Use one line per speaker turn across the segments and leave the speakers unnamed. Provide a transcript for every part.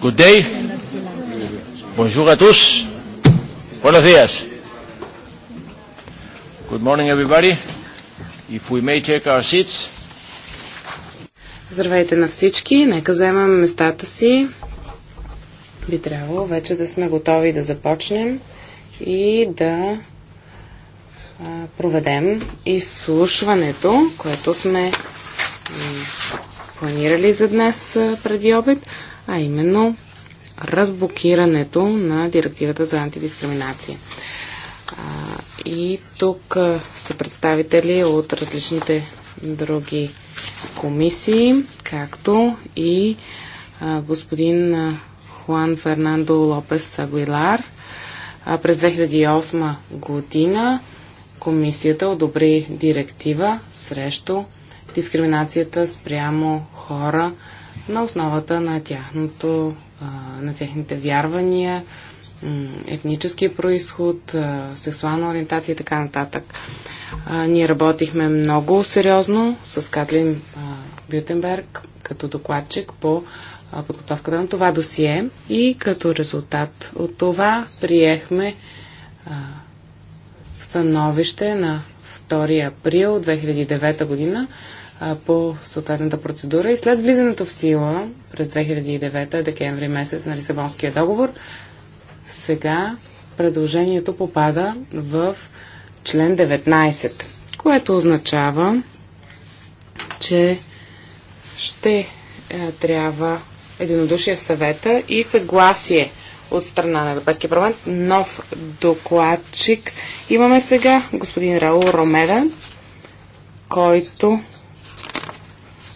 Good day. Bonjour à tous. Buenos días. Good morning everybody. If we may take our seats.
Здравейте на всички. Нека вземем местата си. Би трябвало вече да сме готови да започнем и да проведем изслушването, което сме планирали за днес преди обед, а именно разблокирането на директивата за антидискриминация. И тук са представители от различните други комисии, както и господин Хуан Фернандо Лопес Агуилар през 2008 година комисията одобри директива срещу дискриминацията спрямо хора на основата на, тяхното, на техните вярвания, етнически происход, сексуална ориентация и така нататък. Ние работихме много сериозно с Катлин Бютенберг като докладчик по подготовката на това досие и като резултат от това приехме становище на 2 април 2009 година а, по съответната процедура и след влизането в сила през 2009 декември месец на Лисабонския договор, сега предложението попада в член 19, което означава, че ще е, трябва единодушие в съвета и съгласие от страна на Европейския парламент. Нов докладчик имаме сега, господин Раул Ромеда, който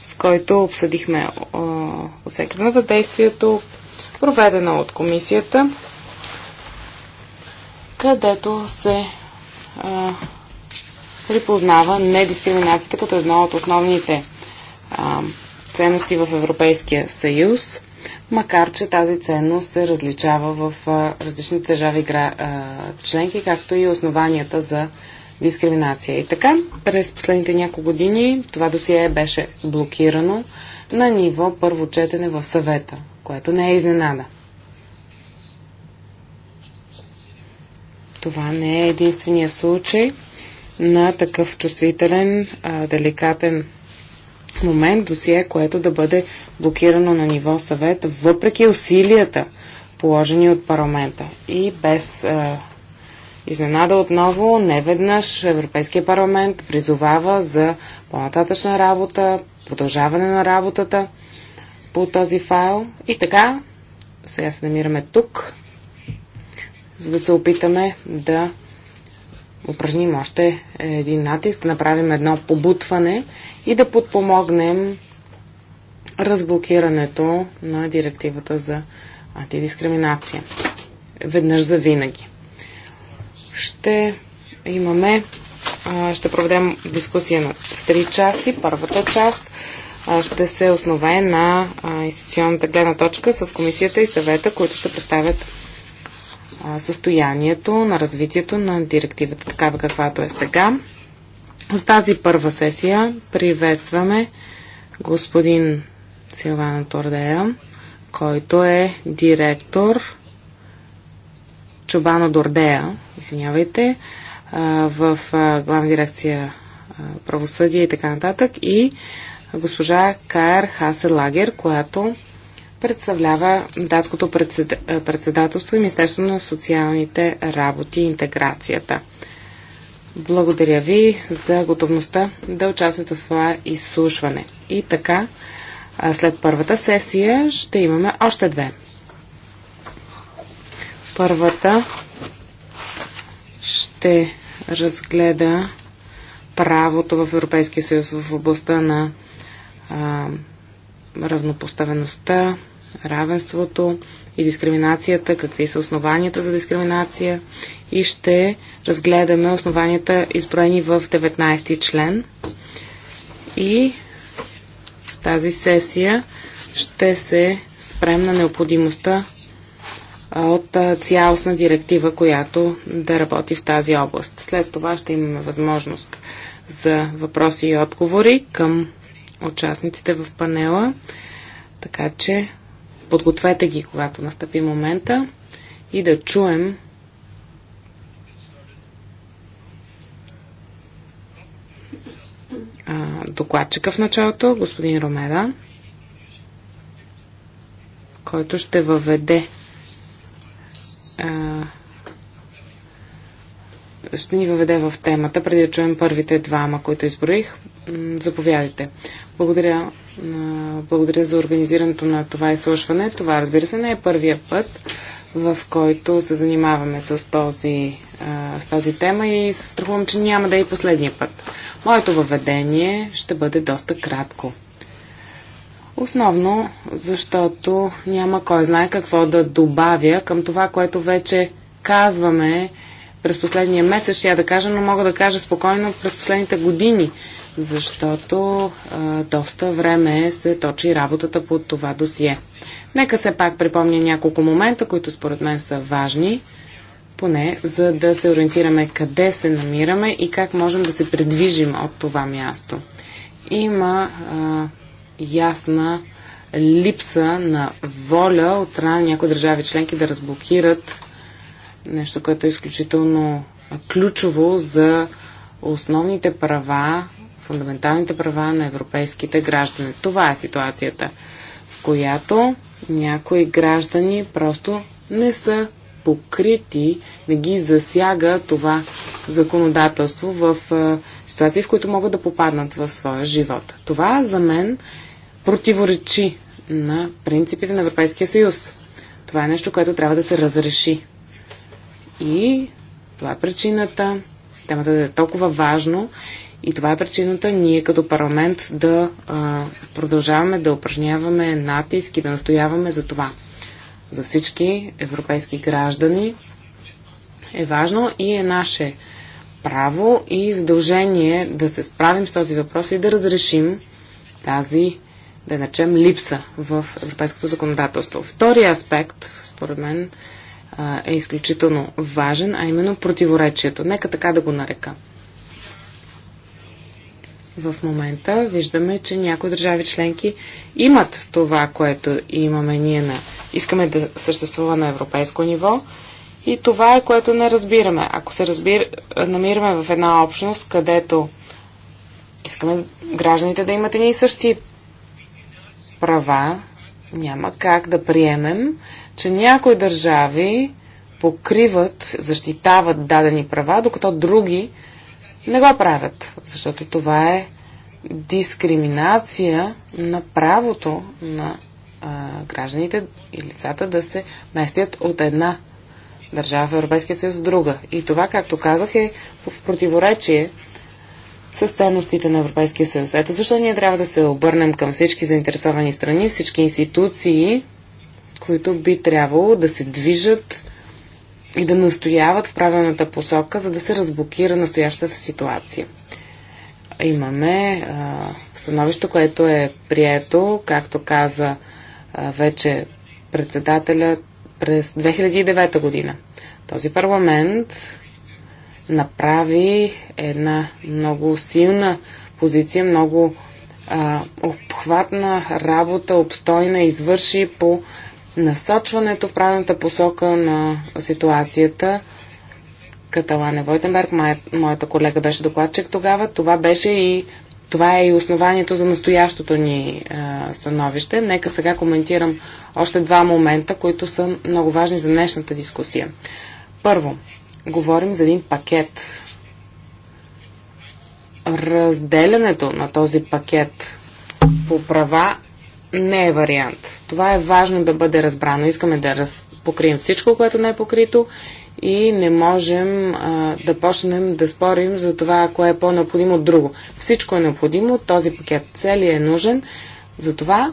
с който обсъдихме оценката на въздействието, проведена от комисията, където се а, припознава недискриминацията като една от основните а, ценности в Европейския съюз макар че тази ценност се различава в различните държави членки, както и основанията за дискриминация. И така, през последните няколко години това досие беше блокирано на ниво първо четене в съвета, което не е изненада. Това не е единствения случай на такъв чувствителен, деликатен момент досие, което да бъде блокирано на ниво съвет, въпреки усилията, положени от парламента. И без е, изненада отново, неведнъж Европейския парламент призовава за по-нататъчна работа, продължаване на работата по този файл. И така, сега се намираме тук, за да се опитаме да упражним още един натиск, направим едно побутване и да подпомогнем разблокирането на директивата за антидискриминация. Веднъж за винаги. Ще имаме, ще проведем дискусия на три части. Първата част ще се основе на институционната гледна точка с комисията и съвета, които ще представят състоянието на развитието на директивата, такава каквато е сега. С тази първа сесия приветстваме господин Силвана Тордея, който е директор Чубана Дордея, извинявайте, в главна дирекция правосъдие и така нататък и госпожа Каер Хаселагер, която представлява датското е, председателство и Министерство на социалните работи и интеграцията. Благодаря ви за готовността да участвате в това изслушване. И така, след първата сесия ще имаме още две. Първата ще разгледа правото в Европейския съюз в областта на равнопоставеността, равенството и дискриминацията, какви са основанията за дискриминация и ще разгледаме основанията изброени в 19 член. И в тази сесия ще се спрем на необходимостта от цялостна директива, която да работи в тази област. След това ще имаме възможност за въпроси и отговори към участниците в панела. Така че подгответе ги, когато настъпи момента и да чуем докладчика в началото, господин Ромеда, който ще въведе а, ще ни въведе в темата, преди да чуем първите двама, които изброих. Заповядайте. Благодаря, благодаря за организирането на това изслушване. Това, разбира се, не е първия път, в който се занимаваме с, този, с тази тема и се страхувам, че няма да е и последния път. Моето въведение ще бъде доста кратко. Основно, защото няма кой знае какво да добавя към това, което вече казваме през последния месец, ще я да кажа, но мога да кажа спокойно през последните години, защото а, доста време се точи работата по това досие. Нека се пак припомня няколко момента, които според мен са важни, поне за да се ориентираме къде се намираме и как можем да се предвижим от това място. Има а, ясна липса на воля от страна на някои държави членки да разблокират нещо, което е изключително ключово за основните права, фундаменталните права на европейските граждани. Това е ситуацията, в която някои граждани просто не са покрити, не ги засяга това законодателство в ситуации, в които могат да попаднат в своя живот. Това за мен противоречи на принципите на Европейския съюз. Това е нещо, което трябва да се разреши. И това е причината темата да е толкова важно и това е причината ние като парламент да а, продължаваме да упражняваме натиск и да настояваме за това. За всички европейски граждани е важно и е наше право и задължение да се справим с този въпрос и да разрешим тази, да начем липса в европейското законодателство. Втори аспект, според мен, е изключително важен, а именно противоречието. Нека така да го нарека. В момента виждаме, че някои държави членки имат това, което имаме ние на... Искаме да съществува на европейско ниво, и това е което не разбираме. Ако се разбир... намираме в една общност, където искаме гражданите да имат едни и същи права, няма как да приемем че някои държави покриват, защитават дадени права, докато други не го правят, защото това е дискриминация на правото на а, гражданите и лицата да се местят от една държава в Европейския съюз в друга. И това, както казах, е в противоречие с ценностите на Европейския съюз. Ето защо ние трябва да се обърнем към всички заинтересовани страни, всички институции, които би трябвало да се движат и да настояват в правилната посока, за да се разблокира настоящата ситуация. Имаме а, становище, което е прието, както каза а, вече председателя през 2009 година. Този парламент направи една много силна позиция, много а, обхватна работа, обстойна, извърши по насочването в правилната посока на ситуацията. Каталана Войтенберг, моята колега беше докладчик тогава, това беше и това е и основанието за настоящото ни е, становище. Нека сега коментирам още два момента, които са много важни за днешната дискусия. Първо, говорим за един пакет. Разделянето на този пакет по права не е вариант. Това е важно да бъде разбрано. Искаме да раз... покрием всичко, което не е покрито и не можем а, да почнем да спорим за това, кое е по-необходимо от друго. Всичко е необходимо, този пакет цели е нужен, затова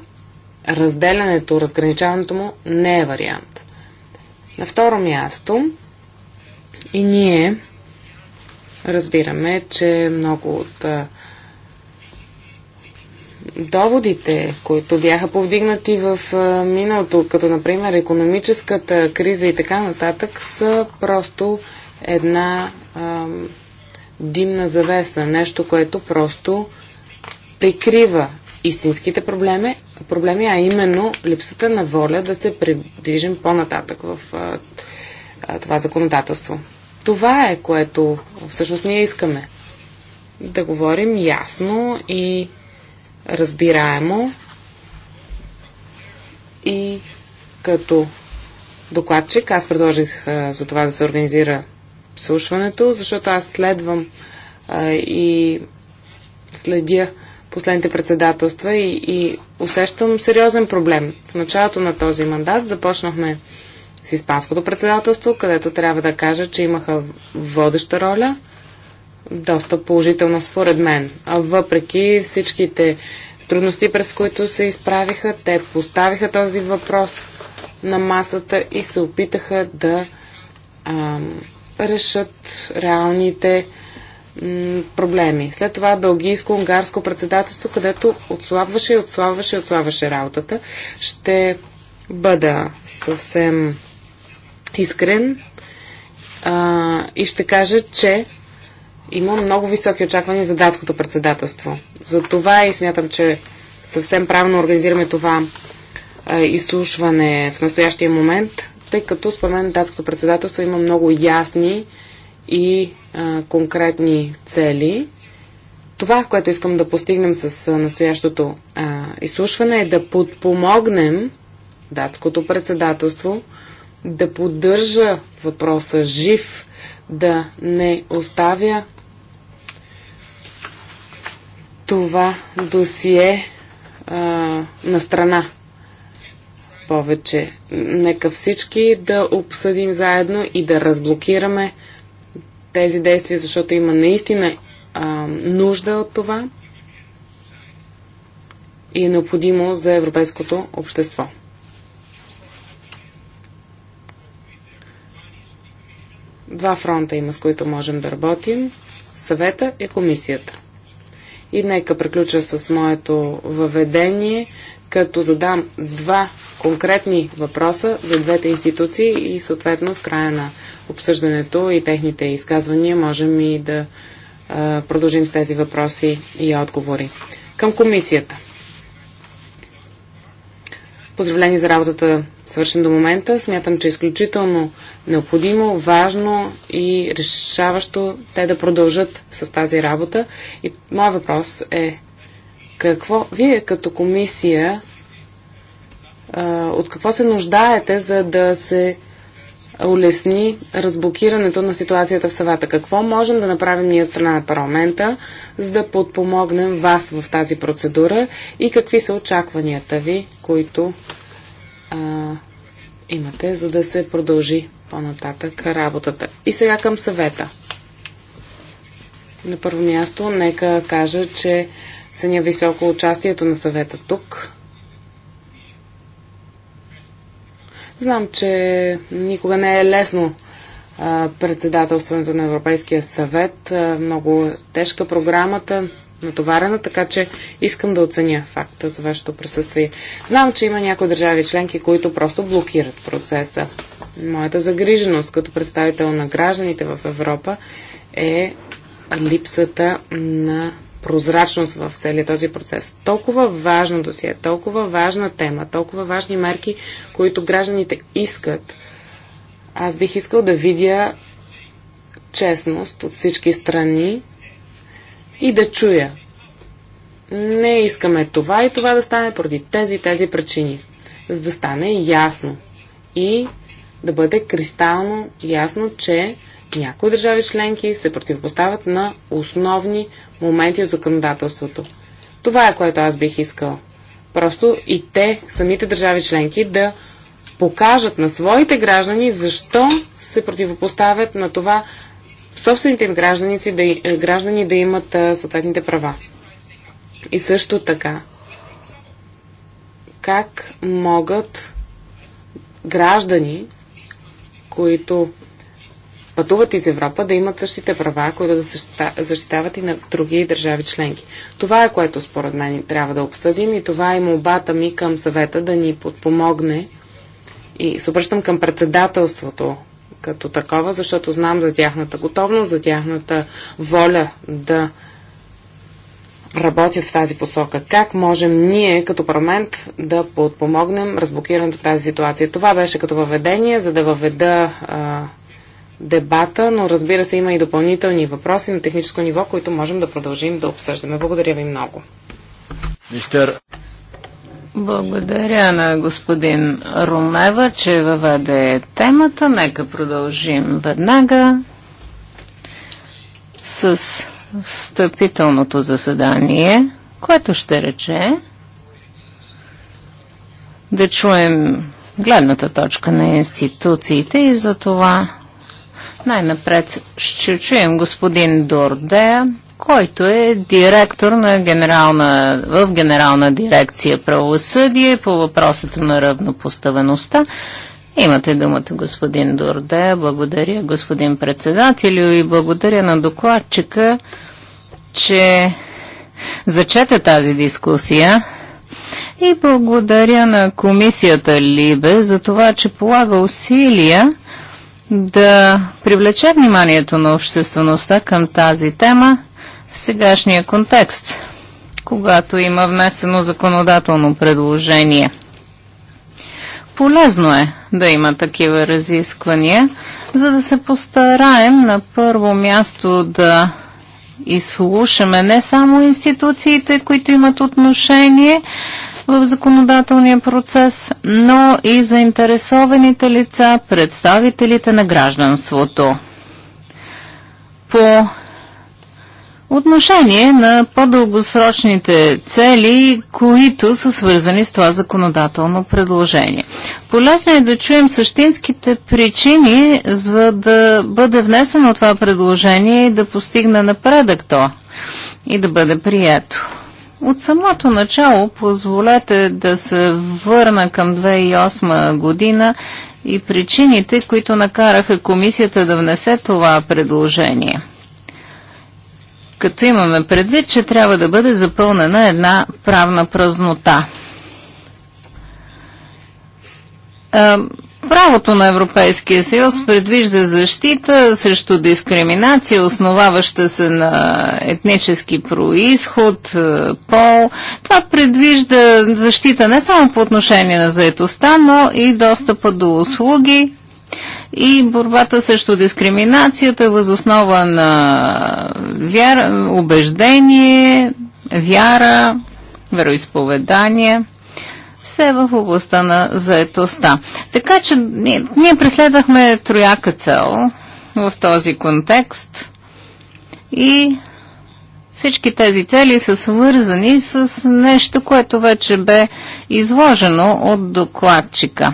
разделянето, разграничаването му не е вариант. На второ място и ние разбираме, че много от а, доводите, които бяха повдигнати в миналото, като например економическата криза и така нататък, са просто една а, димна завеса, нещо, което просто прикрива истинските проблеми, проблеми, а именно липсата на воля да се придвижим по-нататък в а, а, това законодателство. Това е което всъщност ние искаме. Да говорим ясно и разбираемо и като докладчик аз предложих а, за това да се организира слушването, защото аз следвам а, и следя последните председателства и, и усещам сериозен проблем. В началото на този мандат започнахме с Испанското председателство, където трябва да кажа, че имаха водеща роля – доста положителна според мен. А въпреки всичките трудности, през които се изправиха, те поставиха този въпрос на масата и се опитаха да а, решат реалните проблеми. След това бългийско-унгарско председателство, където отслабваше и отслабваше и отслабваше работата. Ще бъда съвсем искрен а, и ще кажа, че има много високи очаквания за датското председателство. За това и смятам, че съвсем правилно организираме това а, изслушване в настоящия момент, тъй като според мен датското председателство има много ясни и а, конкретни цели. Това, което искам да постигнем с а, настоящото а, изслушване е да подпомогнем датското председателство да поддържа въпроса жив, да не оставя това досие а, на страна повече. Нека всички да обсъдим заедно и да разблокираме тези действия, защото има наистина а, нужда от това и е необходимо за европейското общество. Два фронта има, с които можем да работим съвета и е комисията. И нека приключа с моето въведение, като задам два конкретни въпроса за двете институции и съответно в края на обсъждането и техните изказвания можем и да продължим с тези въпроси и отговори. Към комисията. Поздравление за работата, свършен до момента. Смятам, че е изключително необходимо, важно и решаващо те да продължат с тази работа. И моят въпрос е какво вие като комисия от какво се нуждаете, за да се улесни разблокирането на ситуацията в съвета. Какво можем да направим ние от страна на парламента, за да подпомогнем вас в тази процедура и какви са очакванията ви, които а, имате, за да се продължи по-нататък работата. И сега към съвета. На първо място, нека кажа, че ценя високо участието на съвета тук Знам, че никога не е лесно а, председателстването на Европейския съвет. А, много тежка програмата, натоварена, така че искам да оценя факта за вашето присъствие. Знам, че има някои държави членки, които просто блокират процеса. Моята загриженост като представител на гражданите в Европа е липсата на прозрачност в целият този процес. Толкова важно досие, толкова важна тема, толкова важни мерки, които гражданите искат. Аз бих искал да видя честност от всички страни и да чуя. Не искаме това и това да стане поради тези тези причини. За да стане ясно и да бъде кристално ясно, че някои държави членки се противопоставят на основни моменти от законодателството. Това е което аз бих искал. Просто и те, самите държави членки, да покажат на своите граждани защо се противопоставят на това собствените им гражданици да, е, граждани да имат а, е, съответните права. И също така, как могат граждани, които пътуват из Европа, да имат същите права, които да защитават и на други държави членки. Това е което според мен трябва да обсъдим и това е молбата ми към съвета да ни подпомогне и се обръщам към председателството като такова, защото знам за тяхната готовност, за тяхната воля да работят в тази посока. Как можем ние като парламент да подпомогнем разблокирането тази ситуация? Това беше като въведение, за да въведа а, дебата, но разбира се има и допълнителни въпроси на техническо ниво, които можем да продължим да обсъждаме. Благодаря ви много. Мистер...
Благодаря на господин Румева, че въведе темата. Нека продължим веднага с встъпителното заседание, което ще рече да чуем гледната точка на институциите и за това най-напред ще чуем господин Дордея, който е директор на генерална, в Генерална дирекция правосъдие по въпросите на равнопоставеността. Имате думата, господин Дордея. Благодаря, господин председателю и благодаря на докладчика, че зачете тази дискусия. И благодаря на комисията Либе за това, че полага усилия да привлече вниманието на обществеността към тази тема в сегашния контекст, когато има внесено законодателно предложение. Полезно е да има такива разисквания, за да се постараем на първо място да изслушаме не само институциите, които имат отношение, в законодателния процес, но и заинтересованите лица, представителите на гражданството. По отношение на по-дългосрочните цели, които са свързани с това законодателно предложение. Полезно е да чуем същинските причини, за да бъде внесено това предложение и да постигне напредък то и да бъде прието. От самото начало позволете да се върна към 2008 година и причините, които накараха комисията да внесе това предложение. Като имаме предвид, че трябва да бъде запълнена една правна празнота. Правото на Европейския съюз предвижда защита срещу дискриминация, основаваща се на етнически происход, е, пол. Това предвижда защита не само по отношение на заетостта, но и достъпа до услуги и борбата срещу дискриминацията възоснова на вяра, убеждение, вяра, вероисповедание все в областта на заетостта. Така че ние, ние преследвахме трояка цел в този контекст и всички тези цели са свързани с нещо, което вече бе изложено от докладчика.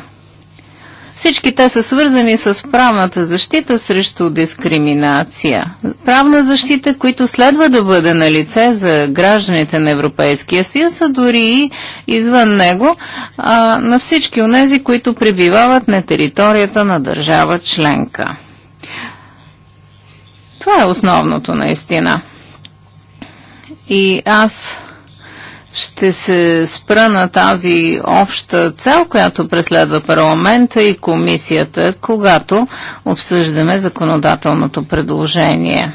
Всички те са свързани с правната защита срещу дискриминация. Правна защита, които следва да бъде на лице за гражданите на Европейския съюз, а дори и извън него, а, на всички онези, които пребивават на територията на държава членка. Това е основното наистина. И аз ще се спра на тази обща цел, която преследва парламента и комисията, когато обсъждаме законодателното предложение.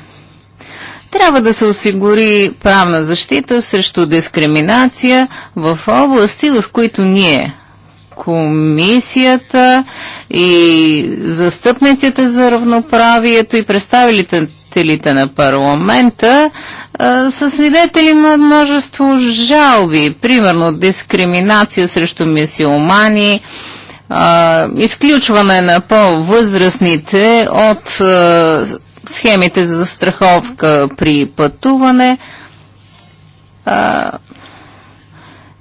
Трябва да се осигури правна защита срещу дискриминация в области, в които ние, комисията и застъпниците за равноправието и представителите на парламента са свидетели на множество жалби, примерно дискриминация срещу мисиомани, изключване на по-възрастните от схемите за застраховка при пътуване.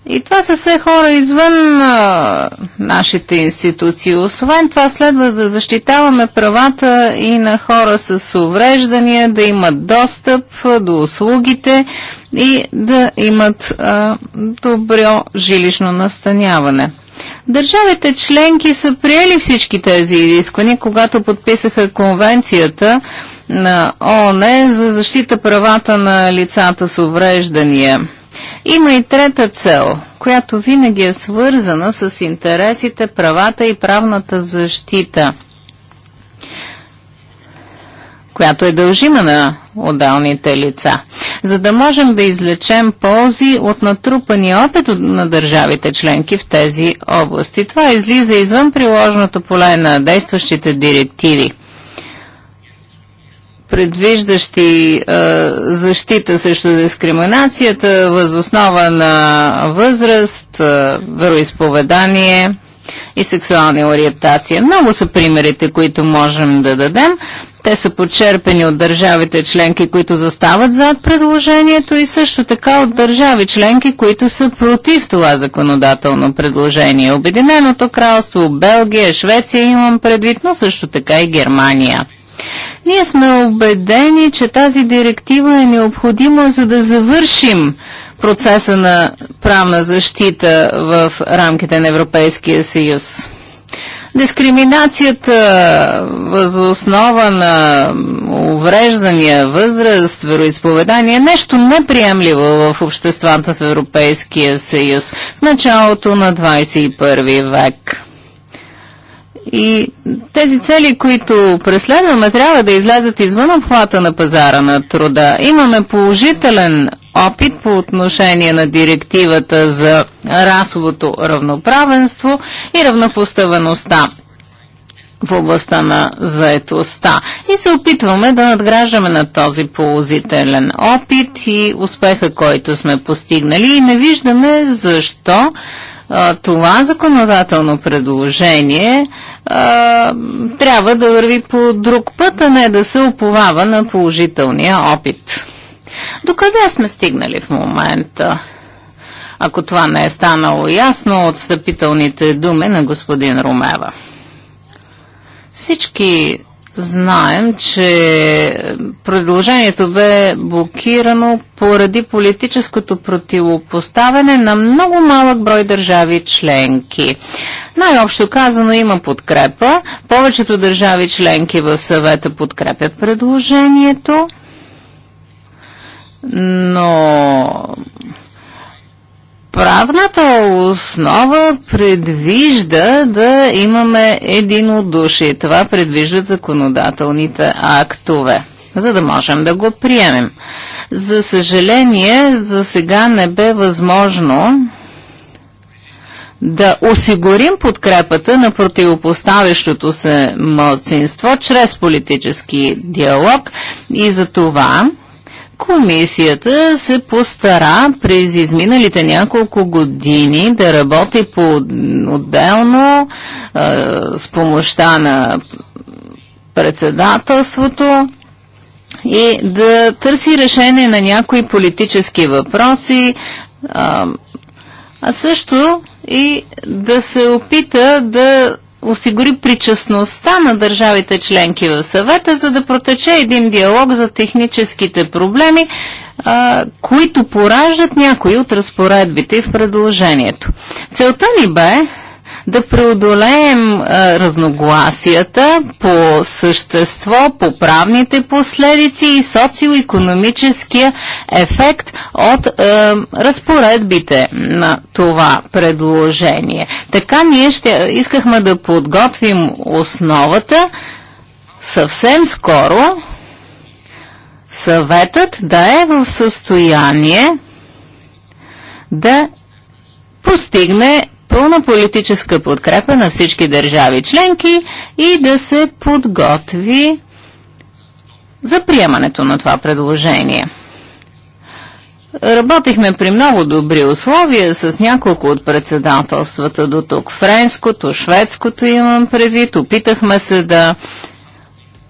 И това са все хора извън а, нашите институции. Освен това следва да защитаваме правата и на хора с увреждания, да имат достъп до услугите и да имат а, добро жилищно настаняване. Държавите членки са приели всички тези изисквания, когато подписаха конвенцията на ООН за защита правата на лицата с увреждания. Има и трета цел, която винаги е свързана с интересите, правата и правната защита, която е дължима на отдалните лица. За да можем да излечем ползи от натрупани опит на държавите членки в тези области. Това излиза извън приложното поле на действащите директиви предвиждащи а, защита срещу дискриминацията възоснова на възраст, а, вероисповедание и сексуална ориентация. Много са примерите, които можем да дадем. Те са почерпени от държавите членки, които застават зад предложението и също така от държави членки, които са против това законодателно предложение. Обединеното кралство, Белгия, Швеция имам предвид, но също така и Германия. Ние сме убедени, че тази директива е необходима за да завършим процеса на правна защита в рамките на Европейския съюз. Дискриминацията възоснова на увреждания, възраст, вероисповедание е нещо неприемливо в обществата в Европейския съюз в началото на 21 век. И тези цели, които преследваме, трябва да излязат извън обхвата на пазара на труда. Имаме положителен опит по отношение на директивата за расовото равноправенство и равнопоставеността в областта на заетостта. И се опитваме да надграждаме на този положителен опит и успеха, който сме постигнали. И не виждаме защо а, това законодателно предложение а, трябва да върви по друг път, а не да се оповава на положителния опит. Докъде сме стигнали в момента? Ако това не е станало ясно от встъпителните думи на господин Румева. Всички Знаем, че предложението бе блокирано поради политическото противопоставяне на много малък брой държави членки. Най-общо казано има подкрепа. Повечето държави членки в съвета подкрепят предложението, но Правната основа предвижда да имаме един от души. Това предвиждат законодателните актове, за да можем да го приемем. За съжаление, за сега не бе възможно да осигурим подкрепата на противопоставящото се младсинство чрез политически диалог и за това Комисията се постара през изминалите няколко години да работи по отделно с помощта на председателството и да търси решение на някои политически въпроси, а също и да се опита да осигури причастността на държавите членки в съвета, за да протече един диалог за техническите проблеми, които пораждат някои от разпоредбите в предложението. Целта ни бе да преодолеем а, разногласията по същество, по правните последици и социо-економическия ефект от а, разпоредбите на това предложение. Така ние ще искахме да подготвим основата съвсем скоро съветът да е в състояние да постигне пълна политическа подкрепа на всички държави членки и да се подготви за приемането на това предложение. Работихме при много добри условия с няколко от председателствата до тук. Френското, шведското имам предвид. Опитахме се да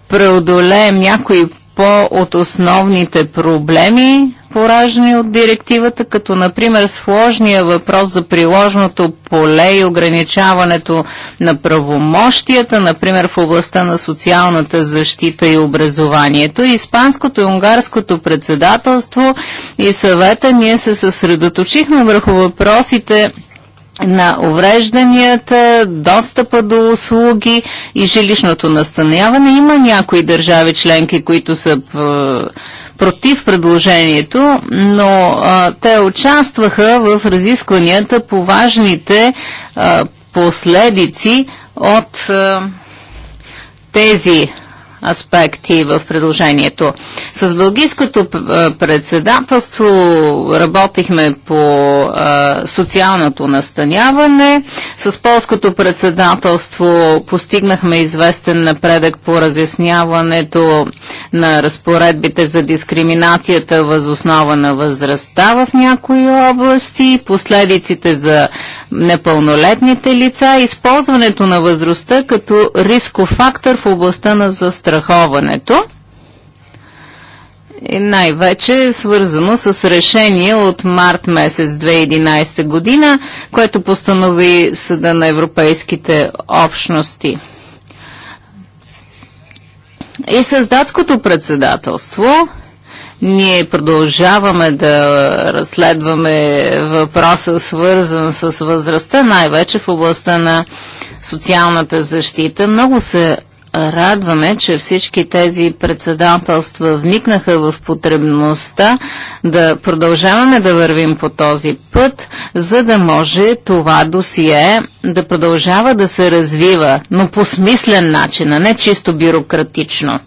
преодолеем някои по-от основните проблеми, поражени от директивата, като например сложния въпрос за приложното поле и ограничаването на правомощията, например в областта на социалната защита и образованието. Испанското и унгарското председателство и съвета ние се съсредоточихме върху въпросите на уврежданията, достъпа до услуги и жилищното настаняване. Има някои държави членки, които са е, против предложението, но а, те участваха в разискванията по важните а, последици от а, тези аспекти в предложението. С бългийското председателство работихме по а, социалното настаняване. С полското председателство постигнахме известен напредък по разясняването на разпоредбите за дискриминацията възоснова на възрастта в някои области, последиците за непълнолетните лица, използването на възрастта като рисков фактор в областта на застраховането застраховането и най-вече е свързано с решение от март месец 2011 година, което постанови Съда на Европейските общности. И с датското председателство ние продължаваме да разследваме въпроса, свързан с възрастта, най-вече в областта на социалната защита. Много се радваме, че всички тези председателства вникнаха в потребността да продължаваме да вървим по този път, за да може това досие да продължава да се развива, но по смислен начин, а не чисто бюрократично.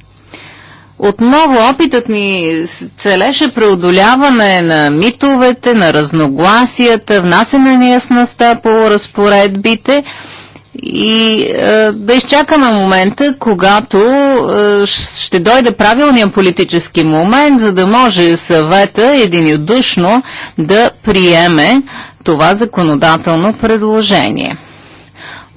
Отново опитът ни целеше преодоляване на митовете, на разногласията, внасяне на ясността по разпоредбите – и е, да изчакаме момента, когато е, ще дойде правилния политически момент, за да може съвета единодушно да приеме това законодателно предложение.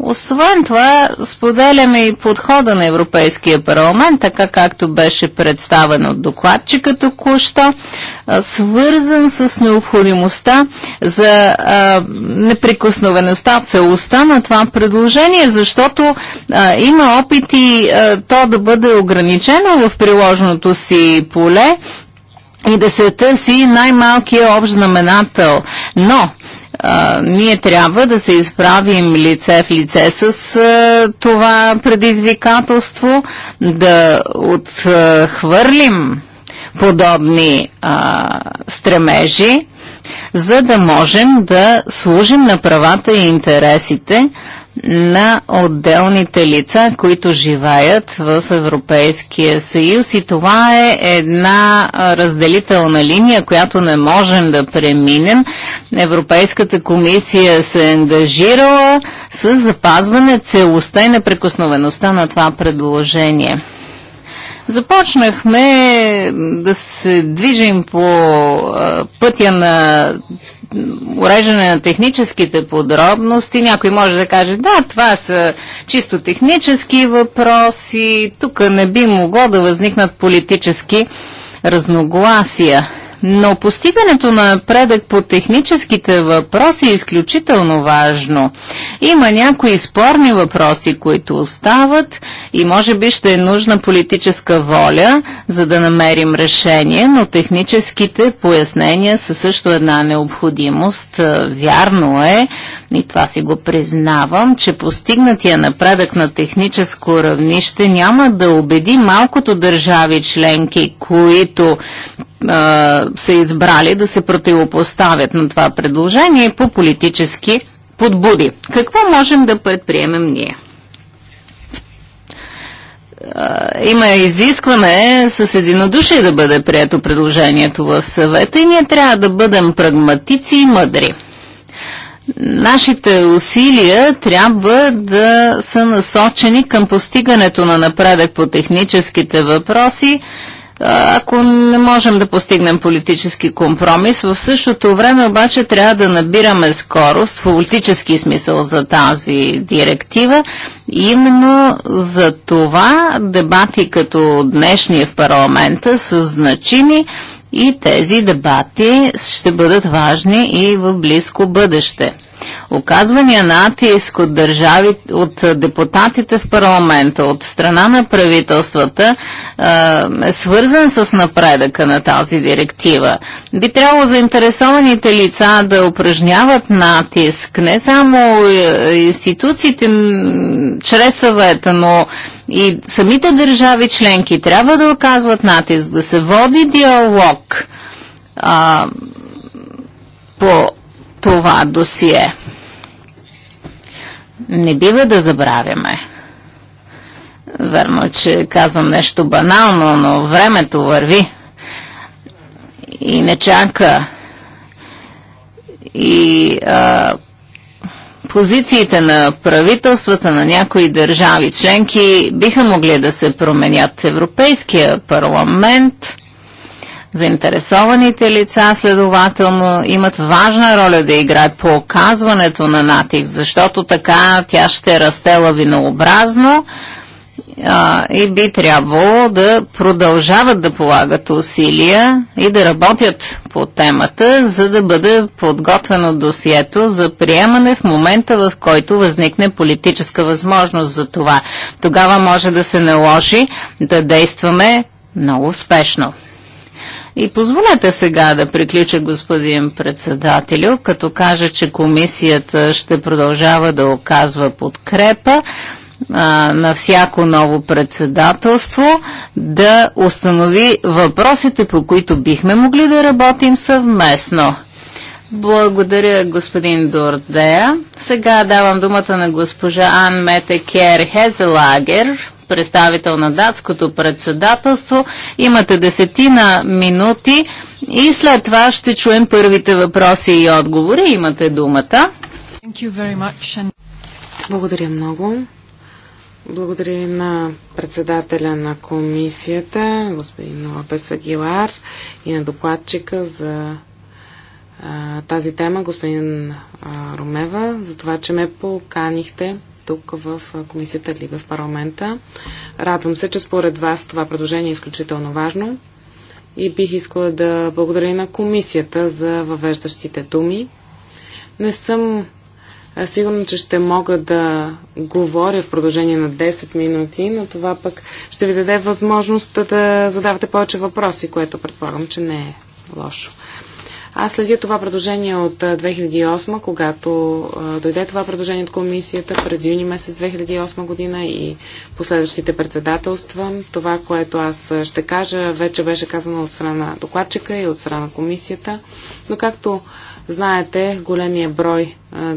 Освен това, споделяме и подхода на Европейския парламент, така както беше представен от докладчика току-що, свързан с необходимостта за а, неприкосновеността, целостта на това предложение, защото а, има опити а, то да бъде ограничено в приложеното си поле и да се търси най-малкият общ знаменател. Но ние трябва да се изправим лице в лице с а, това предизвикателство, да отхвърлим подобни а, стремежи, за да можем да служим на правата и интересите на отделните лица, които живеят в Европейския съюз и това е една разделителна линия, която не можем да преминем. Европейската комисия се е ангажирала с запазване целостта и непрекосновеността на това предложение. Започнахме да се движим по пътя на уреждане на техническите подробности. Някой може да каже, да, това са чисто технически въпроси, тук не би могло да възникнат политически разногласия но постигането на предък по техническите въпроси е изключително важно. Има някои спорни въпроси, които остават и може би ще е нужна политическа воля, за да намерим решение, но техническите пояснения са също една необходимост. Е, вярно е, и това си го признавам, че постигнатия напредък на техническо равнище няма да убеди малкото държави членки, които са избрали да се противопоставят на това предложение по политически подбуди. Какво можем да предприемем ние? има изискване с единодушие да бъде прието предложението в съвета и ние трябва да бъдем прагматици и мъдри. Нашите усилия трябва да са насочени към постигането на напредък по техническите въпроси ако не можем да постигнем политически компромис. В същото време обаче трябва да набираме скорост в политически смисъл за тази директива. Именно за това дебати като днешния в парламента са значими и тези дебати ще бъдат важни и в близко бъдеще оказвания натиск от държави, от депутатите в парламента, от страна на правителствата е свързан с напредъка на тази директива. Би трябвало заинтересованите лица да упражняват натиск не само е, институциите чрез съвета, но и самите държави членки трябва да оказват натиск, да се води диалог а, по това досие. Не бива да забравяме. Верно, че казвам нещо банално, но времето върви и не чака. И а, позициите на правителствата на някои държави членки биха могли да се променят. Европейския парламент Заинтересованите лица следователно имат важна роля да играят по оказването на натиск, защото така тя ще расте лавинообразно а, и би трябвало да продължават да полагат усилия и да работят по темата, за да бъде подготвено досието за приемане в момента, в който възникне политическа възможност за това. Тогава може да се наложи да действаме много успешно. И позволете сега да приключа, господин председателю, като кажа, че комисията ще продължава да оказва подкрепа а, на всяко ново председателство да установи въпросите, по които бихме могли да работим съвместно. Благодаря, господин Дордея. Сега давам думата на госпожа Ан Мете Кер Хезелагер, представител на датското председателство. Имате десетина минути и след това ще чуем първите въпроси и отговори. Имате думата.
Благодаря много. Благодаря на председателя на комисията, господин Лопес Агилар и на докладчика за тази тема, господин Ромева, за това, че ме поканихте тук в комисията Либе в парламента. Радвам се, че според вас това предложение е изключително важно и бих искала да благодаря на комисията за въвеждащите думи. Не съм сигурна, че ще мога да говоря в продължение на 10 минути, но това пък ще ви даде възможност да задавате повече въпроси, което предполагам, че не е лошо. Аз следя това предложение от 2008, когато а, дойде това предложение от комисията през юни месец 2008 година и последващите председателства. Това, което аз ще кажа, вече беше казано от страна докладчика и от страна комисията. Но както знаете, големия брой а,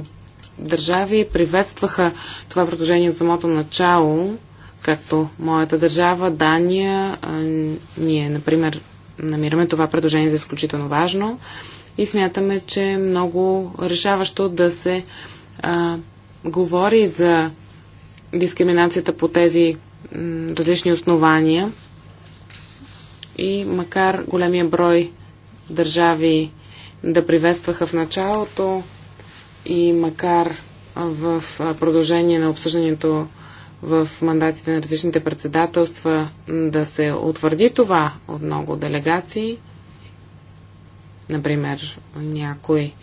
държави приветстваха това предложение от самото начало, както моята държава, Дания, а, ние, например, намираме това предложение за изключително важно и смятаме, че е много решаващо да се а, говори за дискриминацията по тези м, различни основания. И макар големия брой държави да приветстваха в началото и макар в продължение на обсъждането в мандатите на различните председателства да се утвърди това от много делегации. Например, някои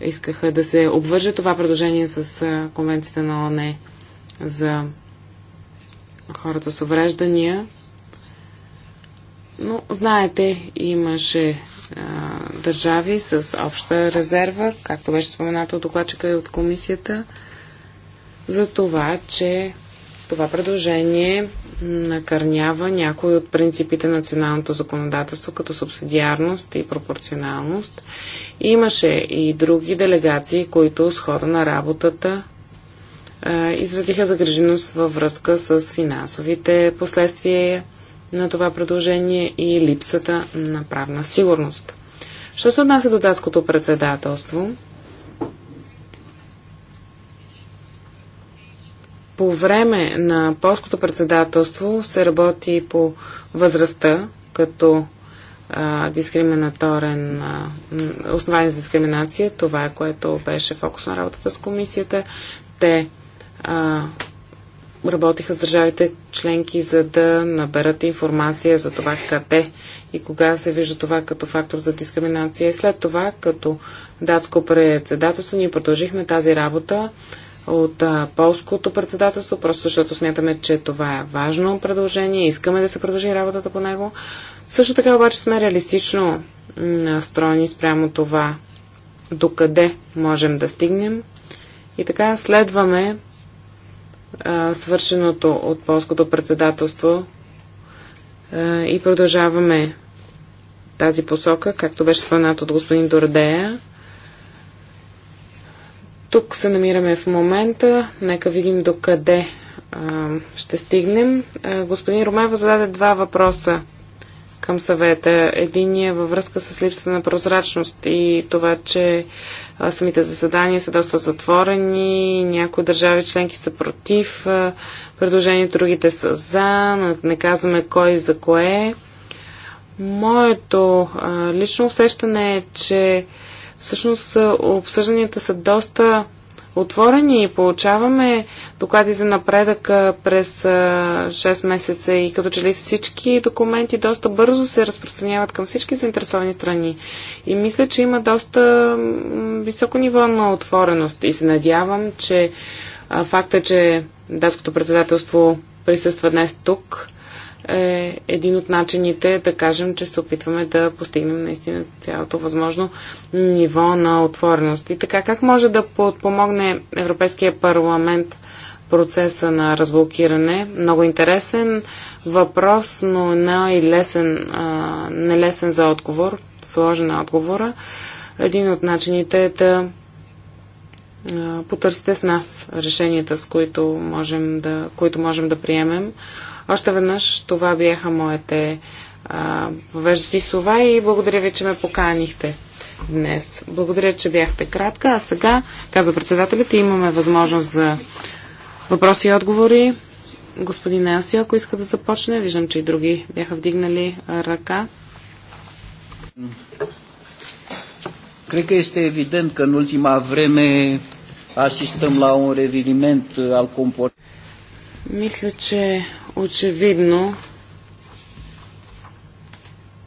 искаха да се обвърже това предложение с конвенцията на ОНЕ за хората с увреждания. Но, знаете, имаше а, държави с обща резерва, както беше споменато от докладчика и от комисията, за това, че това предложение накърнява някои от принципите на националното законодателство, като субсидиарност и пропорционалност. Имаше и други делегации, които с хода на работата а, изразиха загриженост във връзка с финансовите последствия на това предложение и липсата на правна сигурност. Що се отнася до датското председателство, по време на полското председателство се работи по възрастта като дискриминаторен основание за дискриминация. Това е което беше фокус на работата с комисията. Те а, работиха с държавите членки, за да наберат информация за това къде и кога се вижда това като фактор за дискриминация. И след това, като датско председателство, ние продължихме тази работа от а, полското председателство, просто защото смятаме, че това е важно предложение, искаме да се продължи работата по него. Също така обаче сме реалистично настроени спрямо това, докъде можем да стигнем. И така следваме а, свършеното от полското председателство а, и продължаваме тази посока, както беше споменато от господин Дордея. Тук се намираме в момента. Нека видим докъде а, ще стигнем. А, господин Ромева зададе два въпроса към съвета. Единия е във връзка с липсата на прозрачност и това, че а, самите заседания са доста затворени, някои държави членки са против а, предложението, другите са за, но не казваме кой за кое. Моето а, лично усещане е, че всъщност е, обсъжданията са доста отворени и получаваме доклади за напредък е, през 6 е, месеца и като че ли всички документи доста бързо се разпространяват към всички заинтересовани страни. И мисля, че има доста високо ниво на отвореност и се надявам, че факта, че датското председателство присъства днес тук, е един от начините да кажем, че се опитваме да постигнем наистина цялото възможно ниво на отвореност. И така, как може да подпомогне Европейския парламент процеса на разблокиране? Много интересен въпрос, но не е и лесен, а, не лесен за отговор, сложен отговора. Един от начините е да потърсите с нас решенията, с които можем да, които можем да приемем още веднъж това бяха моите въвеждащи слова и благодаря ви, че ме поканихте днес. Благодаря, че бяхте кратка. А сега, каза председателите, имаме възможност за въпроси и отговори. Господин Елси, ако иска да започне, виждам, че и други бяха вдигнали ръка.
Cred că este evident că în ultima vreme asistăm la un reviliment al comportamentului.
Мисля, че Очевидно,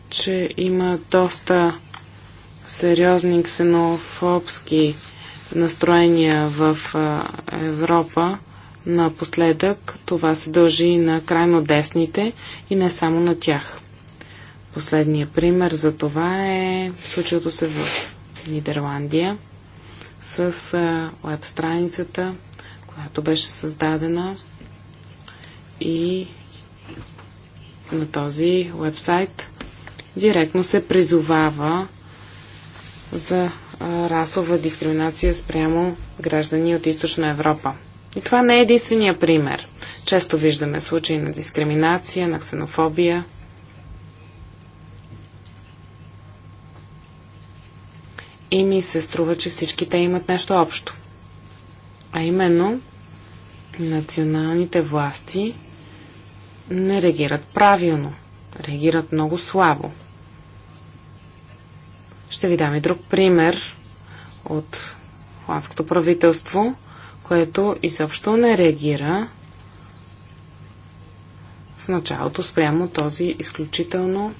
че има доста сериозни ксенофобски настроения в Европа напоследък. Това се дължи и на крайно десните и не само на тях. Последният пример за това е случилото се в Нидерландия с веб страницата, която беше създадена и на този вебсайт директно се призовава за расова дискриминация спрямо граждани от Източна Европа. И това не е единствения пример. Често виждаме случаи на дискриминация, на ксенофобия. И ми се струва, че всички те имат нещо общо. А именно, националните власти не реагират правилно, реагират много слабо. Ще ви дам и друг пример от холандското правителство, което изобщо не реагира в началото спрямо този изключително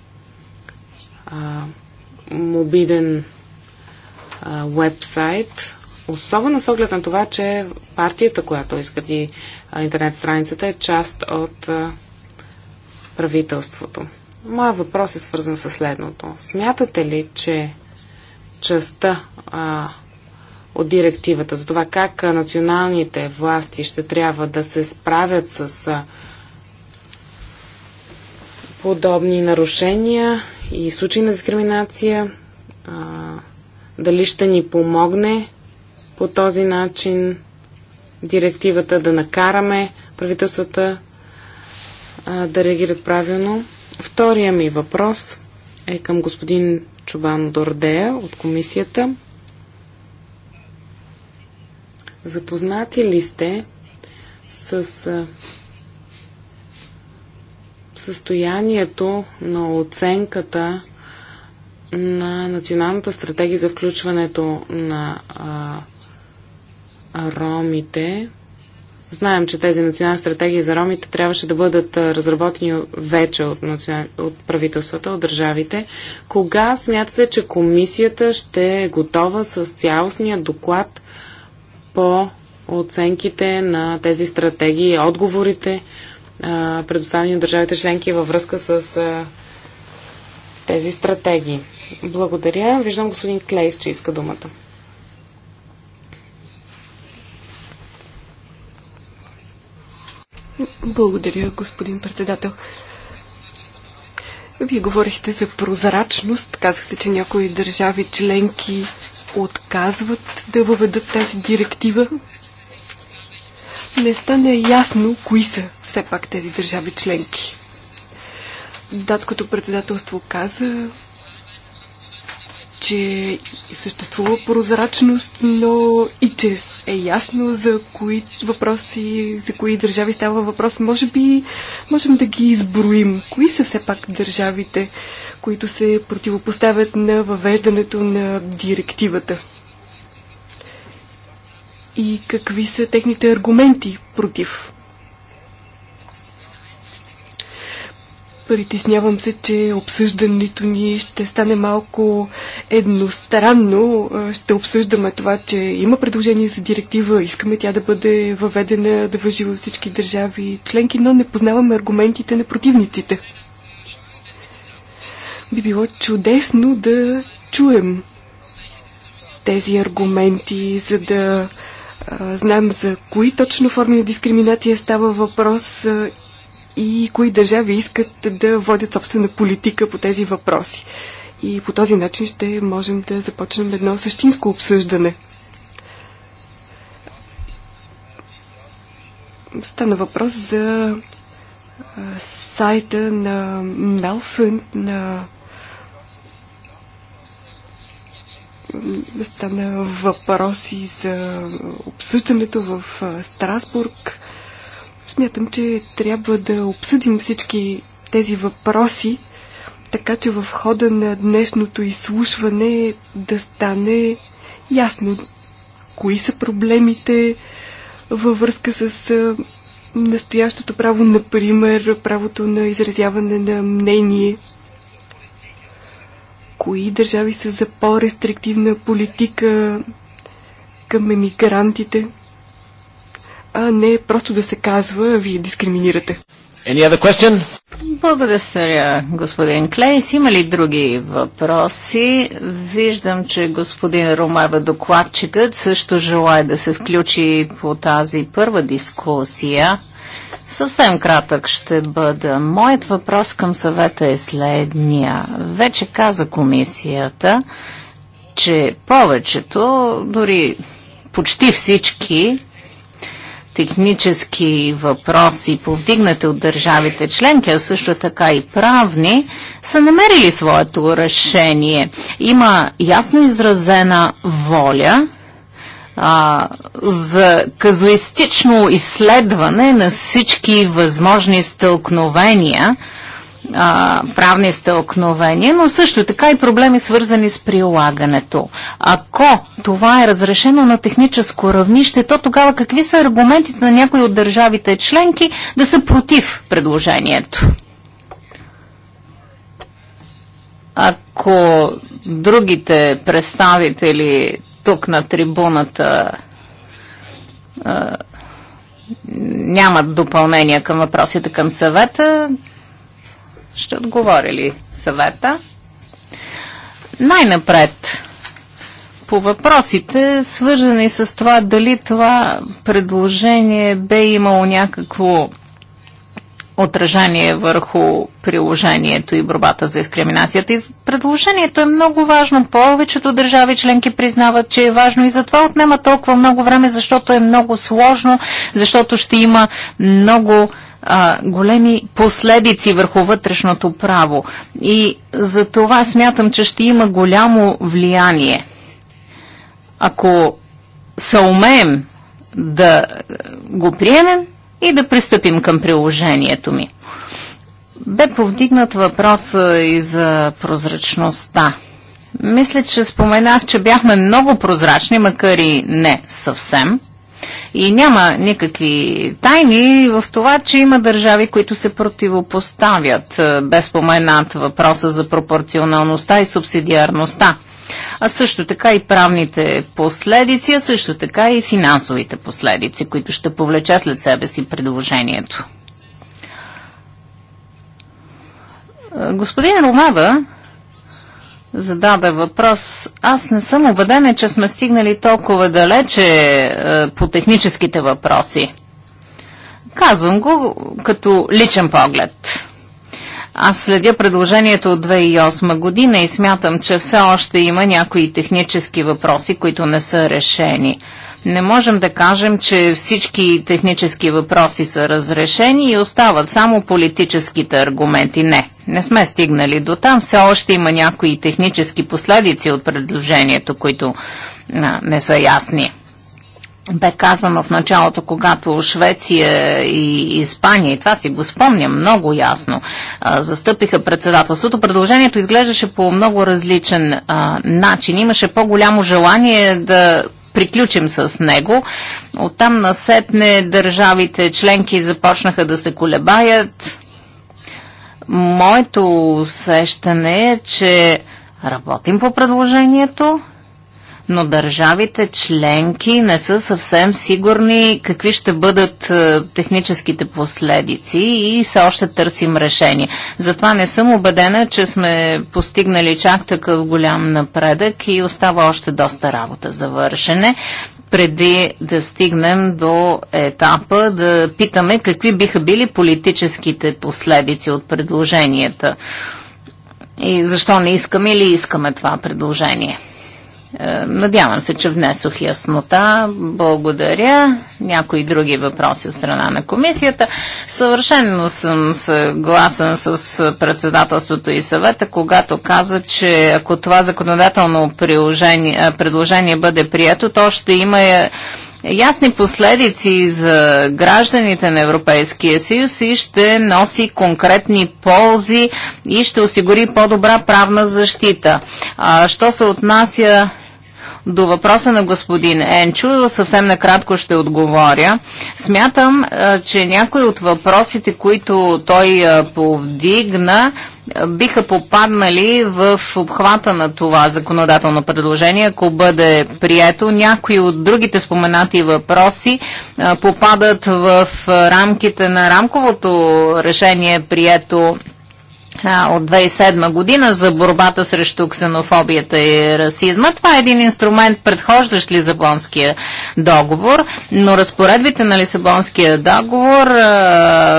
а, мобиден уебсайт. вебсайт, особено с оглед на това, че партията, която изгради интернет страницата е част от а, правителството. Моя въпрос е свързан с следното. Смятате ли, че частта а, от директивата за това как националните власти ще трябва да се справят с а, подобни нарушения и случаи на дискриминация, а, дали ще ни помогне по този начин директивата да накараме правителствата а, да реагират правилно. Втория ми въпрос е към господин Чубан Дордея от комисията. Запознати ли сте с а, състоянието на оценката на Националната стратегия за включването на а, ромите Знаем, че тези национални стратегии за ромите трябваше да бъдат разработени вече от, национ... от правителствата, от държавите. Кога смятате, че комисията ще е готова с цялостния доклад по оценките на тези стратегии, отговорите, предоставени от държавите членки във връзка с тези стратегии? Благодаря. Виждам господин Клейс, че иска думата.
Благодаря, господин председател. Вие говорихте за прозрачност. Казахте, че някои държави членки отказват да въведат тази директива. Не стане ясно кои са все пак тези държави членки. Датското председателство каза, че съществува прозрачност, но и че е ясно за кои въпроси, за кои държави става въпрос. Може би можем да ги изброим. Кои са все пак държавите, които се противопоставят на въвеждането на директивата? И какви са техните аргументи против? Притеснявам се, че обсъждането ни ще стане малко едностранно. Ще обсъждаме това, че има предложение за директива, искаме тя да бъде въведена, да въжи във всички държави членки, но не познаваме аргументите на противниците. Би било чудесно да чуем тези аргументи, за да знаем за кои точно форми на дискриминация става въпрос и кои държави искат да водят собствена политика по тези въпроси. И по този начин ще можем да започнем едно същинско обсъждане. Стана въпрос за сайта на Мелфън, на стана въпроси за обсъждането в Страсбург. Смятам, че трябва да обсъдим всички тези въпроси, така че в хода на днешното изслушване да стане ясно кои са проблемите във връзка с настоящото право, например, правото на изразяване на мнение. Кои държави са за по-рестриктивна политика към емигрантите? а не просто да се
казва,
вие дискриминирате. Any other question?
Благодаря, господин Клейс. Има ли други въпроси? Виждам, че господин Ромева докладчикът също желая да се включи по тази първа дискусия. Съвсем кратък ще бъда. Моят въпрос към съвета е следния. Вече каза комисията, че повечето, дори почти всички технически въпроси, повдигнати от държавите членки, а също така и правни, са намерили своето решение. Има ясно изразена воля а, за казуистично изследване на всички възможни стълкновения а, правни стълкновения, но също така и проблеми свързани с прилагането. Ако това е разрешено на техническо равнище, то тогава какви са аргументите на някои от държавите членки да са против предложението? Ако другите представители тук на трибуната а, нямат допълнения към въпросите към съвета, ще отговори ли съвета? Най-напред, по въпросите, свързани с това дали това предложение бе имало някакво отражение върху приложението и борбата за дискриминацията. И предложението е много важно. Повечето държави членки признават, че е важно и затова отнема толкова много време, защото е много сложно, защото ще има много а, големи последици върху вътрешното право. И за това смятам, че ще има голямо влияние. Ако се умеем да е, го приемем и да пристъпим към приложението ми. Бе повдигнат въпроса и за прозрачността. Мисля, че споменах, че бяхме много прозрачни, макар и не съвсем – и няма никакви тайни в това, че има държави, които се противопоставят, е, без споменат въпроса за пропорционалността и субсидиарността. А също така и правните последици, а също така и финансовите последици, които ще повлече след себе си предложението. Е, господин Ромава зададе въпрос. Аз не съм убедена, че сме стигнали толкова далече е, по техническите въпроси. Казвам го като личен поглед. Аз следя предложението от 2008 година и смятам, че все още има някои технически въпроси, които не са решени. Не можем да кажем, че всички технически въпроси са разрешени и остават само политическите аргументи. Не, не сме стигнали до там. Все още има някои технически последици от предложението, които не са ясни бе казано в началото, когато Швеция и Испания, и това си го спомня много ясно, застъпиха председателството, предложението изглеждаше по много различен а, начин. Имаше по-голямо желание да приключим с него. Оттам насетне държавите членки започнаха да се колебаят. Моето усещане е, че работим по предложението, но държавите членки не са съвсем сигурни какви ще бъдат е, техническите последици и все още търсим решение. Затова не съм убедена, че сме постигнали чак такъв голям напредък и остава още доста работа за вършене преди да стигнем до етапа да питаме какви биха били политическите последици от предложенията и защо не искаме или искаме това предложение. Е, надявам се, че внесох яснота. Благодаря. Някои други въпроси от страна на комисията. Съвършенно съм съгласен с председателството и съвета, когато каза, че ако това законодателно е, предложение бъде прието, то ще има е, ясни последици за гражданите на Европейския съюз и ще носи конкретни ползи и ще осигури по-добра правна защита. А, що се отнася до въпроса на господин Енчо съвсем накратко ще отговоря. Смятам, че някои от въпросите, които той повдигна, биха попаднали в обхвата на това законодателно предложение, ако бъде прието. Някои от другите споменати въпроси попадат в рамките на рамковото решение, прието от 2007 година за борбата срещу ксенофобията и расизма. Това е един инструмент, предхождащ Лисабонския договор, но разпоредбите на Лисабонския договор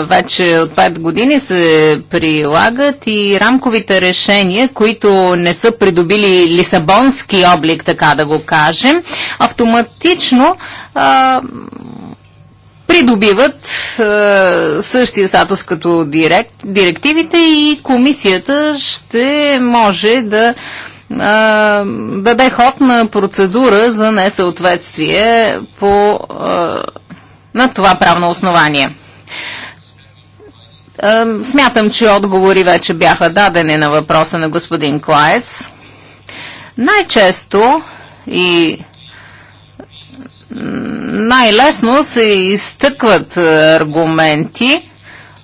вече от 5 години се прилагат и рамковите решения, които не са придобили Лисабонски облик, така да го кажем, автоматично придобиват е, същия статус като директ, директивите и комисията ще може да е, а, даде ход на процедура за несъответствие по, а, е, на това правно основание. Е, смятам, че отговори вече бяха дадени на въпроса на господин Клаес. Най-често и най-лесно се изтъкват е, аргументи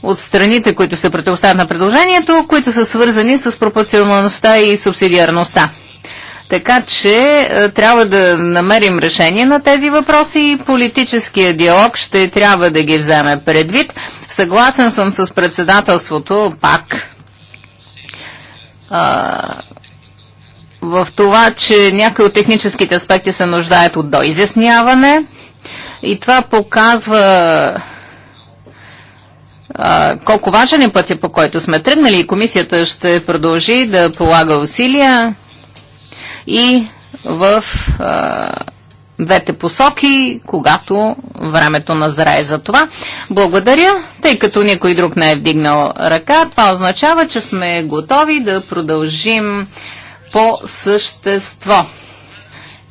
от страните, които се противостават на предложението, които са свързани с пропорционалността и субсидиарността. Така че е, трябва да намерим решение на тези въпроси и политическия диалог ще трябва да ги вземе предвид. Съгласен съм с председателството пак в това, че някои от техническите аспекти се нуждаят от доизясняване и това показва а, колко важен е пътя, по който сме тръгнали и комисията ще продължи да полага усилия и в а, двете посоки, когато времето назрае за това. Благодаря, тъй като никой друг не е вдигнал ръка. Това означава, че сме готови да продължим по същество.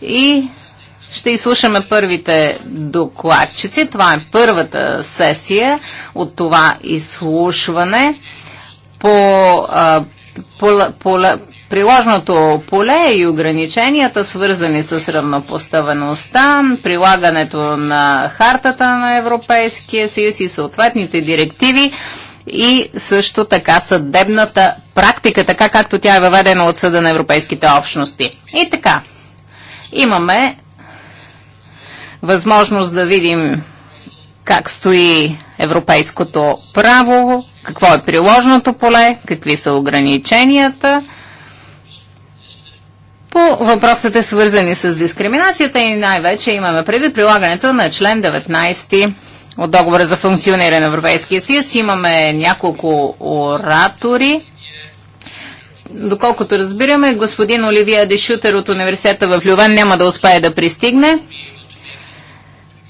И ще изслушаме първите докладчици. Това е първата сесия от това изслушване по, а, по, по, Приложното поле и ограниченията, свързани с равнопоставеността, прилагането на хартата на Европейския съюз и съответните директиви и също така съдебната практика, така както тя е въведена от Съда на Европейските общности. И така, имаме възможност да видим как стои европейското право, какво е приложното поле, какви са ограниченията по въпросите свързани с дискриминацията и най-вече имаме преди прилагането на член 19 от договора за функциониране на Европейския съюз. Имаме няколко оратори. Доколкото разбираме, господин Оливия Дешутер от университета в Лювен няма да успее да пристигне.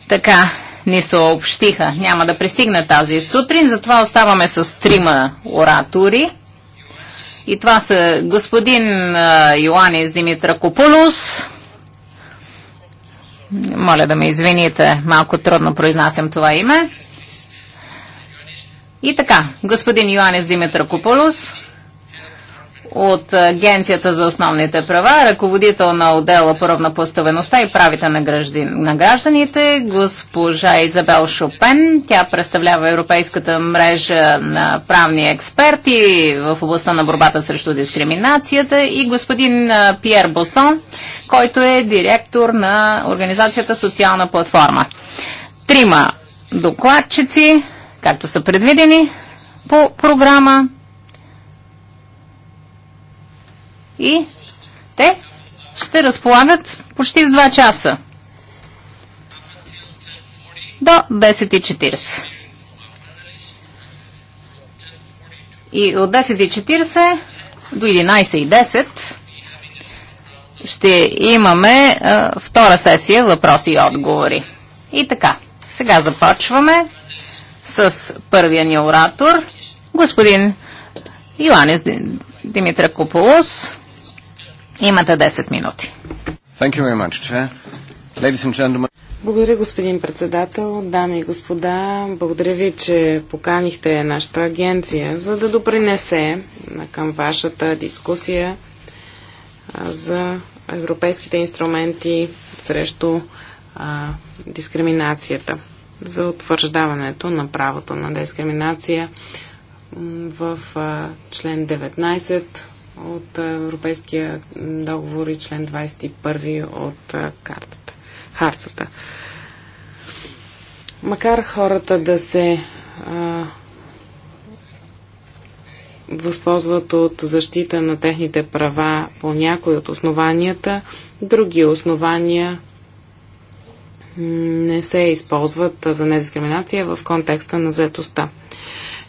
Така ни съобщиха. Няма да пристигне тази сутрин, затова оставаме с трима оратори. И това са господин Йоанис Димитра Копулус, моля да ме извините, малко трудно произнасям това име. И така, господин Йоанес Димитър Кополус от Агенцията за основните права, ръководител на отдела по равнопоставеността и правите на, граждан, на гражданите, госпожа Изабел Шопен. Тя представлява Европейската мрежа на правни експерти в областта на борбата срещу дискриминацията и господин Пьер Босон, който е директор на организацията Социална платформа. Трима докладчици, както са предвидени по програма. И те ще разполагат почти с 2 часа. До 10.40. И от 10.40 до 11.10 ще имаме а, втора сесия въпроси и отговори. И така, сега започваме с първия ни оратор, господин Йоанис Димитра Кополос. Имате 10 минути. Thank you very much, Chair. Ladies and gentlemen, благодаря, господин председател.
Дами и господа, благодаря ви, че поканихте нашата агенция, за да допринесе към вашата дискусия за европейските инструменти срещу а, дискриминацията, за утвърждаването на правото на дискриминация в а, член 19 от Европейския договор и член 21 от а, картата, хартата. Макар хората да се а, възползват от защита на техните права по някои от основанията, други основания не се използват за недискриминация в контекста на заетостта.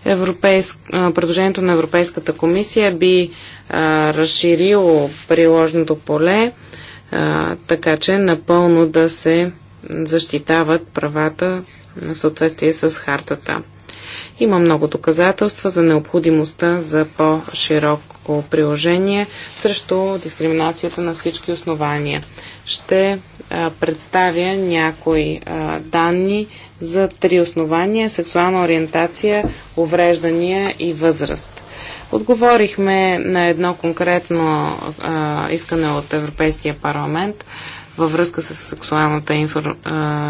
Европейск... Предложението на Европейската комисия би а, разширило приложното поле, а, така че напълно да се защитават правата на съответствие с хартата. Има много доказателства за необходимостта за по-широко приложение срещу дискриминацията на всички основания. Ще а, представя някои а, данни за три основания – сексуална ориентация, увреждания и възраст. Отговорихме на едно конкретно а, искане от Европейския парламент във връзка с сексуалната инфор...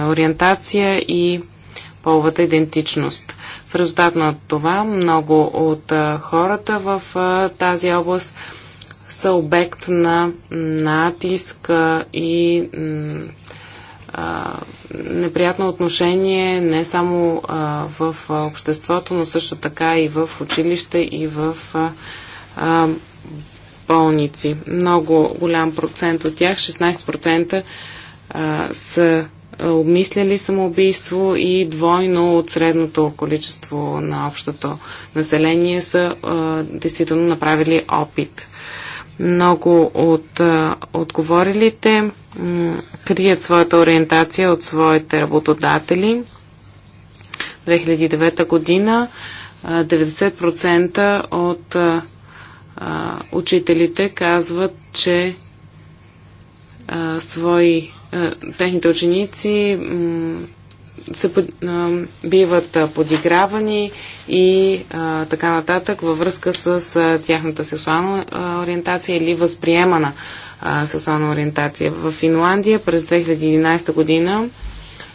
ориентация и половата идентичност. В резултат на това много от хората в тази област са обект на натиск и неприятно отношение не само в обществото, но също така и в училище и в болници. Много голям процент от тях, 16% са обмисляли самоубийство и двойно от средното количество на общото население са а, действително направили опит. Много от а, отговорилите крият своята ориентация от своите работодатели. 2009 година 90% от а, учителите казват, че свои е, техните ученици се е, биват подигравани и така нататък във връзка с тяхната сексуална ориентация или възприемана сексуална ориентация. В Финландия през 2011 година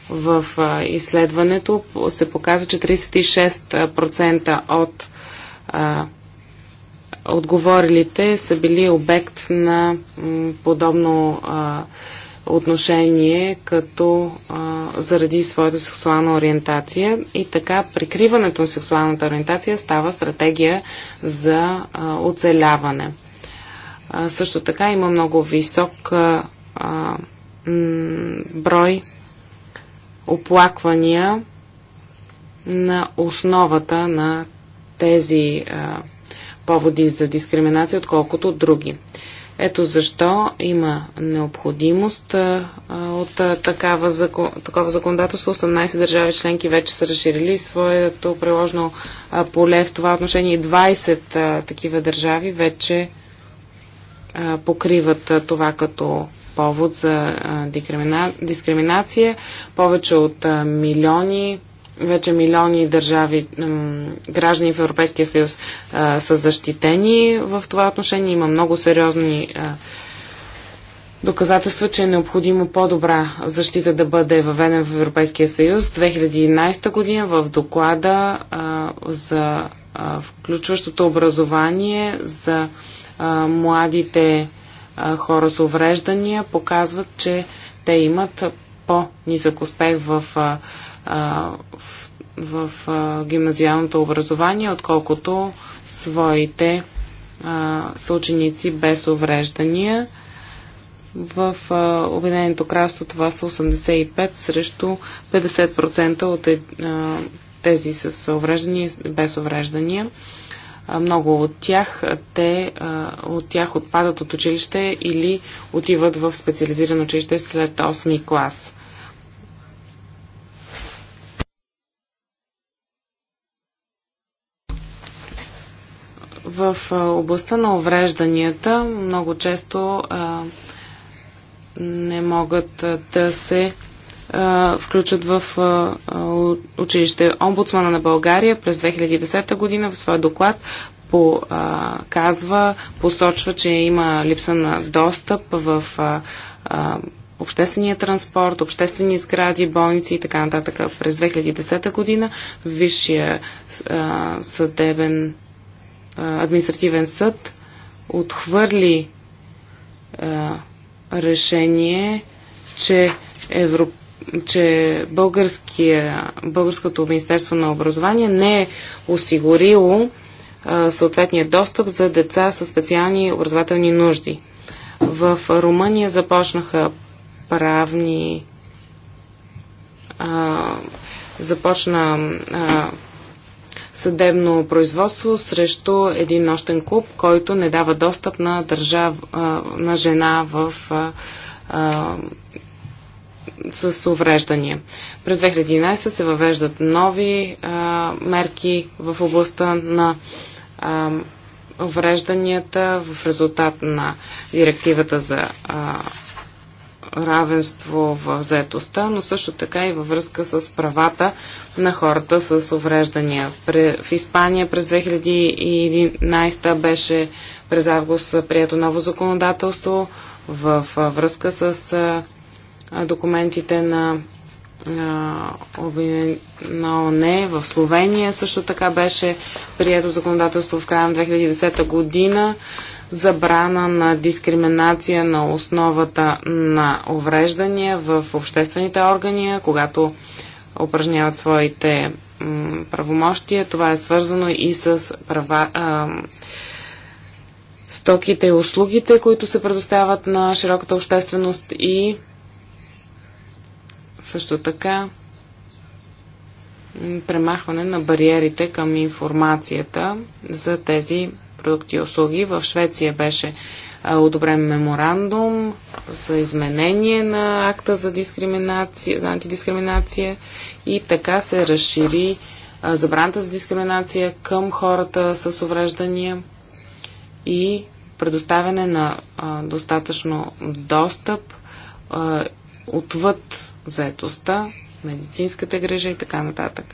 в изследването се показа, че 36% от отговорилите са били обект на подобно а, отношение като а, заради своята сексуална ориентация и така прикриването на сексуалната ориентация става стратегия за а, оцеляване. А, също така има много висок а, м, брой оплаквания на основата на тези а, поводи за дискриминация, отколкото други. Ето защо има необходимост от такава, закон, такова законодателство. 18 държави членки вече са разширили своето приложно поле в това отношение и 20 такива държави вече покриват това като повод за дискриминация. Повече от милиони вече милиони държави, граждани в Европейския съюз са защитени в това отношение. Има много сериозни доказателства, че е необходимо по-добра защита да бъде въведена в Европейския съюз. 2011 година в доклада за включващото образование за младите хора с увреждания показват, че те имат по-нисък успех в а, в, в а, гимназиалното образование, отколкото своите а, съученици без увреждания. В а, Обединеното кралство това са 85 срещу 50% от е, а, тези с увреждания и без увреждания много от тях, те от тях отпадат от училище или отиват в специализирано училище след 8 клас. В областта на уврежданията много често а, не могат да се а, включат в а, училище. Омбудсмана на България през 2010 година в своя доклад по, а, казва, посочва, че има липса на достъп в а, а, обществения транспорт, обществени сгради, болници и така нататък. През 2010 година Висшия а, съдебен административен съд отхвърли решение, че, Евро... че българския... Българското Министерство на образование не е осигурило съответния достъп за деца с специални образователни нужди. В Румъния започнаха правни. А, започна а, съдебно производство срещу един нощен клуб, който не дава достъп на, държав, на жена в с увреждания. През 2011 се въвеждат нови а, мерки в областта на а, уврежданията в резултат на директивата за а, равенство в заетостта, но също така и във връзка с правата на хората с увреждания. В Испания през 2011 беше през август прието ново законодателство в връзка с документите на на ОНЕ в Словения. Също така беше прието законодателство в края на 2010 година забрана на дискриминация на основата на увреждания в обществените органи, когато упражняват своите правомощия. Това е свързано и с права, а, стоките и услугите, които се предоставят на широката общественост и също така премахване на бариерите към информацията за тези продукти и услуги. В Швеция беше одобрен меморандум за изменение на акта за, дискриминация, за антидискриминация и така се разшири забраната за дискриминация към хората с увреждания и предоставяне на а, достатъчно достъп а, отвъд заетостта, медицинската грижа и така нататък.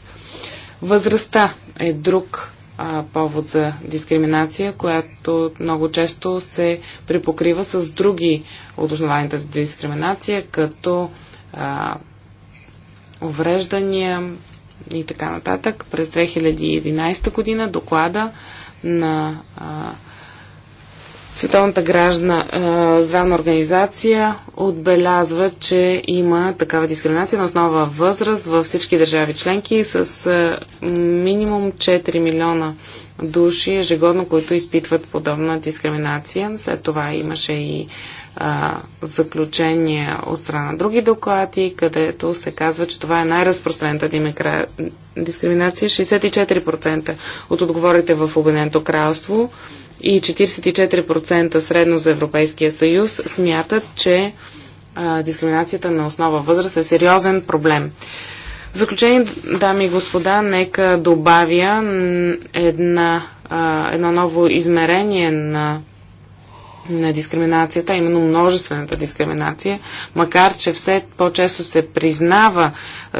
Възрастта е друг а, повод за дискриминация, която много често се припокрива с други от за дискриминация, като а, увреждания и така нататък. През 2011 година доклада на а, Световната граждана, здравна организация отбелязва, че има такава дискриминация на основа възраст във всички държави членки с минимум 4 милиона души ежегодно, които изпитват подобна дискриминация. След това имаше и заключение заключения от страна на други доклади, където се казва, че това е най-разпространената дискриминация. 64% от отговорите в Обединеното кралство и 44% средно за Европейския съюз смятат, че дискриминацията на основа възраст е сериозен проблем. В заключение, дами и господа, нека добавя една, едно ново измерение на на дискриминацията, именно множествената дискриминация, макар че все по-често се признава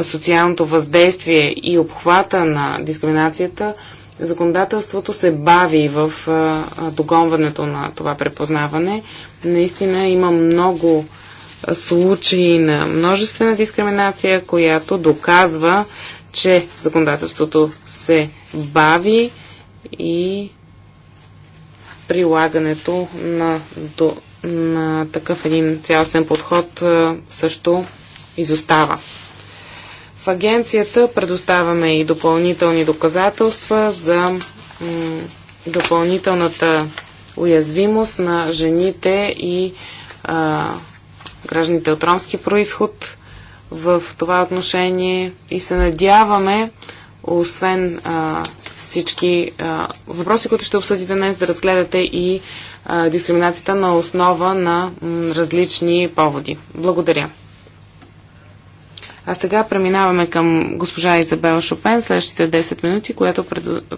социалното въздействие и обхвата на дискриминацията, законодателството се бави в а, догонването на това препознаване. Наистина има много случаи на множествена дискриминация, която доказва, че законодателството се бави и прилагането на, до, на такъв един цялостен подход също изостава. В агенцията предоставяме и допълнителни доказателства за допълнителната уязвимост на жените и а, гражданите от ромски происход в това отношение и се надяваме, освен а, всички а, въпроси, които ще обсъдите днес, да разгледате и а, дискриминацията на основа на м, различни поводи. Благодаря. А сега преминаваме към госпожа Изабел Шопен, следващите 10 минути, която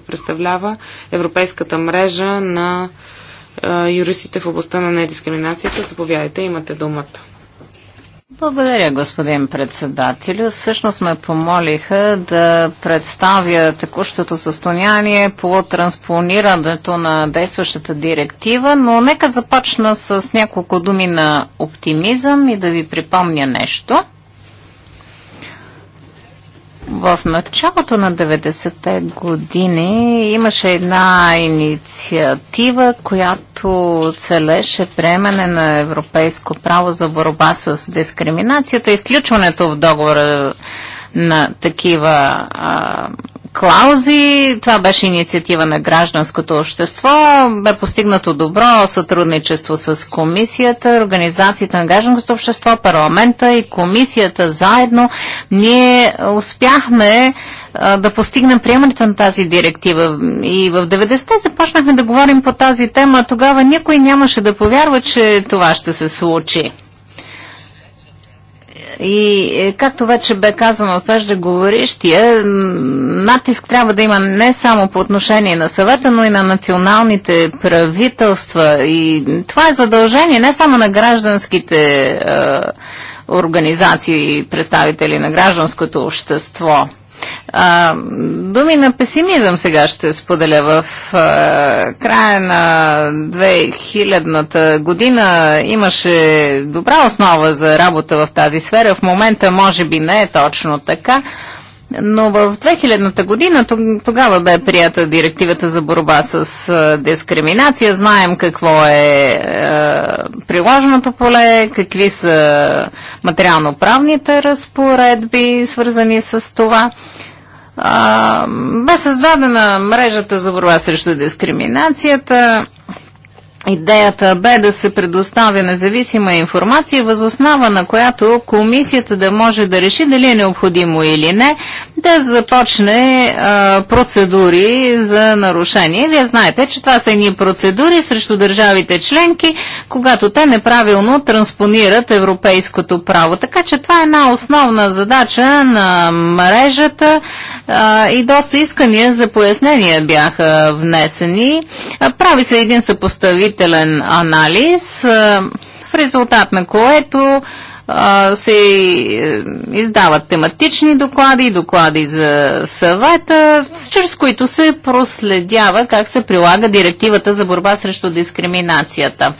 представлява Европейската мрежа на юристите в областта на недискриминацията. Заповядайте, имате думата.
Благодаря, господин председателю. Всъщност ме помолиха да представя текущото състояние по транспонирането на действащата директива, но нека започна с няколко думи на оптимизъм и да ви припомня нещо – в началото на 90-те години имаше една инициатива, която целеше приемане на европейско право за борба с дискриминацията и включването в договора на такива а, клаузи. Това беше инициатива на гражданското общество. Бе постигнато добро сътрудничество с комисията, организацията на гражданското общество, парламента и комисията заедно. Ние успяхме да постигнем приемането на тази директива. И в 90-те започнахме да говорим по тази тема. Тогава никой нямаше да повярва, че това ще се случи. И е, както вече бе казано от преждеговорещия, натиск трябва да има не само по отношение на съвета, но и на националните правителства. И това е задължение не само на гражданските е, организации и представители на гражданското общество. А, думи на песимизъм сега ще споделя. В а, края на 2000-та година имаше добра основа за работа в тази сфера. В момента може би не е точно така. Но в 2000-та година тогава бе прията директивата за борба с дискриминация. Знаем какво е, е приложеното поле, какви са материално-правните разпоредби, свързани с това. бе създадена мрежата за борба срещу дискриминацията. Идеята бе да се предоставя независима информация, възоснава на която комисията да може да реши дали е необходимо или не да започне а, процедури за нарушение. Вие знаете, че това са едни процедури срещу държавите членки, когато те неправилно транспонират европейското право. Така че това е една основна задача на мрежата а, и доста искания за пояснения бяха внесени. А, прави се един съпоставител предварителен анализ, в резултат на което се е, издават тематични доклади, доклади за съвета, чрез които се проследява как се прилага директивата за борба срещу дискриминацията.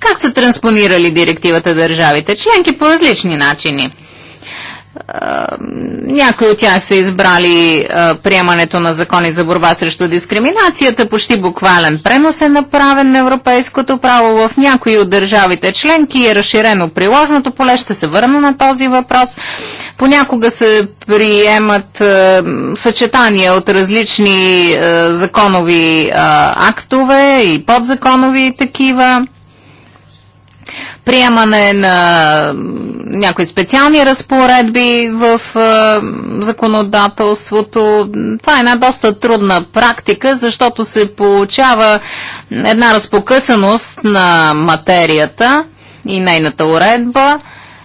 Как са транспонирали директивата държавите членки по различни начини някои от тях са избрали приемането на закони за борба срещу дискриминацията. Почти буквален пренос е направен на европейското право в някои от държавите членки е разширено приложното поле. Ще се върна на този въпрос. Понякога се приемат съчетания от различни законови актове и подзаконови такива приемане на някои специални разпоредби в е, законодателството. Това е една доста трудна практика, защото се получава една разпокъсаност на материята и нейната уредба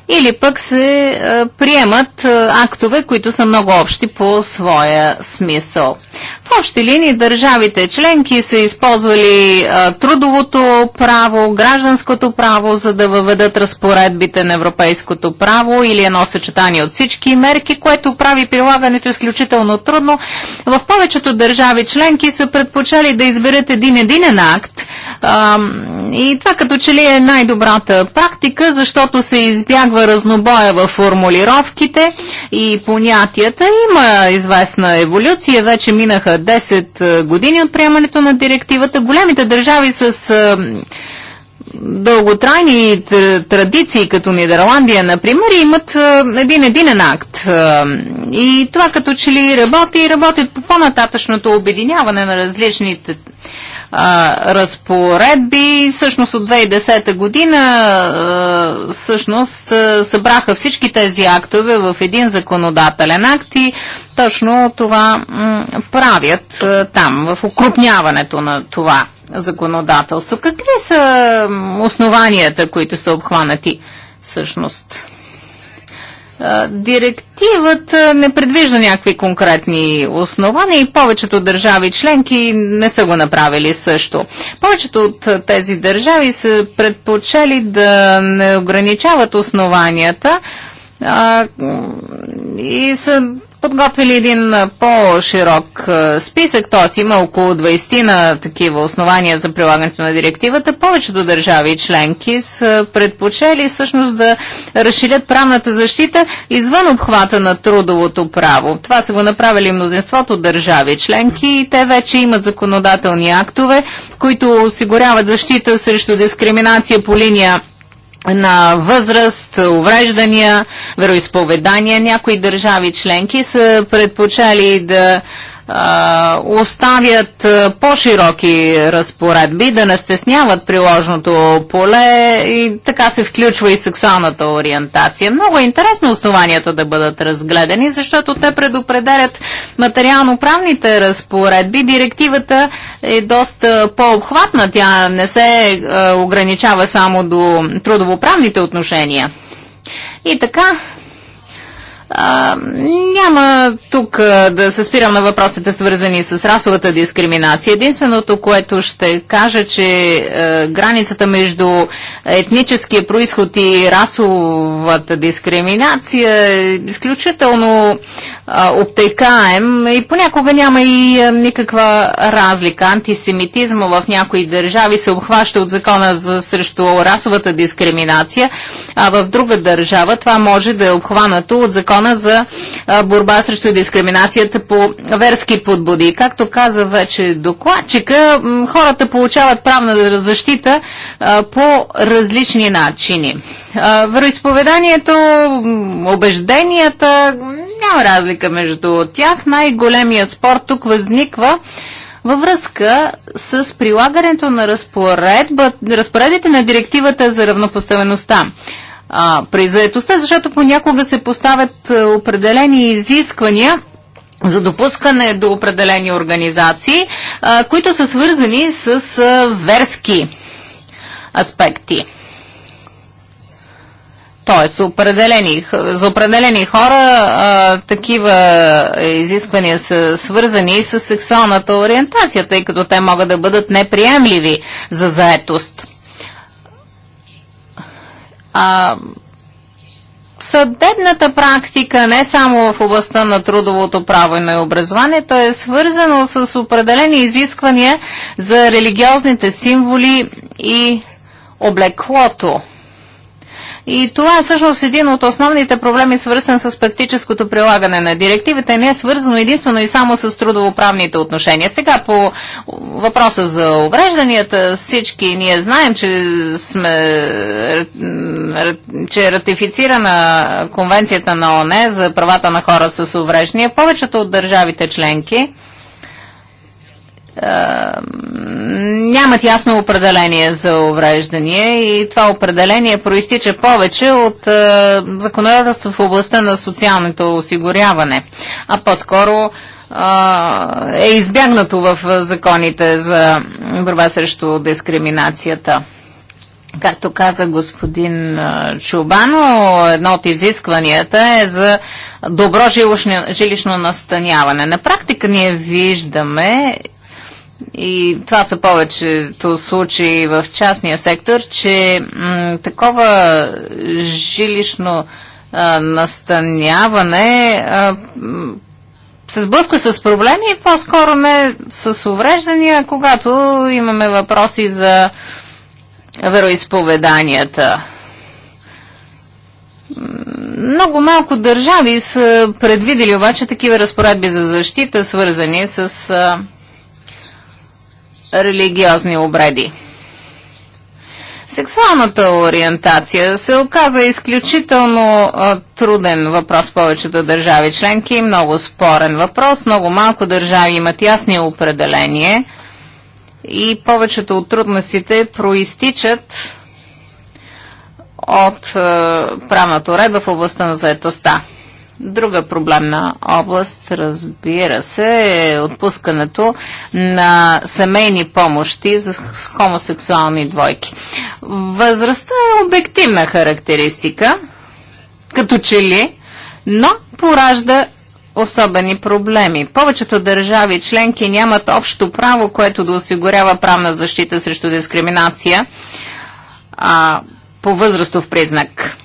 или пък се е, приемат е, актове, които са много общи по своя смисъл. В общи линии държавите членки са използвали е, трудовото право, гражданското право, за да въведат разпоредбите на европейското право или едно съчетание от всички мерки, което прави прилагането изключително трудно. В повечето държави членки са предпочели да изберат един единен акт и това като че ли е най-добрата практика, защото се избягва избягва разнобоя в формулировките и понятията. Има известна еволюция. Вече минаха 10 е, години от приемането на директивата. Големите държави с е, дълготрайни традиции, като Нидерландия, например, имат е, един единен акт. И това като че ли работи и работят по по-нататъчното обединяване на различните разпоредби. Всъщност от 2010 година всъщност събраха всички тези актове в един законодателен акт и точно това правят там, в укрупняването на това законодателство. Какви са основанията, които са обхванати всъщност? Директивата не предвижда някакви конкретни основания и повечето държави членки не са го направили също. Повечето от тези държави са предпочели да не ограничават основанията а, и са подготвили един по-широк списък, т.е. има около 20 на такива основания за прилагането на директивата. Повечето държави и членки са предпочели всъщност да разширят правната защита извън обхвата на трудовото право. Това са го направили мнозинството държави членки и те вече имат законодателни актове, които осигуряват защита срещу дискриминация по линия на възраст, увреждания, вероисповедания. Някои държави членки са предпочели да оставят по-широки разпоредби, да не стесняват приложното поле и така се включва и сексуалната ориентация. Много е интересно основанията да бъдат разгледани, защото те предопределят материално-правните разпоредби. Директивата е доста по-обхватна, тя не се ограничава само до трудовоправните отношения. И така, а, няма тук да се спирам на въпросите, свързани с расовата дискриминация. Единственото, което ще кажа, че а, границата между етническия происход и расовата дискриминация е изключително обтекаем и понякога няма и а, никаква разлика. Антисемитизма в някои държави се обхваща от закона за срещу расовата дискриминация, а в друга държава това може да е обхванато от закона закона за борба срещу дискриминацията по верски подбуди. Както каза вече докладчика, хората получават правна защита по различни начини. Вероисповеданието, убежденията, няма разлика между тях. Най-големия спор тук възниква във връзка с прилагането на разпоредбите разпоредите на директивата за равнопоставеността а, при заедостта, защото понякога се поставят определени изисквания за допускане до определени организации, а, които са свързани с а, верски аспекти. Тоест, определени, за определени хора а, такива изисквания са свързани с сексуалната ориентация, тъй като те могат да бъдат неприемливи за заетост. А, съдебната практика не само в областта на трудовото право и на образованието е свързано с определени изисквания за религиозните символи и облеклото. И това е всъщност един от основните проблеми, свързан с практическото прилагане на директивата. Не е свързано единствено и само с трудовоправните отношения. Сега по въпроса за обрежданията, всички ние знаем, че, сме, че е ратифицирана конвенцията на ОНЕ за правата на хора с увреждания. Повечето от държавите членки нямат ясно определение за увреждания и това определение проистича повече от а, законодателство в областта на социалното осигуряване, а по-скоро е, е избягнато в законите за борба срещу дискриминацията. Както каза господин Чубано, едно от изискванията е за добро жилищно настаняване. На практика ние виждаме и това са повечето случаи в частния сектор, че такова жилищно а, настаняване а, се сблъсква с проблеми и по-скоро не с увреждания, когато имаме въпроси за вероисповеданията. Много малко държави са предвидели обаче такива разпоредби за защита, свързани с а, религиозни обреди. Сексуалната ориентация се оказа изключително а, труден въпрос в повечето държави членки, много спорен въпрос, много малко държави имат ясни определение и повечето от трудностите проистичат от а, правната уредба в областта на заетостта. Друга проблемна област, разбира се, е отпускането на семейни помощи за хомосексуални двойки. Възрастта е обективна характеристика, като че ли, но поражда особени проблеми. Повечето държави членки нямат общо право, което да осигурява правна защита срещу дискриминация а, по възрастов признак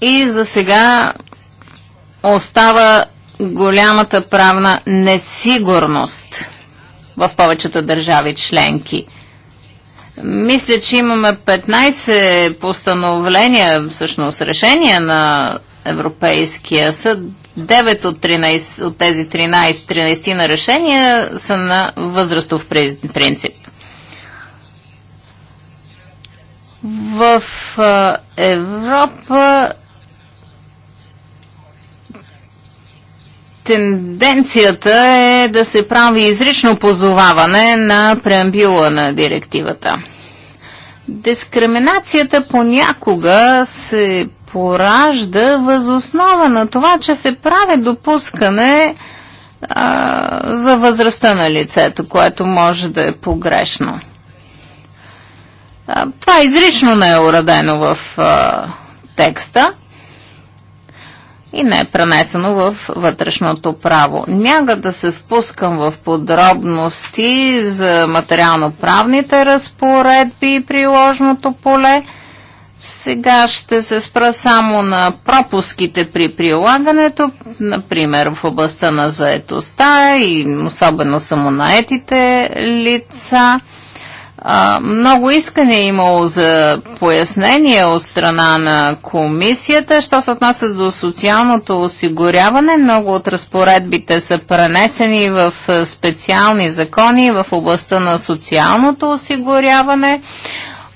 и за сега остава голямата правна несигурност в повечето държави членки. Мисля, че имаме 15 постановления, всъщност решения на Европейския съд. 9 от, 13, от тези 13, 13 на решения са на възрастов принцип. В Европа Тенденцията е да се прави изрично позоваване на преамбюла на директивата. Дискриминацията понякога се поражда възоснова на това, че се прави допускане а, за възрастта на лицето, което може да е погрешно. А, това изрично не е уредено в а, текста и не е пренесено в вътрешното право. Няма да се впускам в подробности за материално-правните разпоредби и приложното поле. Сега ще се спра само на пропуските при прилагането, например в областта на заетостта и особено самонаетите лица. лица много искане е имало за пояснение от страна на комисията. Що се отнася до социалното осигуряване, много от разпоредбите са пренесени в специални закони в областта на социалното осигуряване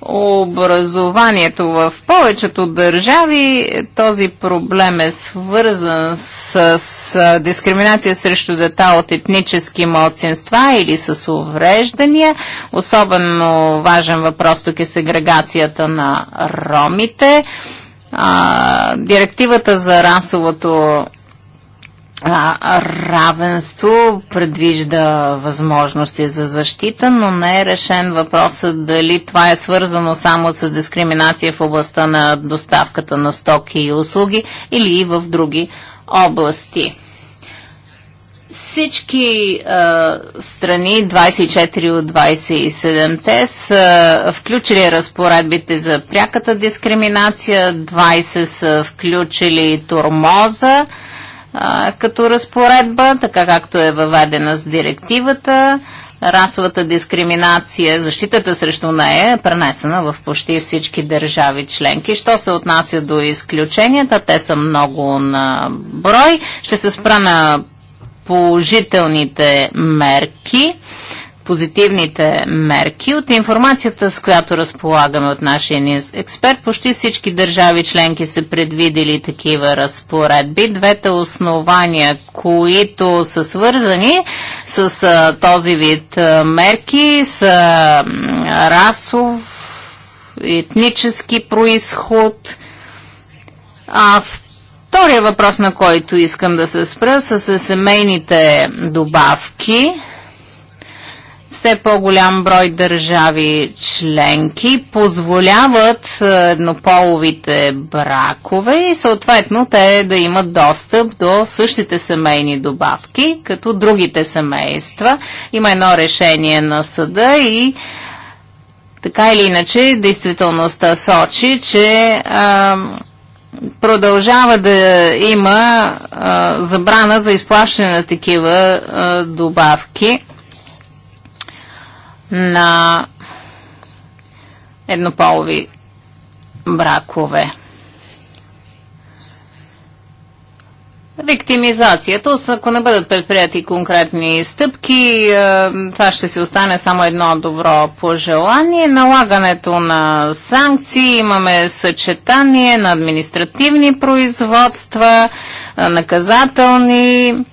образованието. В повечето държави този проблем е свързан с, с дискриминация срещу дета от етнически младсинства или с увреждания. Особено важен въпрос тук е сегрегацията на ромите. А, директивата за расовото а, равенство предвижда възможности за защита, но не е решен въпросът дали това е свързано само с дискриминация в областта на доставката на стоки и услуги или и в други области. Всички а, страни, 24 от 27-те, са включили разпоредбите за пряката дискриминация, 20 са включили турмоза, като разпоредба, така както е въведена с директивата. Расовата дискриминация, защитата срещу нея е пренесена в почти всички държави членки. Що се отнася до изключенията, те са много на брой. Ще се спра на положителните мерки позитивните мерки. От информацията, с която разполагаме от нашия експерт, почти всички държави членки са предвидели такива разпоредби. Двете основания, които са свързани с а, този вид а, мерки, са расов, етнически происход, а Втория въпрос, на който искам да се спра, са семейните добавки – все по-голям брой държави членки позволяват е, еднополовите бракове и съответно те да имат достъп до същите семейни добавки, като другите семейства. Има едно решение на съда и така или иначе действителността сочи, че а, продължава да има а, забрана за изплащане на такива а, добавки – на еднополови бракове. Виктимизацията, ако не бъдат предприяти конкретни стъпки, е, това ще си остане само едно добро пожелание. Налагането на санкции, имаме съчетание на административни производства, е, наказателни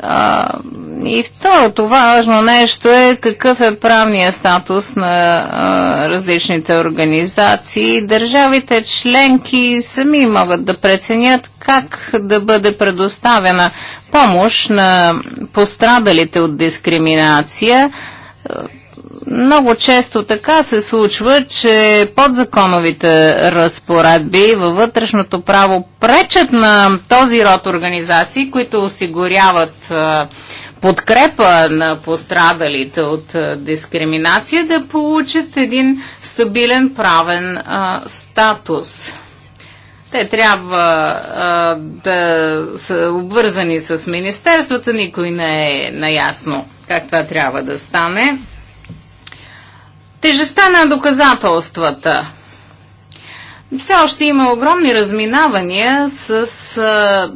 а, и второто важно нещо е какъв е правният статус на а, различните организации. Държавите членки сами могат да преценят как да бъде предоставена помощ на пострадалите от дискриминация много често така се случва, че подзаконовите разпоредби във вътрешното право пречат на този род организации, които осигуряват подкрепа на пострадалите от дискриминация да получат един стабилен правен а, статус. Те трябва а, да са обвързани с министерствата, никой не е наясно как това трябва да стане. Тежестта на доказателствата. Все още има огромни разминавания с а,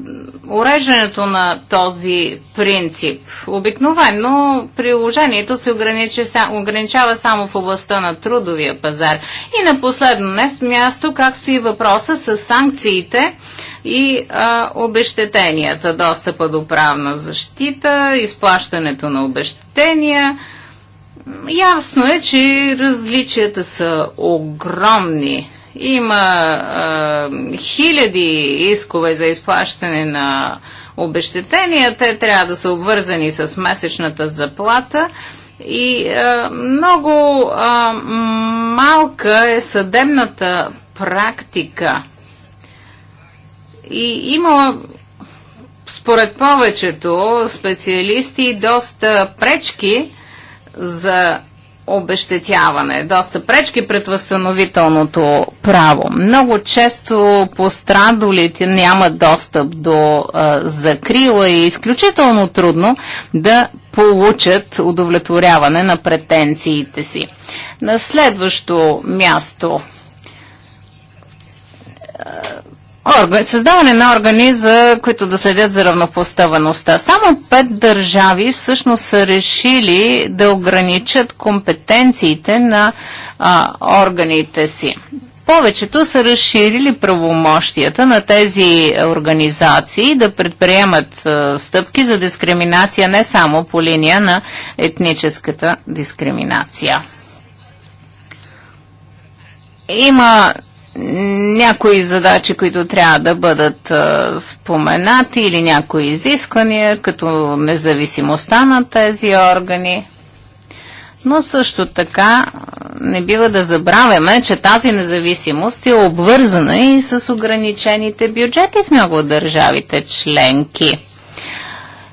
уреждането на този принцип. Обикновено приложението се ограничава само в областта на трудовия пазар. И на последно място, как стои въпроса с санкциите и а, обещетенията, достъпа до правна защита, изплащането на обещетения – Ясно е, че различията са огромни. Има е, хиляди искове за изплащане на обещетения. Те трябва да са обвързани с месечната заплата. И е, много е, малка е съдебната практика. И има според повечето специалисти доста пречки за обещетяване. Доста пречки пред възстановителното право. Много често пострадалите нямат достъп до а, закрила и е изключително трудно да получат удовлетворяване на претенциите си. На следващо място орган, създаване на органи, за които да следят за равнопоставеността. Само пет държави всъщност са решили да ограничат компетенциите на а, органите си. Повечето са разширили правомощията на тези организации да предприемат а, стъпки за дискриминация не само по линия на етническата дискриминация. Има някои задачи, които трябва да бъдат а, споменати или някои изисквания, като независимостта на тези органи. Но също така не бива да забравяме, че тази независимост е обвързана и с ограничените бюджети в много държавите членки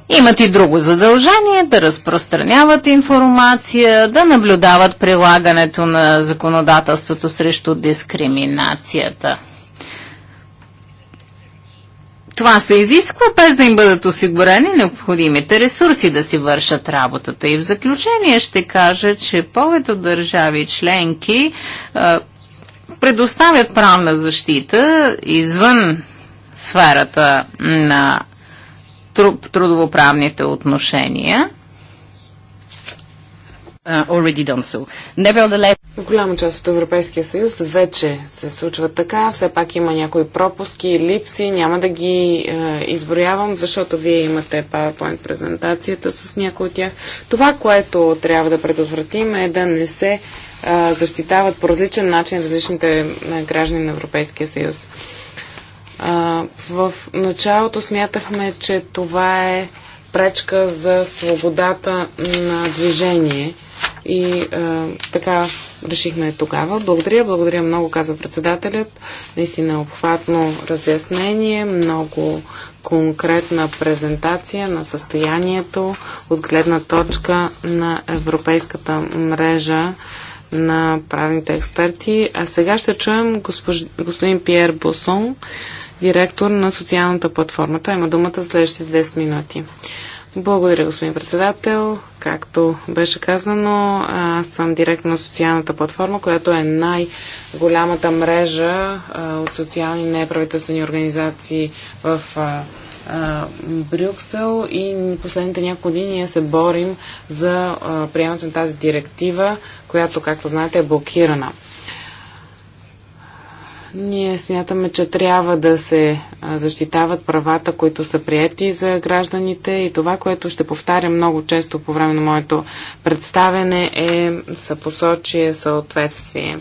имат и друго задължение да разпространяват информация, да наблюдават прилагането на законодателството срещу дискриминацията. Това се изисква без да им бъдат осигурени необходимите ресурси да си вършат работата. И в заключение ще кажа, че повечето държави членки а, предоставят правна защита извън сферата на трудовоправните отношения. Uh, so. Nevertheless... Голяма част от Европейския съюз вече се случва
така. Все пак има някои пропуски, липси. Няма да ги е, изброявам, защото вие имате PowerPoint презентацията с някои от тях. Това, което трябва да предотвратим е да не се е, защитават по различен начин различните е, граждани на Европейския съюз. А, в началото смятахме, че това е пречка за свободата на движение и а, така решихме тогава. Благодаря, благодаря много, каза председателят. Наистина обхватно разяснение, много конкретна презентация на състоянието от гледна точка на Европейската мрежа на правните експерти. А сега ще чуем госпож... господин Пьер Босон директор на социалната платформа. Той има думата за следващите 10 минути. Благодаря, господин председател. Както беше казано, аз съм директор на социалната платформа, която е най-голямата мрежа а, от социални неправителствени организации в а, а, Брюксел и последните няколко дни ние се борим за приемането на тази директива, която, както знаете, е блокирана. Ние смятаме, че трябва да се защитават правата, които са прияти за гражданите и това, което ще повтарям много често по време на моето представене е съпосочие съответствие.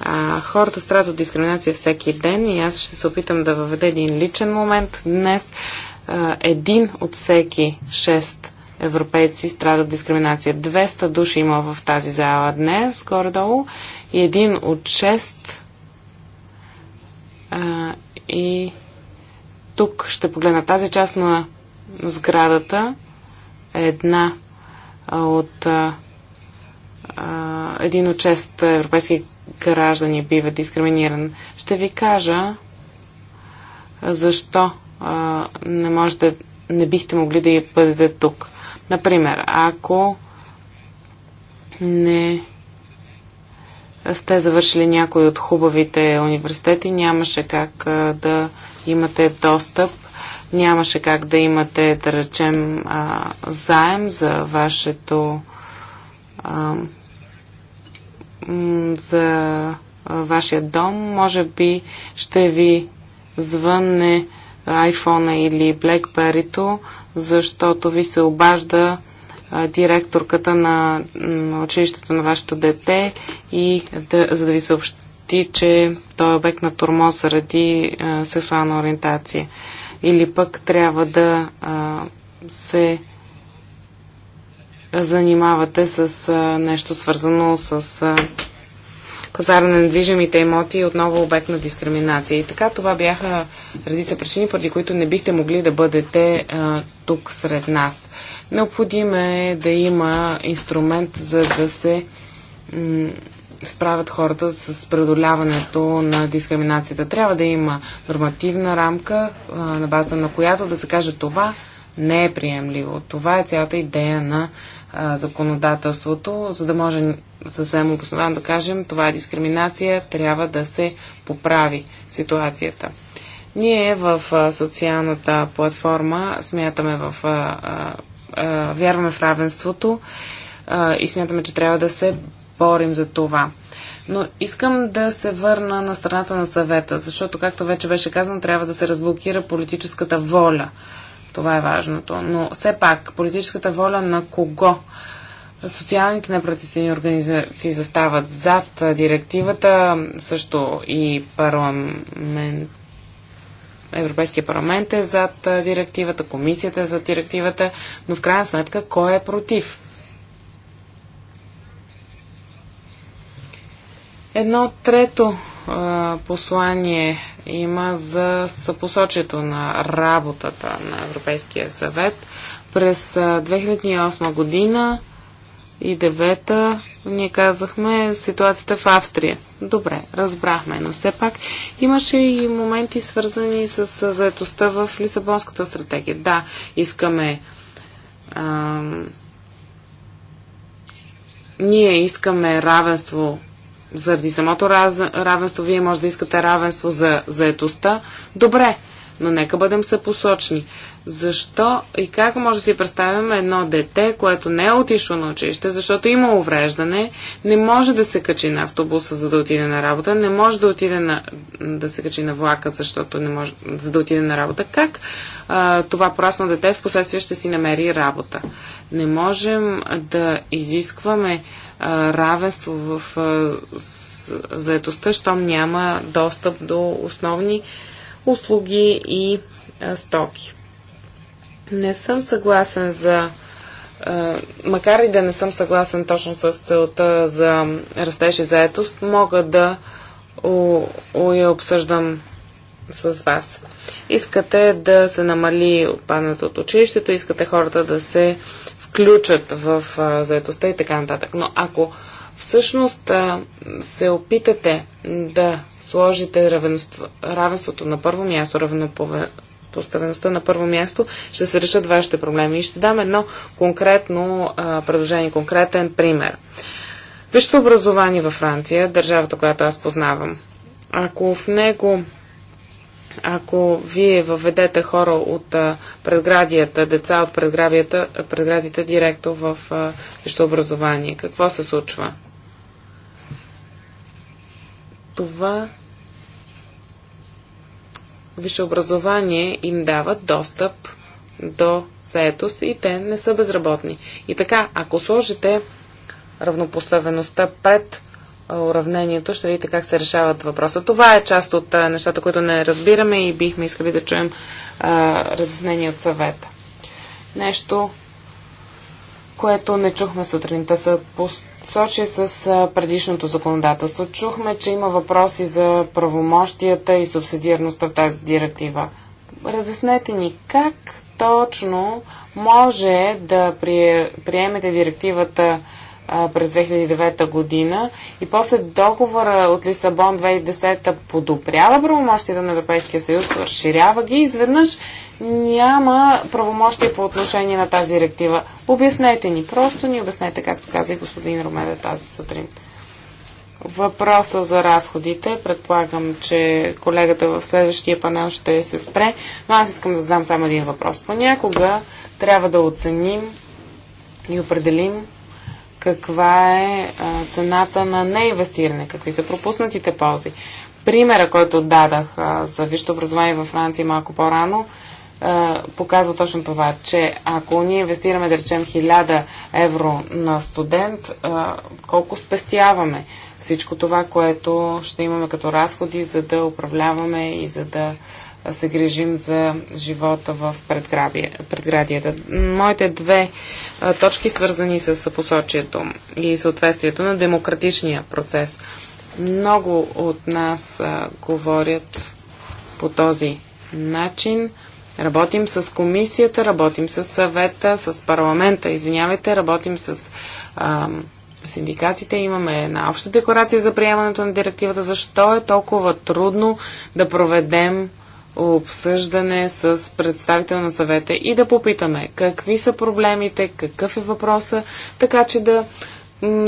А, хората страдат от дискриминация всеки ден и аз ще се опитам да въведа един личен момент. Днес а, един от всеки шест европейци страда от дискриминация. 200 души има в тази зала днес, горе-долу, и един от шест а, и тук ще погледна тази част на сградата. Една от а, един от чест европейски граждани бива дискриминиран. Ще ви кажа защо а, не можете, не бихте могли да я бъдете тук. Например, ако не сте завършили някой от хубавите университети, нямаше как да имате достъп, нямаше как да имате, да речем, заем за вашето за вашия дом, може би ще ви звънне iPhone или BlackBerry-то, защото ви се обажда директорката на училището на вашето дете и да, за да ви съобщи, че той е обект на турмоз заради а, сексуална ориентация. Или пък трябва да а, се занимавате с а, нещо свързано с а, пазара на недвижимите имоти и отново обект на дискриминация. И така това бяха редица причини, поради които не бихте могли да бъдете а, тук сред нас. Необходимо е да има инструмент, за да се справят хората с преодоляването на дискриминацията. Трябва да има нормативна рамка, а, на база на която да се каже това не е приемливо. Това е цялата идея на а, законодателството, за да може съвсем обосновано да кажем това е дискриминация, трябва да се поправи ситуацията. Ние в а, социалната платформа смятаме в вярваме в равенството а, и смятаме, че трябва да се борим за това. Но искам да се върна на страната на съвета, защото, както вече беше казано, трябва да се разблокира политическата воля. Това е важното. Но все пак, политическата воля на кого? Социалните неправителствени организации застават зад директивата, също и парламент Европейския парламент е зад директивата, комисията е зад директивата, но в крайна сметка кой е против? Едно трето а, послание има за съпосочието на работата на Европейския съвет. През 2008 година и девета, ние казахме ситуацията в Австрия. Добре, разбрахме, но все пак имаше и моменти свързани с заетостта в Лисабонската стратегия. Да, искаме. Ам, ние искаме равенство заради самото раз, равенство. Вие може да искате равенство за заетостта. Добре, но нека бъдем съпосочни. Защо и как може да си представяме едно дете, което не е отишло на училище, защото има увреждане, не може да се качи на автобуса, за да отиде на работа, не може да отиде на, да се качи на влака, защото не може, за да отиде на работа. Как а, това порасно дете в последствие ще си намери работа? Не можем да изискваме а, равенство в а, с, заедостта, щом няма достъп до основни услуги и а, стоки. Не съм съгласен за. Макар и да не съм съгласен точно с целта за растеж и заетост, мога да я обсъждам с вас. Искате да се намали отпадането от училището, искате хората да се включат в а, и така нататък. Но ако всъщност а, се опитате да сложите равенство, равенството на първо място, равнопова, Оставеността на първо място, ще се решат вашите проблеми. И ще дам едно конкретно а, предложение, конкретен пример. Вижте образование във Франция, държавата, която аз познавам, ако в него ако вие въведете хора от а, предградията, деца от предградията, предградите директно в висшето образование, какво се случва? Това висше образование им дават достъп до заетост и те не са безработни. И така, ако сложите равнопоставеността пред уравнението, ще видите как се решават въпроса. Това е част от нещата, които не разбираме и бихме искали да чуем а, разяснение от съвета. Нещо, което не чухме сутринта, са посочи с предишното законодателство. Чухме, че има въпроси за правомощията и субсидиарността в тази директива. Разяснете ни как точно може да приемете директивата а, през 2009 година и после договора от Лисабон 2010 подобрява правомощията на Европейския съюз, разширява ги и изведнъж няма правомощия по отношение на тази директива. Обяснете ни, просто ни обяснете, както каза и господин Ромеда тази сутрин. Въпроса за разходите, предполагам, че колегата в следващия панел ще се спре, но аз искам да задам само един въпрос. Понякога трябва да оценим и определим каква е а, цената на неинвестиране, какви са пропуснатите ползи. Примера, който дадах а, за висшето образование във Франция малко по-рано, показва точно това, че ако ние инвестираме, да речем, 1000 евро на студент, а, колко спестяваме всичко това, което ще имаме като разходи, за да управляваме и за да се грижим за живота в предградията. Моите две точки свързани с посочието и съответствието на демократичния процес. Много от нас а, говорят по този начин. Работим с комисията, работим с съвета, с парламента, извинявайте, работим с а, синдикатите. Имаме една обща декларация за приемането на директивата. Защо е толкова трудно да проведем обсъждане с представител на съвета и да попитаме какви са проблемите, какъв е въпроса, така че да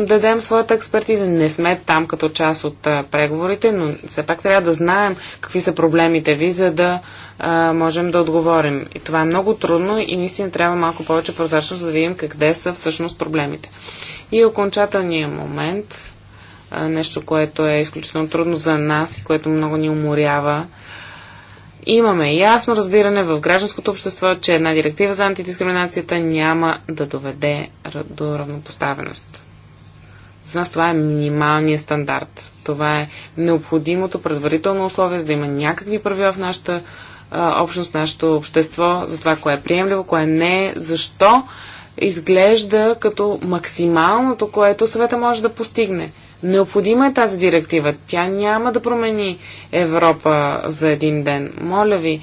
дадем своята експертиза. Не сме там като част от преговорите, но все пак трябва да знаем какви са проблемите ви, за да а, можем да отговорим. И това е много трудно и наистина трябва малко повече прозрачност, за да видим къде са всъщност проблемите. И окончателният момент, а, нещо, което е изключително трудно за нас и което много ни уморява, Имаме ясно разбиране в гражданското общество, че една директива за антидискриминацията няма да доведе до равнопоставеност. За нас това е минималният стандарт. Това е необходимото предварително условие, за да има някакви правила в нашата а, общност, нашето общество, за това кое е приемливо, кое не е, защо изглежда като максималното, което света може да постигне. Необходима е тази директива. Тя няма да промени Европа за един ден. Моля ви,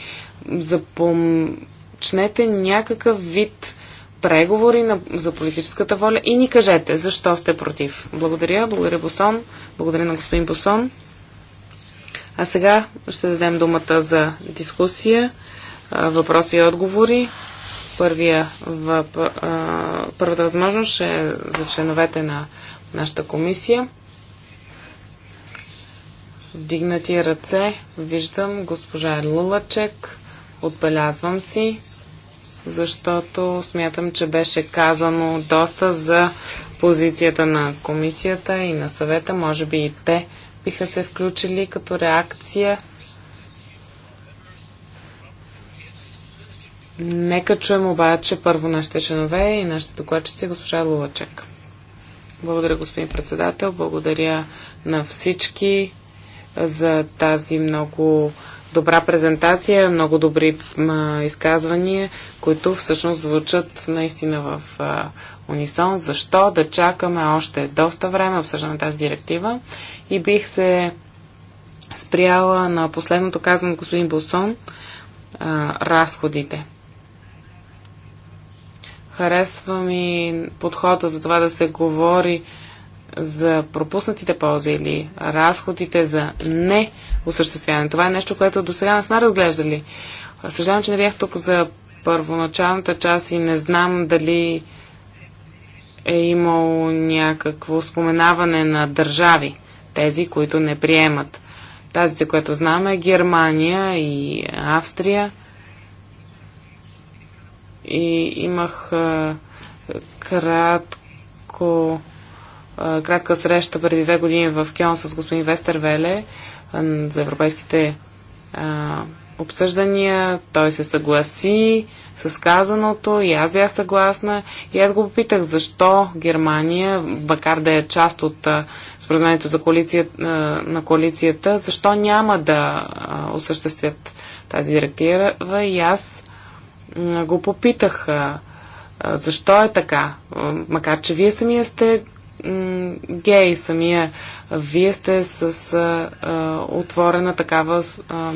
започнете някакъв вид преговори на, за политическата воля и ни кажете защо сте против. Благодаря, благодаря Босон, благодаря на господин Босон. А сега ще дадем думата за дискусия, въпроси и отговори. Първия, въп, първата възможност ще е за членовете на нашата комисия. Вдигнати ръце. Виждам госпожа Лулачек. Отбелязвам си, защото смятам, че беше казано доста за позицията на комисията и на съвета. Може би и те биха се включили като реакция. Нека чуем обаче първо нашите членове и нашите докладчици, госпожа Лулачек. Благодаря, господин председател. Благодаря на всички за тази много добра презентация, много добри а, изказвания, които всъщност звучат наистина в а, унисон. Защо да чакаме още доста време, обсъждаме тази директива и бих се спряла на последното казано господин Бусон, а, разходите. Харесва ми подхода за това да се говори за пропуснатите ползи или разходите за не осъществяване. Това е нещо, което до сега не сме разглеждали. Съжалявам, че не бях тук за първоначалната част и не знам дали е имало някакво споменаване на държави, тези, които не приемат. Тази, за което знам е Германия и Австрия. И имах кратко кратка среща преди две години в Кьон с господин Вестервеле Веле за европейските обсъждания. Той се съгласи с казаното и аз бях съгласна. И аз го попитах защо Германия, макар да е част от споразумението за коалиция, на коалицията, защо няма да осъществят тази директива. И аз го попитах защо е така. Макар, че вие самия сте гей самия. Вие сте с а, а, отворена такава а,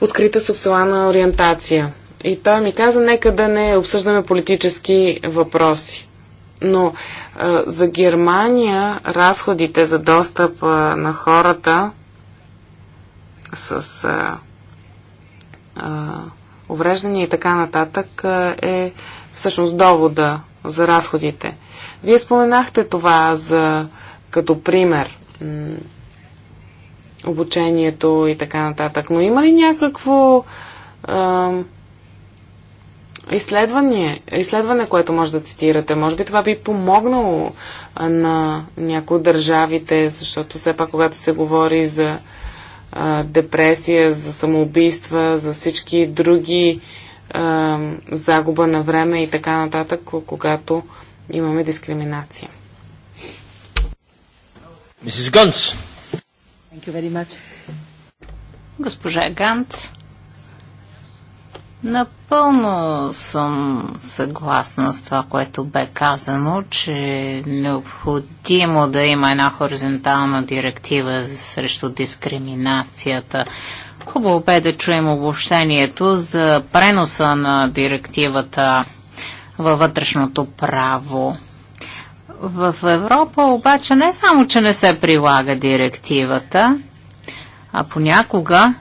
открита сексуална ориентация. И той ми каза, нека да не обсъждаме политически въпроси. Но а, за Германия разходите за достъп а, на хората с а, а, увреждания и така нататък а, е всъщност довода за разходите. Вие споменахте това за, като пример обучението и така нататък, но има ли някакво а, изследване, изследване, което може да цитирате? Може би това би помогнало на някои от държавите, защото все пак, когато се говори за депресия, за самоубийства, за всички други а, загуба на време и така нататък, когато имаме дискриминация. Мисис Ганц.
Госпожа Ганц, напълно съм съгласна с това, което бе казано, че е необходимо да има една хоризонтална директива срещу дискриминацията. Хубаво бе да чуем обобщението за преноса на директивата във вътрешното право. В Европа обаче не само, че не се прилага директивата, а понякога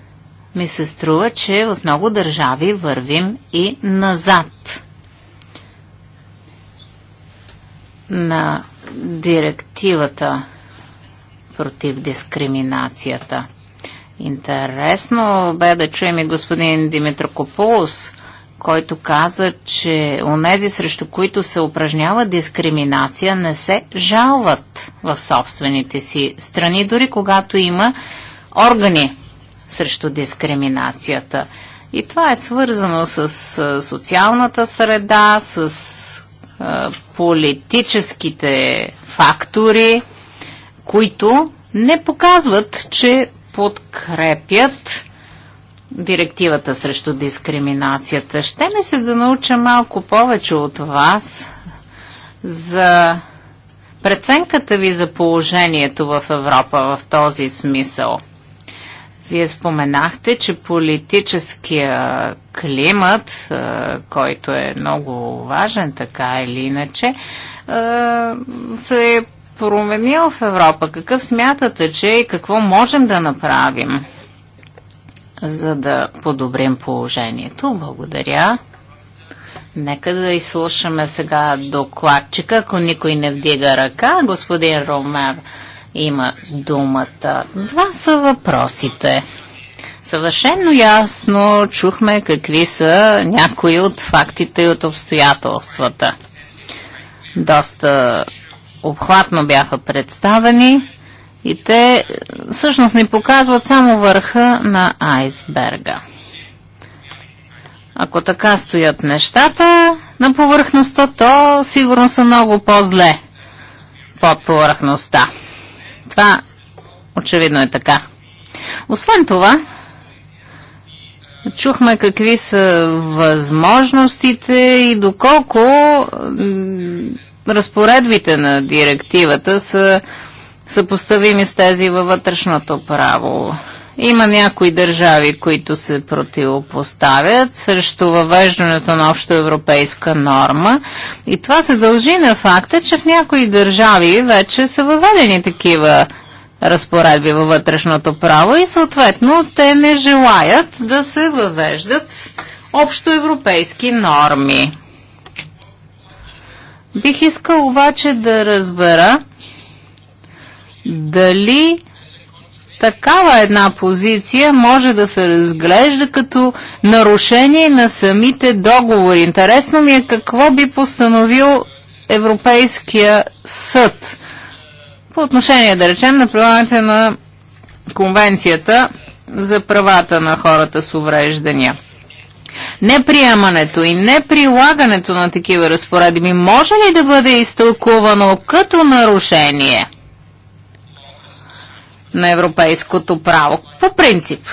ми се струва, че в много държави вървим и назад. На директивата против дискриминацията. Интересно бе да чуем и господин Димитро Кополос, който каза, че онези, срещу които се упражнява дискриминация, не се жалват в собствените си страни, дори когато има органи срещу дискриминацията. И това е свързано с социалната среда, с политическите фактори, които не показват, че подкрепят директивата срещу дискриминацията. Ще ми се да науча малко повече от вас за преценката ви за положението в Европа в този смисъл. Вие споменахте, че политическия климат, който е много важен така или иначе, се променил в Европа? Какъв смятате, че и какво можем да направим, за да подобрим положението? Благодаря. Нека да изслушаме сега докладчика, ако никой не вдига ръка. Господин Ромер има думата. Два са въпросите. Съвършено ясно чухме какви са някои от фактите и от обстоятелствата. Доста обхватно бяха представени и те е, всъщност ни показват само върха на айсберга. Ако така стоят нещата на повърхността, то сигурно са много по-зле под повърхността. Това очевидно е така. Освен това, чухме какви са възможностите и доколко разпоредбите на директивата са съпоставими с тези във вътрешното право. Има някои държави, които се противопоставят срещу въвеждането на обща европейска норма. И това се дължи на факта, че в някои държави вече са въведени такива разпоредби във вътрешното право и съответно те не желаят да се въвеждат общоевропейски норми. Бих искал обаче да разбера дали такава една позиция може да се разглежда като нарушение на самите договори. Интересно ми е какво би постановил Европейския съд по отношение, да речем, на прилагането на Конвенцията за правата на хората с увреждания неприемането и неприлагането на такива разпоредби може ли да бъде изтълкувано като нарушение на европейското право? По принцип.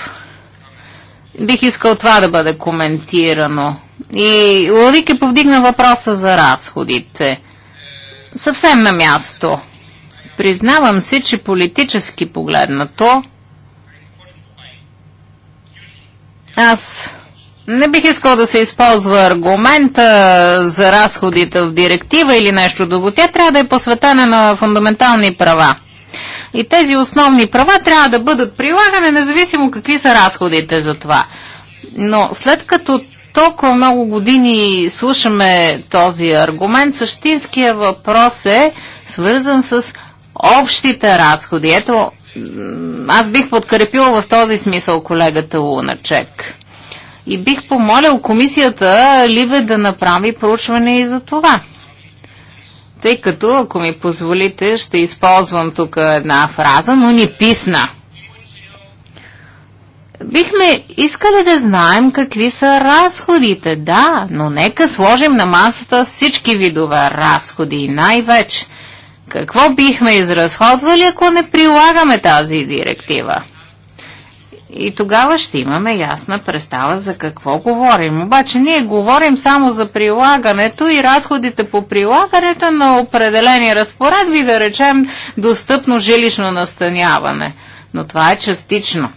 Бих искал това да бъде коментирано. И Лорике повдигна въпроса за разходите. Съвсем на място. Признавам се, че политически погледнато аз не бих искал да се използва аргумента за разходите в директива или нещо друго. Тя трябва да е посветена на фундаментални права. И тези основни права трябва да бъдат прилагани, независимо какви са разходите за това. Но след като толкова много години слушаме този аргумент, същинския въпрос е свързан с общите разходи. Ето, аз бих подкрепил в този смисъл колегата Луначек. И бих помолил комисията Либе да направи проучване и за това. Тъй като, ако ми позволите, ще използвам тук една фраза, но ни писна. Бихме искали да знаем какви са разходите, да, но нека сложим на масата всички видове разходи, и най-вече. Какво бихме изразходвали, ако не прилагаме тази директива? И тогава ще имаме ясна представа за какво говорим. Обаче ние говорим само за прилагането и разходите по прилагането на определени разпоредби, да речем достъпно жилищно настаняване. Но това е частично.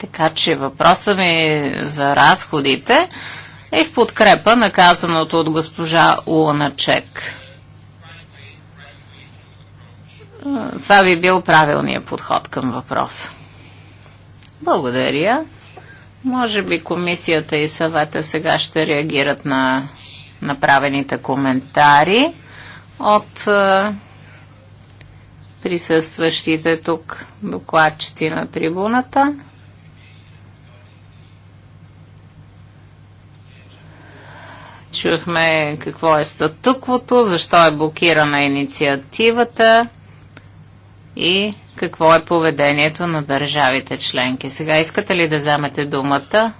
Така че въпросът ми за разходите е в подкрепа на казаното от госпожа Луначек. Това би бил правилният подход към въпроса. Благодаря. Може би комисията и съвета сега ще реагират на направените коментари от е, присъстващите тук докладчици на трибуната. Чухме какво е статуквото, защо е блокирана инициативата и какво е поведението на държавите членки. Сега искате ли да вземете думата?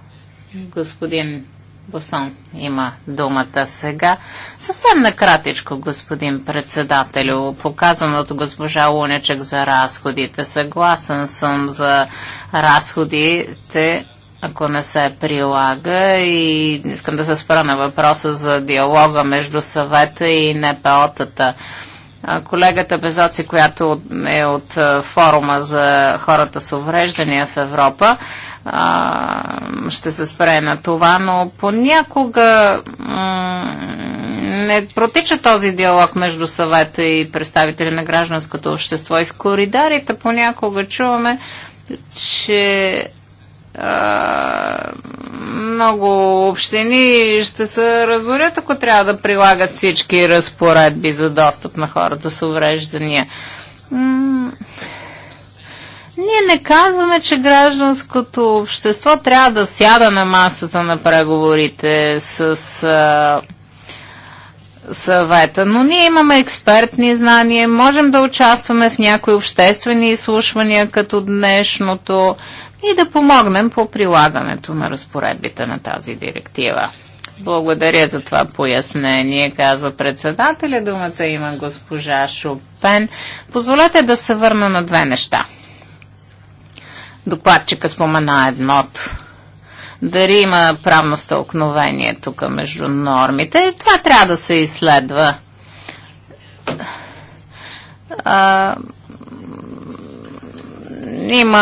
Господин Босон има думата сега. Съвсем накратичко, господин председателю, показано от госпожа Лунечек за разходите. Съгласен съм за разходите, ако не се прилага и искам да се спра на въпроса за диалога между съвета и НПО-тата колегата Безоци, която е от форума за хората с увреждания в Европа. Ще се спре на това, но понякога не протича този диалог между съвета и представители на гражданското общество. И в коридарите понякога чуваме, че много общини ще се разорят, ако трябва да прилагат всички разпоредби за достъп на хората с увреждания. Ние не казваме, че гражданското общество трябва да сяда на масата на преговорите с а, съвета, но ние имаме експертни знания, можем да участваме в някои обществени изслушвания, като днешното и да помогнем по прилагането на разпоредбите на тази директива. Благодаря за това пояснение, казва председателя. Думата има госпожа Шопен. Позволете да се върна на две неща. Докладчика спомена едното. Дали има правно стълкновение тук между нормите? Това трябва да се изследва. А, има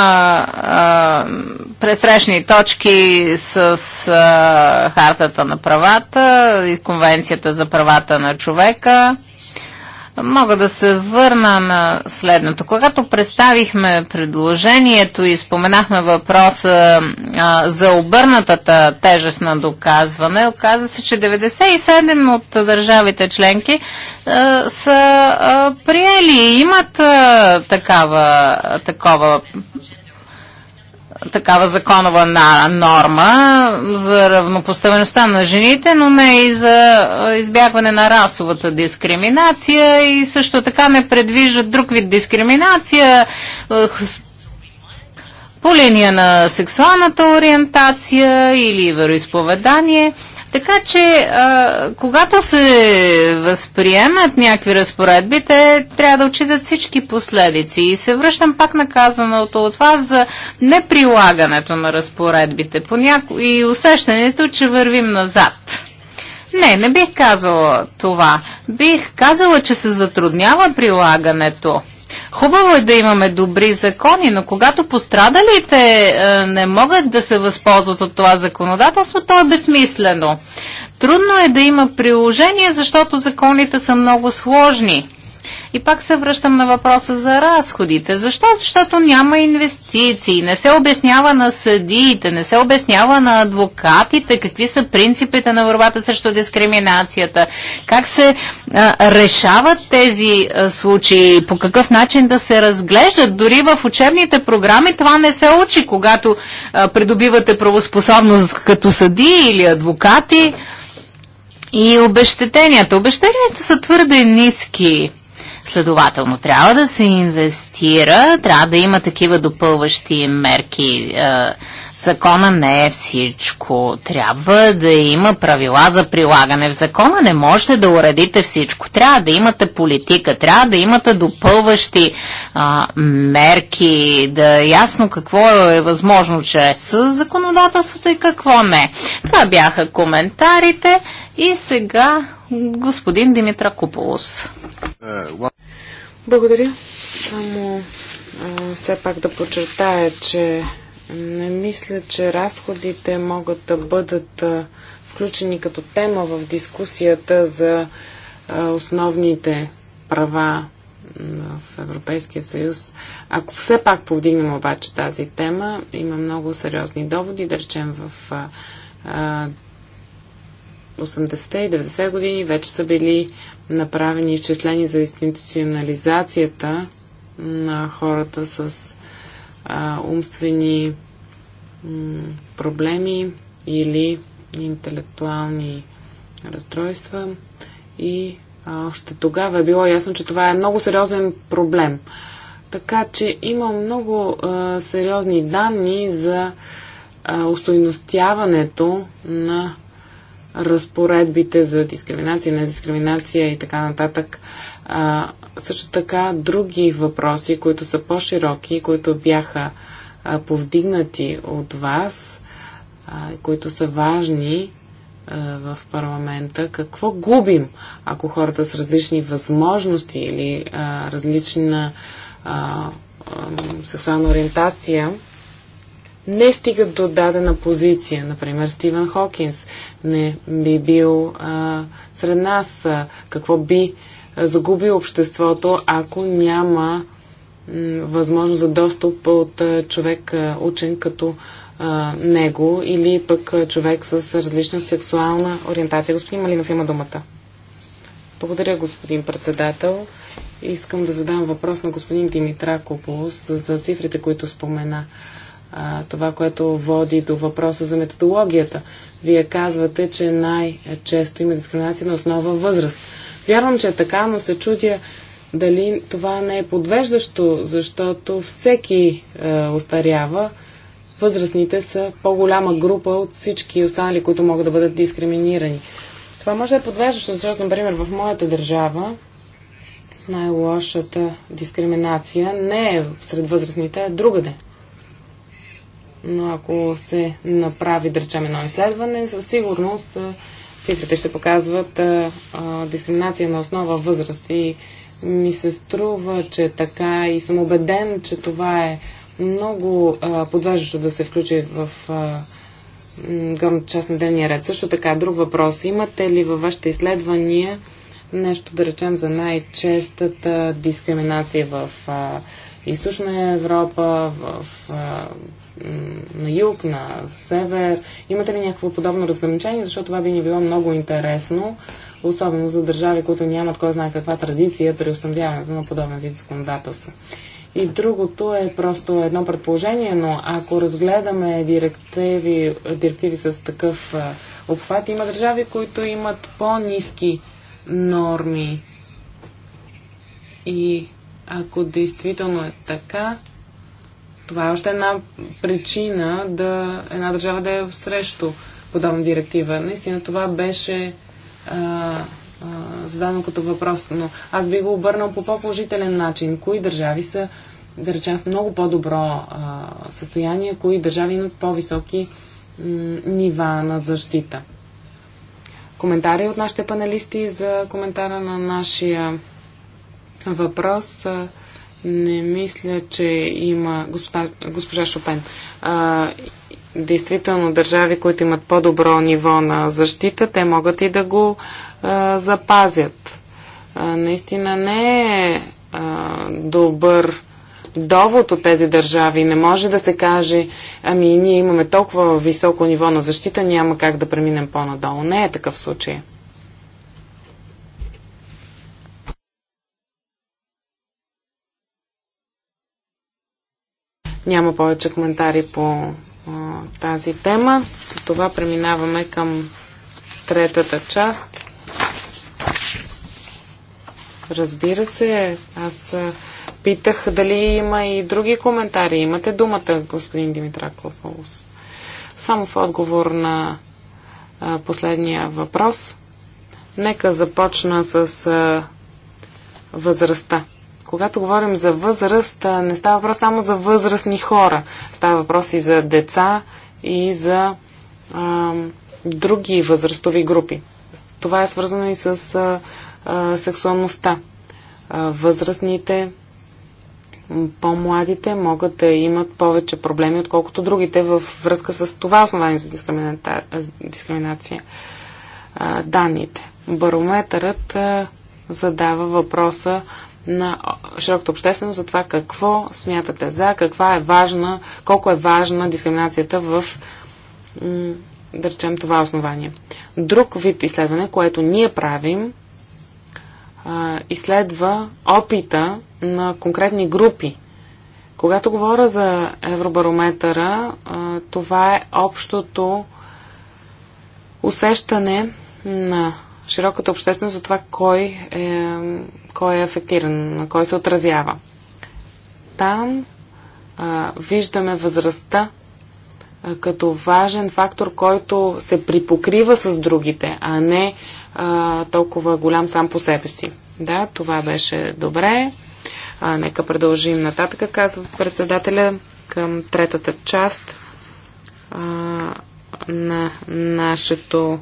а, пресрещни точки с а, Хартата на правата и Конвенцията за правата на човека мога да се върна на следното. Когато представихме предложението и споменахме въпроса а, за обърнатата тежест на доказване, оказа се, че 97 от държавите членки а, са а, приели и имат а, такава, такова такава законова норма за равнопоставеността на жените, но не и за избягване на расовата дискриминация и също така не предвижда друг вид дискриминация по линия на сексуалната ориентация или вероисповедание. Така че, а, когато се възприемат някакви разпоредби, те трябва да отчитат всички последици. И се връщам пак на казаното от вас за неприлагането на разпоредбите няко... и усещането, че вървим назад. Не, не бих казала това. Бих казала, че се затруднява прилагането Хубаво е да имаме добри закони, но когато пострадалите е, не могат да се възползват от това законодателство, то е безсмислено. Трудно е да има приложение, защото законите са много сложни. И пак се връщам на въпроса за разходите. Защо? Защото няма инвестиции. Не се обяснява на съдиите, не се обяснява на адвокатите какви са принципите на борбата срещу дискриминацията, как се а, решават тези а, случаи, по какъв начин да се разглеждат. Дори в учебните програми това не се учи, когато а, придобивате правоспособност като съди или адвокати. И обещетенията. Обещетенията са твърде ниски. Следователно, трябва да се инвестира, трябва да има такива допълващи мерки. Е, закона не е всичко. Трябва да има правила за прилагане. В закона не можете да уредите всичко. Трябва да имате политика, трябва да имате допълващи а, мерки, да е ясно какво е възможно чрез законодателството и какво не. Това бяха коментарите и сега господин Димитра Куполос. Благодаря. Само все пак да подчертая,
че не мисля, че разходите могат да бъдат включени като тема в дискусията за основните права в Европейския съюз. Ако все пак повдигнем обаче тази тема, има много сериозни доводи, да речем в 80-те и 90 години вече са били направени изчисления за институционализацията на хората с а, умствени проблеми или интелектуални разстройства. И а, още тогава е било ясно, че това е много сериозен проблем. Така че има много а, сериозни данни за а, устойностяването на разпоредбите за дискриминация, недискриминация и така нататък. А, също така други въпроси, които са по-широки, които бяха а, повдигнати от вас, а, които са важни а, в парламента. Какво губим, ако хората с различни възможности или а, различна а, а, сексуална ориентация не стигат до дадена позиция. Например, Стивен Хокинс не би бил а, сред нас. А, какво би загуби обществото, ако няма възможност за достъп от а, човек а, учен като а, него или пък човек с различна сексуална ориентация. Господин Малинов има думата. Благодаря, господин председател. Искам да задам въпрос на господин Димитра Кополос за цифрите, които спомена а, това, което води до въпроса за методологията. Вие казвате, че най-често има дискриминация на основа възраст. Вярвам, че е така, но се чудя дали това не е подвеждащо, защото всеки е, остарява. Възрастните са по-голяма група от всички останали, които могат да бъдат дискриминирани. Това може да е подвеждащо, защото, например, в моята държава най-лошата дискриминация не е сред възрастните, а другаде. Но ако се направи, да речем, едно изследване, със сигурност цифрите ще показват а, а, дискриминация на основа възраст. И ми се струва, че така и съм убеден, че това е много подвеждащо да се включи в а, горната част на дневния ред. Също така, друг въпрос. Имате ли във вашите изследвания нещо, да речем, за най-честата дискриминация в а, източна Европа, в, в, на юг, на север? Имате ли някакво подобно разграничение? Защото това би ни било много интересно, особено за държави, които нямат кой знае каква традиция при установяването на подобен вид законодателство. И другото е просто едно предположение, но ако разгледаме директиви, директиви с такъв обхват, има държави, които имат по-низки норми. И ако действително е така, това е още една причина да една държава да е срещу подобна директива. Наистина това беше а, а, зададено като въпрос, но аз би го обърнал по по-положителен начин. Кои държави са, да речем, в много по-добро състояние, кои държави имат по-високи нива на защита. Коментари от нашите панелисти за коментара на нашия въпрос. Не мисля, че има госпожа, госпожа Шопен. А, действително, държави, които имат по-добро ниво на защита, те могат и да го а, запазят. А, наистина не е а, добър довод от тези държави. Не може да се каже, ами ние имаме толкова високо ниво на защита, няма как да преминем по-надолу. Не е такъв случай. Няма повече коментари по а, тази тема. С това преминаваме към третата част. Разбира се, аз питах дали има и други коментари. Имате думата, господин Димитраков. Само в отговор на а, последния въпрос. Нека започна с а, възрастта. Когато говорим за възраст, не става въпрос само за възрастни хора. Става въпрос и за деца и за а, други възрастови групи. Това е свързано и с а, а, сексуалността. А, възрастните, по-младите могат да имат повече проблеми, отколкото другите във връзка с това основание за дискримина... дискриминация. А, данните. Барометърът а, задава въпроса на широката общественост за това какво смятате за, каква е важна, колко е важна дискриминацията в, да речем, това основание. Друг вид изследване, което ние правим, изследва опита на конкретни групи. Когато говоря за евробарометъра, това е общото усещане на широката общественост за това кой е, кой е афектиран, на кой се отразява. Там а, виждаме възрастта а, като важен фактор, който се припокрива с другите, а не а, толкова голям сам по себе си. Да, това беше добре. А, нека продължим нататък, казва председателя, към третата част а, на нашето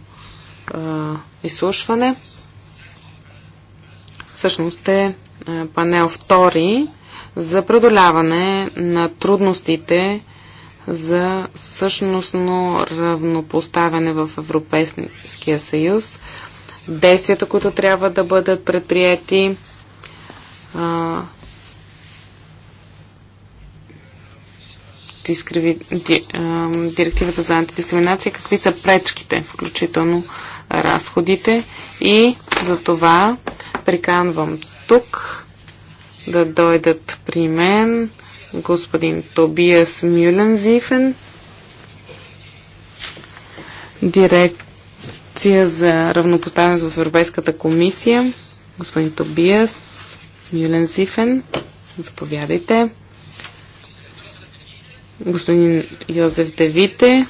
а, изслушване. Всъщност е, е панел втори за преодоляване на трудностите за същностно равнопоставяне в Европейския съюз, действията, които трябва да бъдат предприяти, е, е, директивата за антидискриминация, какви са пречките, включително разходите и за това приканвам тук да дойдат при мен господин Тобиас Мюлензифен, дирекция за равнопоставеност в Европейската комисия. Господин Тобиас Мюлензифен, заповядайте. Господин Йозеф Девите,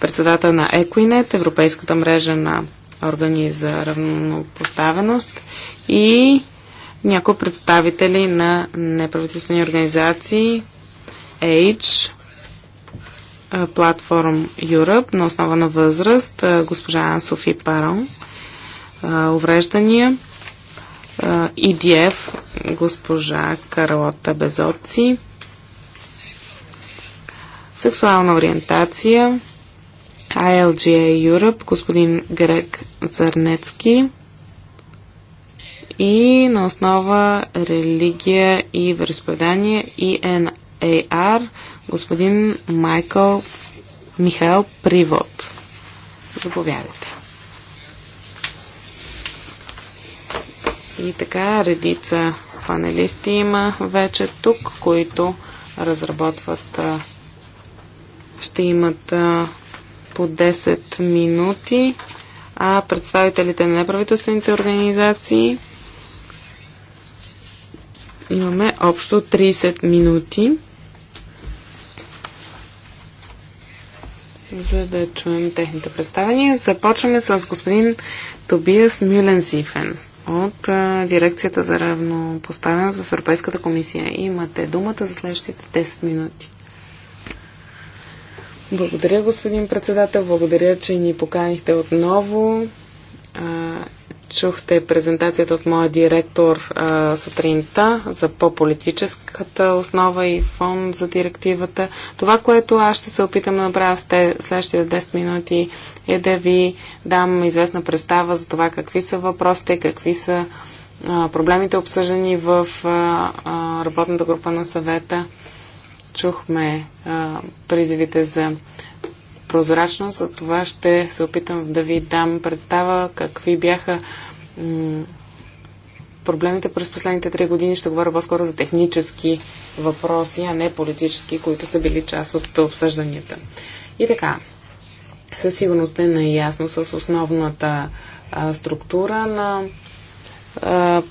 председател на Equinet, Европейската мрежа на органи за равнопоставеност и някои представители на неправителствени организации Age, Platform Europe на основа на възраст, госпожа Софи Парон, увреждания, EDF, госпожа Карлота Безоци, сексуална ориентация, ILGA Europe, господин Грег Зарнецки и на основа религия и вероисповедание ENAR, е господин Майкъл Михаил Привод. Заповядайте. И така, редица панелисти има вече тук, които разработват, ще имат по 10 минути, а представителите на неправителствените организации имаме общо 30 минути, за да чуем техните представения. Започваме с господин Тобиас Мюленсифен от Дирекцията за равнопоставеност в Европейската комисия. Имате думата за следващите 10 минути. Благодаря, господин председател. Благодаря, че ни поканихте отново. чухте презентацията от моя директор а, сутринта за по-политическата основа и фон за директивата. Това, което аз ще се опитам да направя с те следващите 10 минути е да ви дам известна представа за това какви са въпросите, какви са а, проблемите обсъждани в а, а, работната група на съвета чухме а, призивите за прозрачност, за това ще се опитам да ви дам представа какви бяха проблемите през последните три години. Ще говоря по-скоро за технически въпроси, а не политически, които са били част от обсъжданията. И така, със сигурност е наясно с основната а, структура на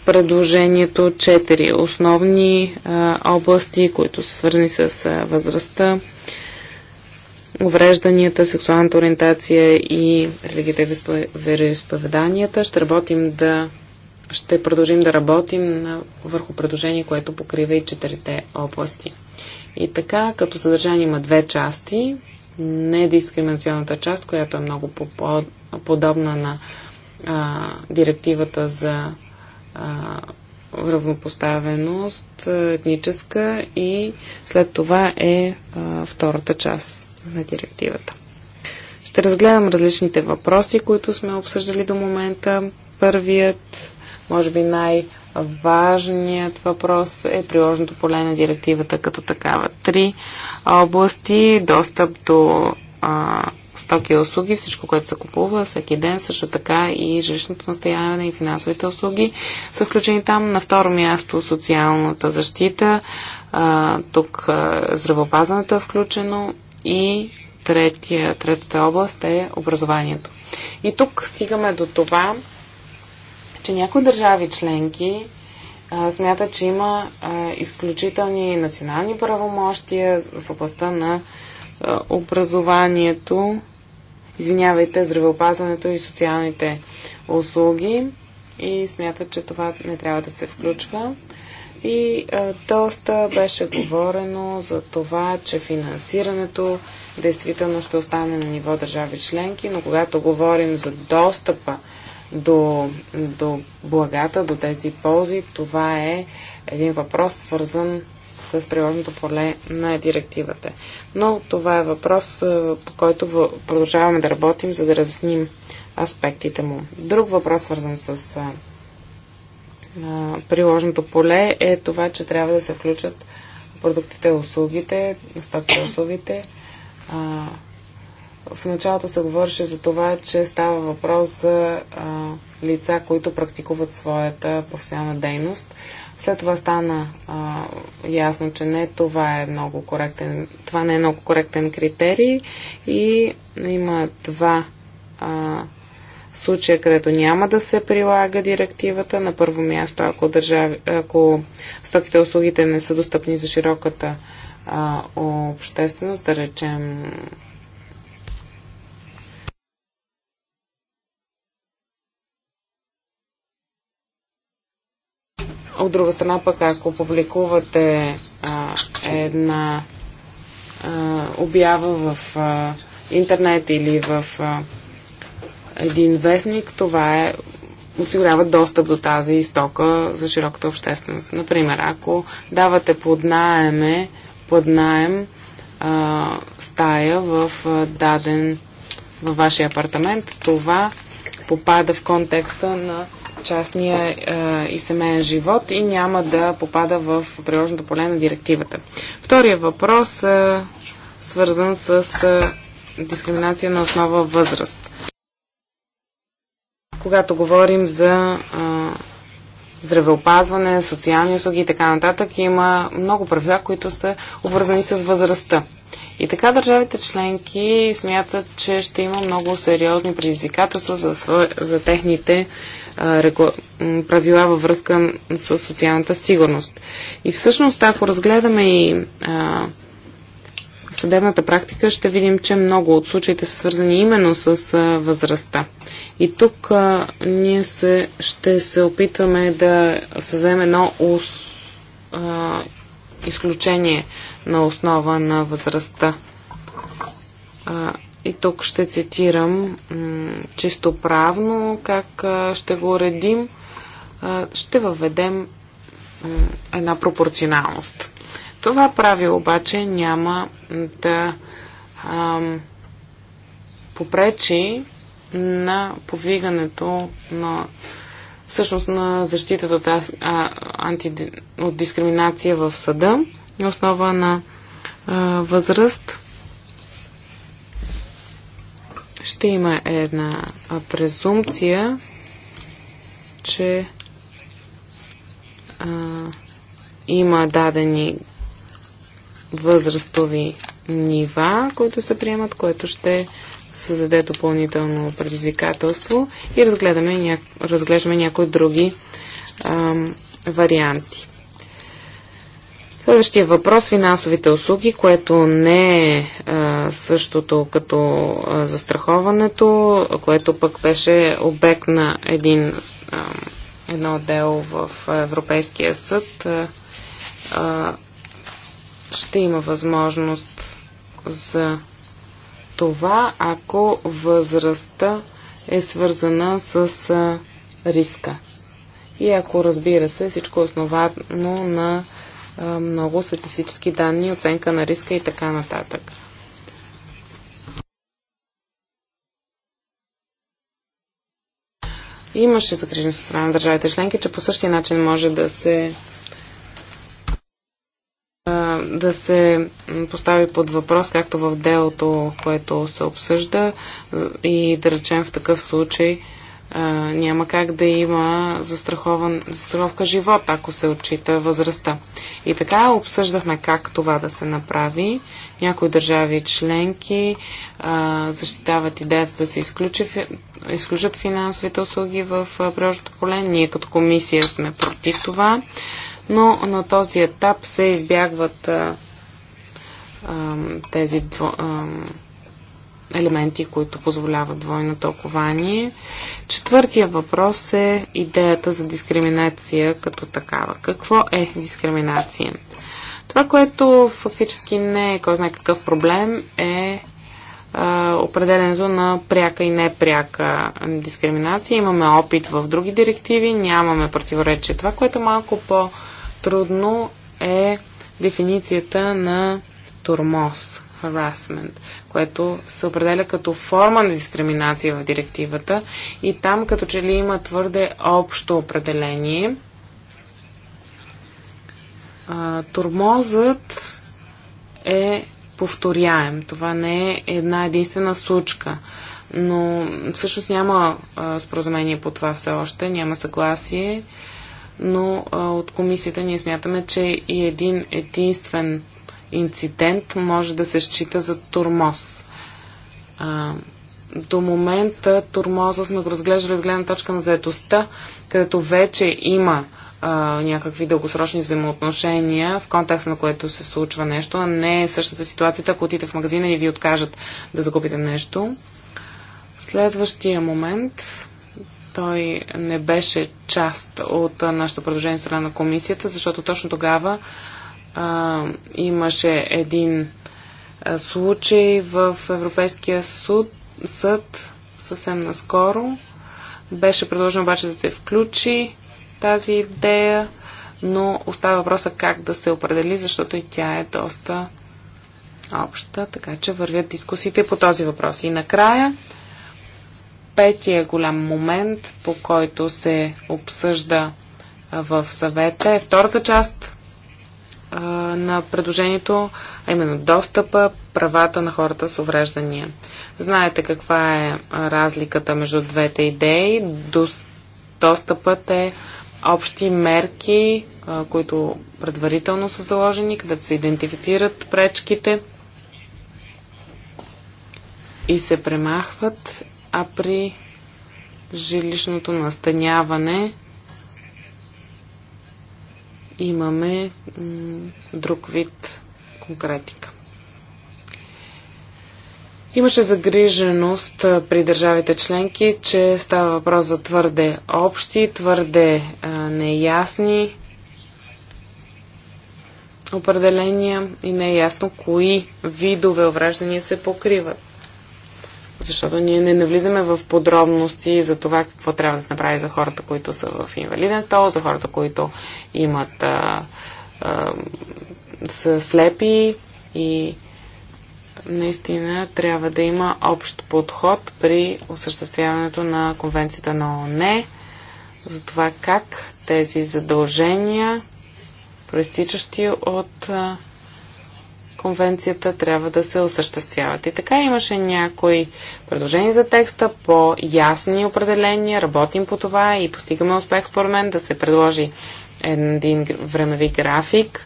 предложението 4 основни области, които са свързани с възрастта, уврежданията, сексуалната ориентация и религията и вероисповеданията. Ще работим да ще продължим да работим върху предложение, което покрива и четирите области. И така, като съдържание има две части. Недискриминационната част, която е много подобна на а, директивата за равнопоставеност, етническа и след това е а, втората част на директивата. Ще разгледам различните въпроси, които сме обсъждали до момента. Първият, може би най-важният въпрос е приложното поле на директивата като такава. Три области достъп до а, стоки и услуги, всичко, което се купува всеки ден, също така и жилищното настояване и финансовите услуги са включени там. На второ място социалната защита, а, тук а, здравеопазването е включено и третия, третата област е образованието. И тук стигаме до това, че някои държави членки смятат, че има а, изключителни национални правомощия в областта на образованието, извинявайте, здравеопазването и социалните услуги и смятат, че това не трябва да се включва. И а, доста беше говорено за това, че финансирането действително ще остане на ниво държави членки, но когато говорим за достъпа до, до благата, до тези ползи, това е един въпрос свързан с приложното поле на директивата. Но това е въпрос, е, по който продължаваме да работим, за да разясним аспектите му. Друг въпрос, свързан с а, е, е, приложното поле, е това, че трябва да се включат продуктите, услугите, стоките, услугите. А, в началото се говореше за това, че става въпрос за а, лица, които практикуват своята професионална дейност. След това стана а, ясно, че не това е много коректен, това не е много коректен критерий и има два а, случая, където няма да се прилага директивата. На първо място, ако, държави, ако стоките и услугите не са достъпни за широката а, общественост, да речем От друга страна пък, ако публикувате а, една а, обява в а, интернет или в а, един вестник, това е осигурява достъп до тази стока за широката общественост. Например, ако давате под найеме, под найем а, стая в а, даден във вашия апартамент, това попада в контекста на частния а, е, и семейен живот и няма да попада в приложното поле на директивата. Втория въпрос е свързан с а, е, дискриминация на основа възраст. Когато говорим за а, е, здравеопазване, социални услуги и така нататък, има много правила, които са обвързани с възрастта. И така държавите членки смятат, че ще има много сериозни предизвикателства за, за техните правила във връзка с социалната сигурност. И всъщност, ако разгледаме и а, съдебната практика, ще видим, че много от случаите са свързани именно с а, възрастта. И тук а, ние се, ще се опитваме да създадем едно ус, а, изключение на основа на възрастта. А, и тук ще цитирам чисто правно как ще го редим, ще въведем една пропорционалност. Това правило обаче няма да ам, попречи на повигането на всъщност на защитата от, а, анти, от дискриминация в съда на основа на а, възраст ще има една презумпция, че а, има дадени възрастови нива, които се приемат, което ще създаде допълнително предизвикателство и разгледаме, ня... разглеждаме някои други ам, варианти. Следващия въпрос – финансовите услуги, което не е същото като застраховането, което пък беше обект на един, едно дело в Европейския съд. Ще има възможност за това, ако възрастта е свързана с риска. И ако, разбира се, всичко е основано на много статистически данни, оценка на риска и така нататък. Имаше загриженост от страна на държавите членки, че по същия начин може да се да се постави под въпрос, както в делото, което се обсъжда и да речем в такъв случай а, няма как да има застрахован, застраховка живот, ако се отчита възрастта. И така обсъждахме как това да се направи. Някои държави членки а, защитават идеята да се изключи, изключат финансовите услуги в приложното поле. Ние като комисия сме против това, но на този етап се избягват а, а, тези дво, а, елементи, които позволяват двойно толкование. Четвъртия въпрос е идеята за дискриминация като такава. Какво е дискриминация? Това, което фактически не е кой знае какъв проблем, е определенето на пряка и непряка дискриминация. Имаме опит в други директиви, нямаме противоречие. Това, което е малко по-трудно е дефиницията на турмоз harassment, което се определя като форма на дискриминация в директивата и там като че ли има твърде общо определение. турмозът е повторяем. Това не е една единствена случка. Но всъщност няма а, споразумение по това все още, няма съгласие но а, от комисията ние смятаме, че и един единствен инцидент може да се счита за турмоз. А, до момента турмоза сме го разглеждали от гледна точка на заедостта, където вече има а, някакви дългосрочни взаимоотношения, в контекст на което се случва нещо, а не е същата ситуацията, ако отидете в магазина и ви откажат да закупите нещо. Следващия момент, той не беше част от нашето предложение страна на комисията, защото точно тогава а, имаше един а, случай в Европейския суд, съд съвсем наскоро. Беше предложено обаче да се включи тази идея, но остава въпроса как да се определи, защото и тя е доста обща, така че вървят дискусиите по този въпрос. И накрая, петия голям момент, по който се обсъжда в съвета е втората част на предложението, а именно достъпа, правата на хората с увреждания. Знаете каква е разликата между двете идеи. Достъпът е общи мерки, които предварително са заложени, където се идентифицират пречките и се премахват, а при жилищното настаняване имаме друг вид конкретика. Имаше загриженост при държавите членки, че става въпрос за твърде общи, твърде неясни определения и неясно кои видове увреждания се покриват защото ние не навлизаме в подробности за това какво трябва да се направи за хората, които са в инвалиден стол, за хората, които имат а, а, са слепи и наистина трябва да има общ подход при осъществяването на конвенцията на ООН за това как тези задължения, проистичащи от а, конвенцията трябва да се осъществяват. И така имаше някои предложения за текста, по-ясни определения, работим по това и постигаме успех според мен да се предложи един времеви график,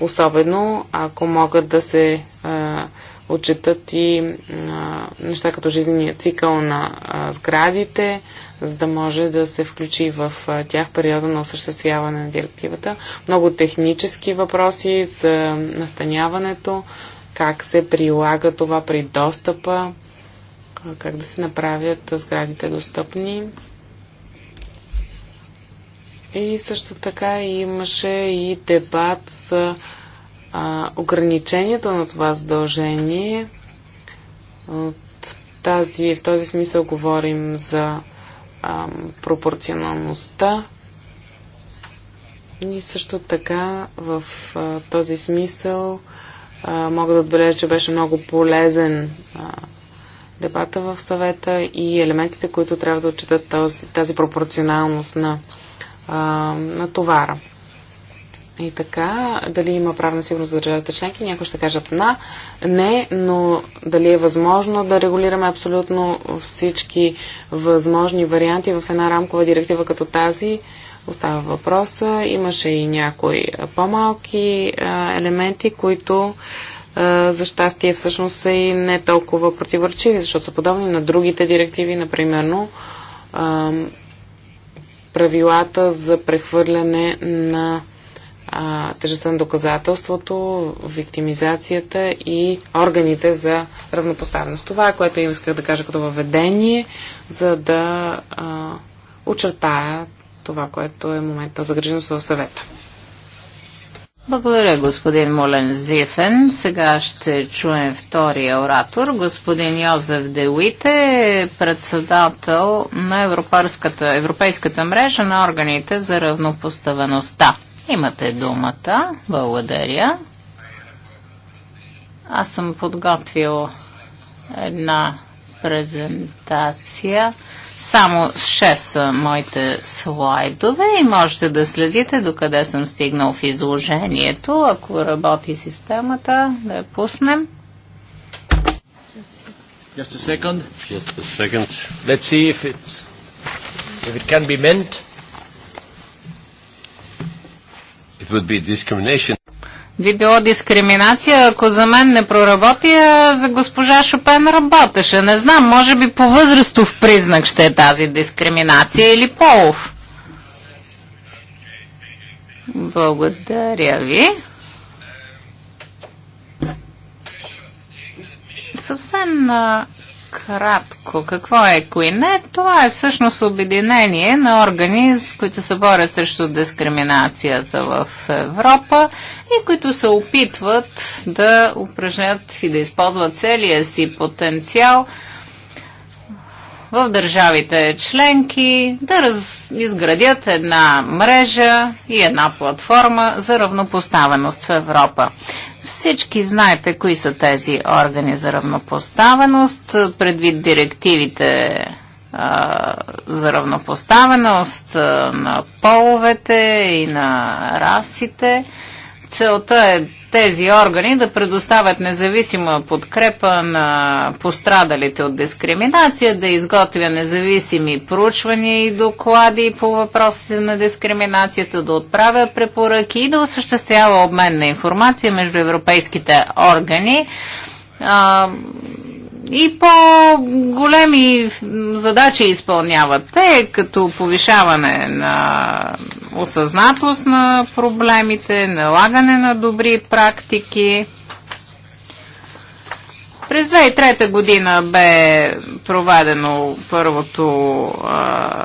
особено ако могат да се а, отчитат и а, неща като жизнения цикъл на а, сградите, за да може да се включи в а, тях периода на осъществяване на директивата. Много технически въпроси за настаняването, как се прилага това при достъпа, как да се направят сградите достъпни. И също така имаше и дебат за а, ограничението на това задължение. В, тази, в този смисъл говорим за а, пропорционалността и също така в а, този смисъл а, мога да отбележа, че беше много полезен а, дебата в съвета и елементите, които трябва да отчитат тази пропорционалност на, а, на товара. И така, дали има правна сигурност за държавите членки, някои ще кажат на, не, но дали е възможно да регулираме абсолютно всички възможни варианти в една рамкова директива като тази, остава въпроса. Имаше и някои по-малки елементи, които за щастие всъщност са и не толкова противоречиви, защото са подобни на другите директиви, например, правилата за прехвърляне на тежестта на доказателството, виктимизацията и органите за равнопоставеност. Това е което им исках да кажа като въведение, за да
а, очертая това, което е момент на загриженост в съвета. Благодаря, господин Молен Зифен. Сега ще чуем втория оратор, господин Йозеф Деуите, е председател на Европейската, Европейската мрежа на органите за равнопоставеността. Имате думата. Благодаря. Аз съм подготвил една презентация. Само с 6 са моите слайдове и можете да следите докъде съм стигнал в изложението. Ако работи системата, да я пуснем.
Just a second. Just a second. Let's see if it's
if it can be meant. Би било дискриминация, ако за мен не проработи, а за госпожа Шопен работеше. Не знам, може би по възрастов признак ще е тази дискриминация или полов. Благодаря ви. Съвсем Кратко, Какво е Коинет? Това е всъщност обединение на органи, които се борят срещу дискриминацията в Европа и които се опитват да упражнят и да използват целия си потенциал – в държавите членки да раз... изградят една мрежа и една платформа за равнопоставеност в Европа. Всички знаете кои са тези органи за равнопоставеност, предвид директивите а, за равнопоставеност а, на половете и на расите. Целта е тези органи да предоставят независима подкрепа на пострадалите от дискриминация, да изготвя независими проучвания и доклади по въпросите на дискриминацията, да отправя препоръки и да осъществява обмен на информация между европейските органи. А, и по-големи задачи изпълняват те, като повишаване на осъзнатост на проблемите, налагане на добри практики. През 2003 година бе проведено първото а,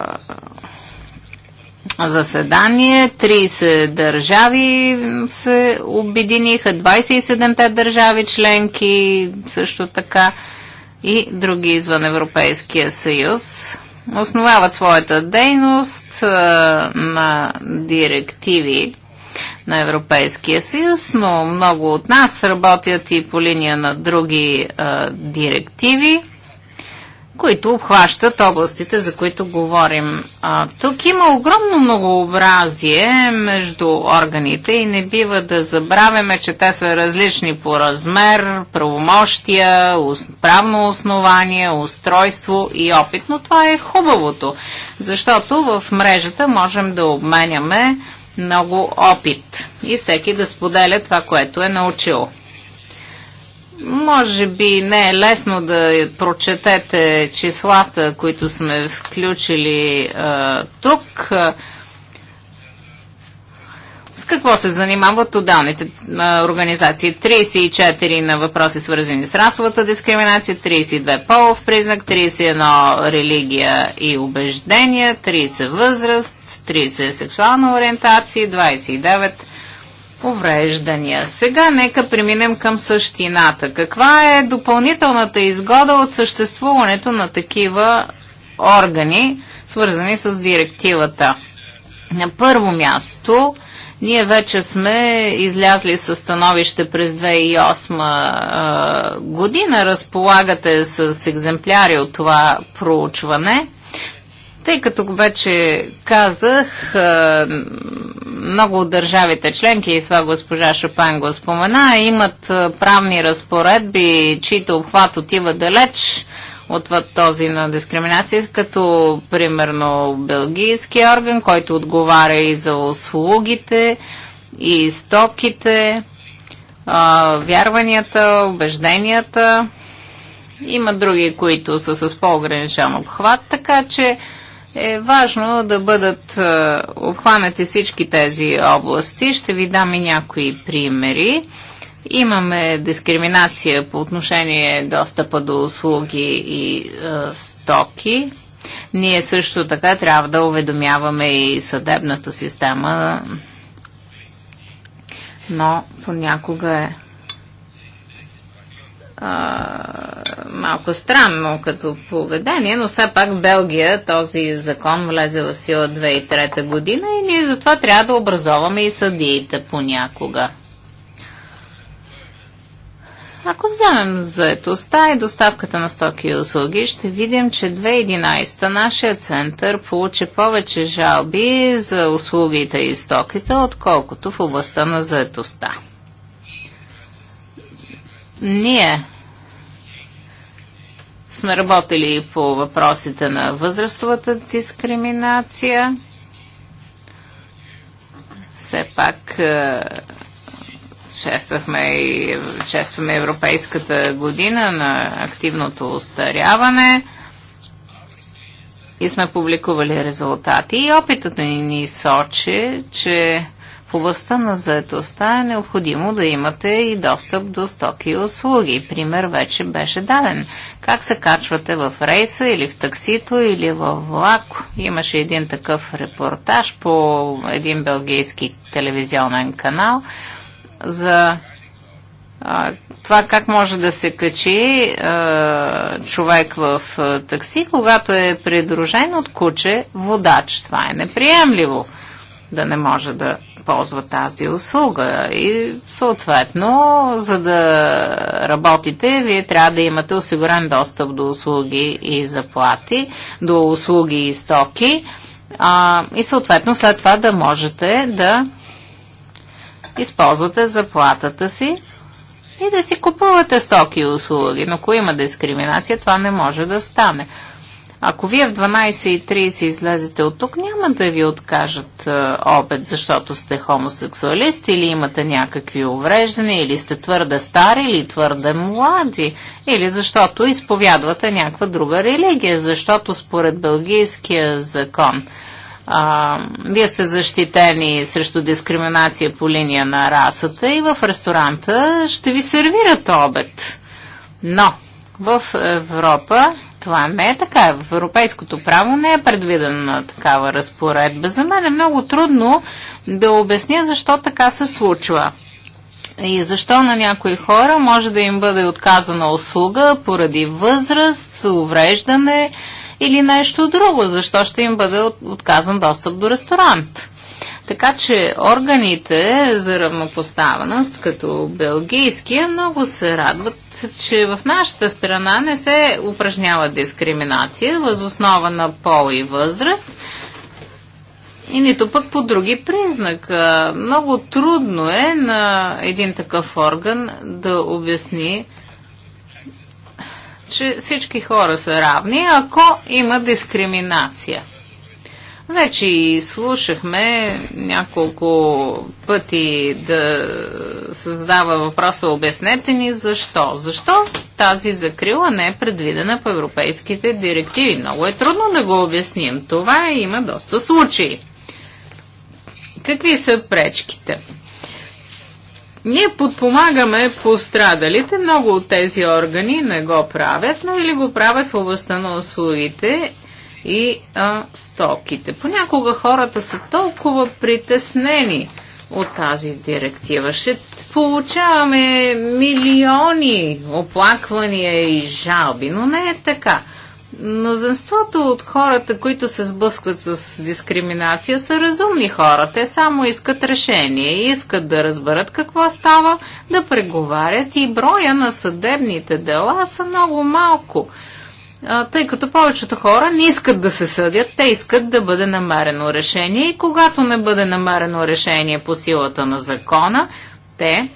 заседание. 30 държави се обединиха, 27-те държави членки също така и други извън Европейския съюз основават своята дейност а, на директиви на Европейския съюз, но много от нас работят и по линия на други а, директиви които обхващат областите, за които говорим. А, тук има огромно многообразие между органите и не бива да забравяме, че те са различни по размер, правомощия, правно основание, устройство и опит, но това е хубавото, защото в мрежата можем да обменяме много опит и всеки да споделя това, което е научил. Може би не е лесно да прочетете числата, които сме включили а, тук. С какво се занимават отдалните организации? 34 на въпроси свързани с расовата дискриминация, 32 полов признак, 31 религия и убеждения, 30 възраст, 30 сексуална ориентация, 29 повреждания. Сега нека преминем към същината. Каква е допълнителната изгода от съществуването на такива органи, свързани с директивата? На първо място, ние вече сме излязли със становище през 2008 година. Разполагате с екземпляри от това проучване. Тъй като вече казах, много от държавите членки, и това госпожа Шопан го спомена, имат правни разпоредби, чието обхват отива далеч отвъд този на дискриминация, като примерно белгийски орган, който отговаря и за услугите, и стоките, вярванията, убежденията. Има други, които са с по-ограничен обхват, така че е важно да бъдат е, обхванати всички тези области. Ще ви дам и някои примери. Имаме дискриминация по отношение достъпа до услуги и е, стоки. Ние също така трябва да уведомяваме и съдебната система, но понякога е а, малко странно като поведение, но все пак в Белгия този закон влезе в сила 2003 година и ние затова трябва да образоваме и съдиите понякога. Ако вземем заетостта и доставката на стоки и услуги, ще видим, че 2011 нашия център получи повече жалби за услугите и стоките, отколкото в областта на заетостта. Ние сме работили по въпросите на възрастовата дискриминация. Все пак е, чествахме и честваме Европейската година на активното устаряване и сме публикували резултати. И опитът ни сочи, че в областта на заедостта е необходимо да имате и достъп до стоки и услуги. Пример вече беше даден. Как се качвате в рейса или в таксито или в влак? Имаше един такъв репортаж по един белгийски телевизионен канал за това как може да се качи човек в такси, когато е придружен от куче водач. Това е неприемливо да не може да ползва тази услуга. И съответно, за да работите, вие трябва да имате осигурен достъп до услуги и заплати, до услуги и стоки. А, и съответно след това да можете да използвате заплатата си и да си купувате стоки и услуги. Но ако има дискриминация, това не може да стане. Ако вие в 12.30 излезете от тук, няма да ви откажат а, е, обед, защото сте хомосексуалист или имате някакви увреждания, или сте твърде стари, или твърде млади, или защото изповядвате някаква друга религия, защото според бългийския закон а, вие сте защитени срещу дискриминация по линия на расата и в ресторанта ще ви сервират обед. Но в Европа това не е така. В европейското право не е предвидена такава разпоредба. За мен е много трудно да обясня защо така се случва. И защо на някои хора може да им бъде отказана услуга поради възраст, увреждане или нещо друго? Защо ще им бъде отказан достъп до ресторант? Така че органите за равнопоставеност, като белгийския, много се радват, че в нашата страна не се упражнява дискриминация възоснова на пол и възраст, и нито пък по други признак. Много трудно е на един такъв орган да обясни, че всички хора са равни, ако има дискриминация. Вече и слушахме няколко пъти да създава въпроса обяснете ни защо. Защо тази закрила не е предвидена по европейските директиви? Много е трудно да го обясним. Това има доста случаи. Какви са пречките? Ние подпомагаме пострадалите, много от тези органи не го правят, но или го правят в областта на услугите и а, стоките. Понякога хората са толкова притеснени от тази директива. Ще получаваме милиони оплаквания и жалби, но не е така. Мнозинството от хората, които се сблъскват с дискриминация, са разумни хора. Те само искат решение, искат да разберат какво става, да преговарят и броя на съдебните дела са много малко тъй като повечето хора не искат да се съдят, те искат да бъде намерено решение и когато не бъде намерено решение по силата на закона, те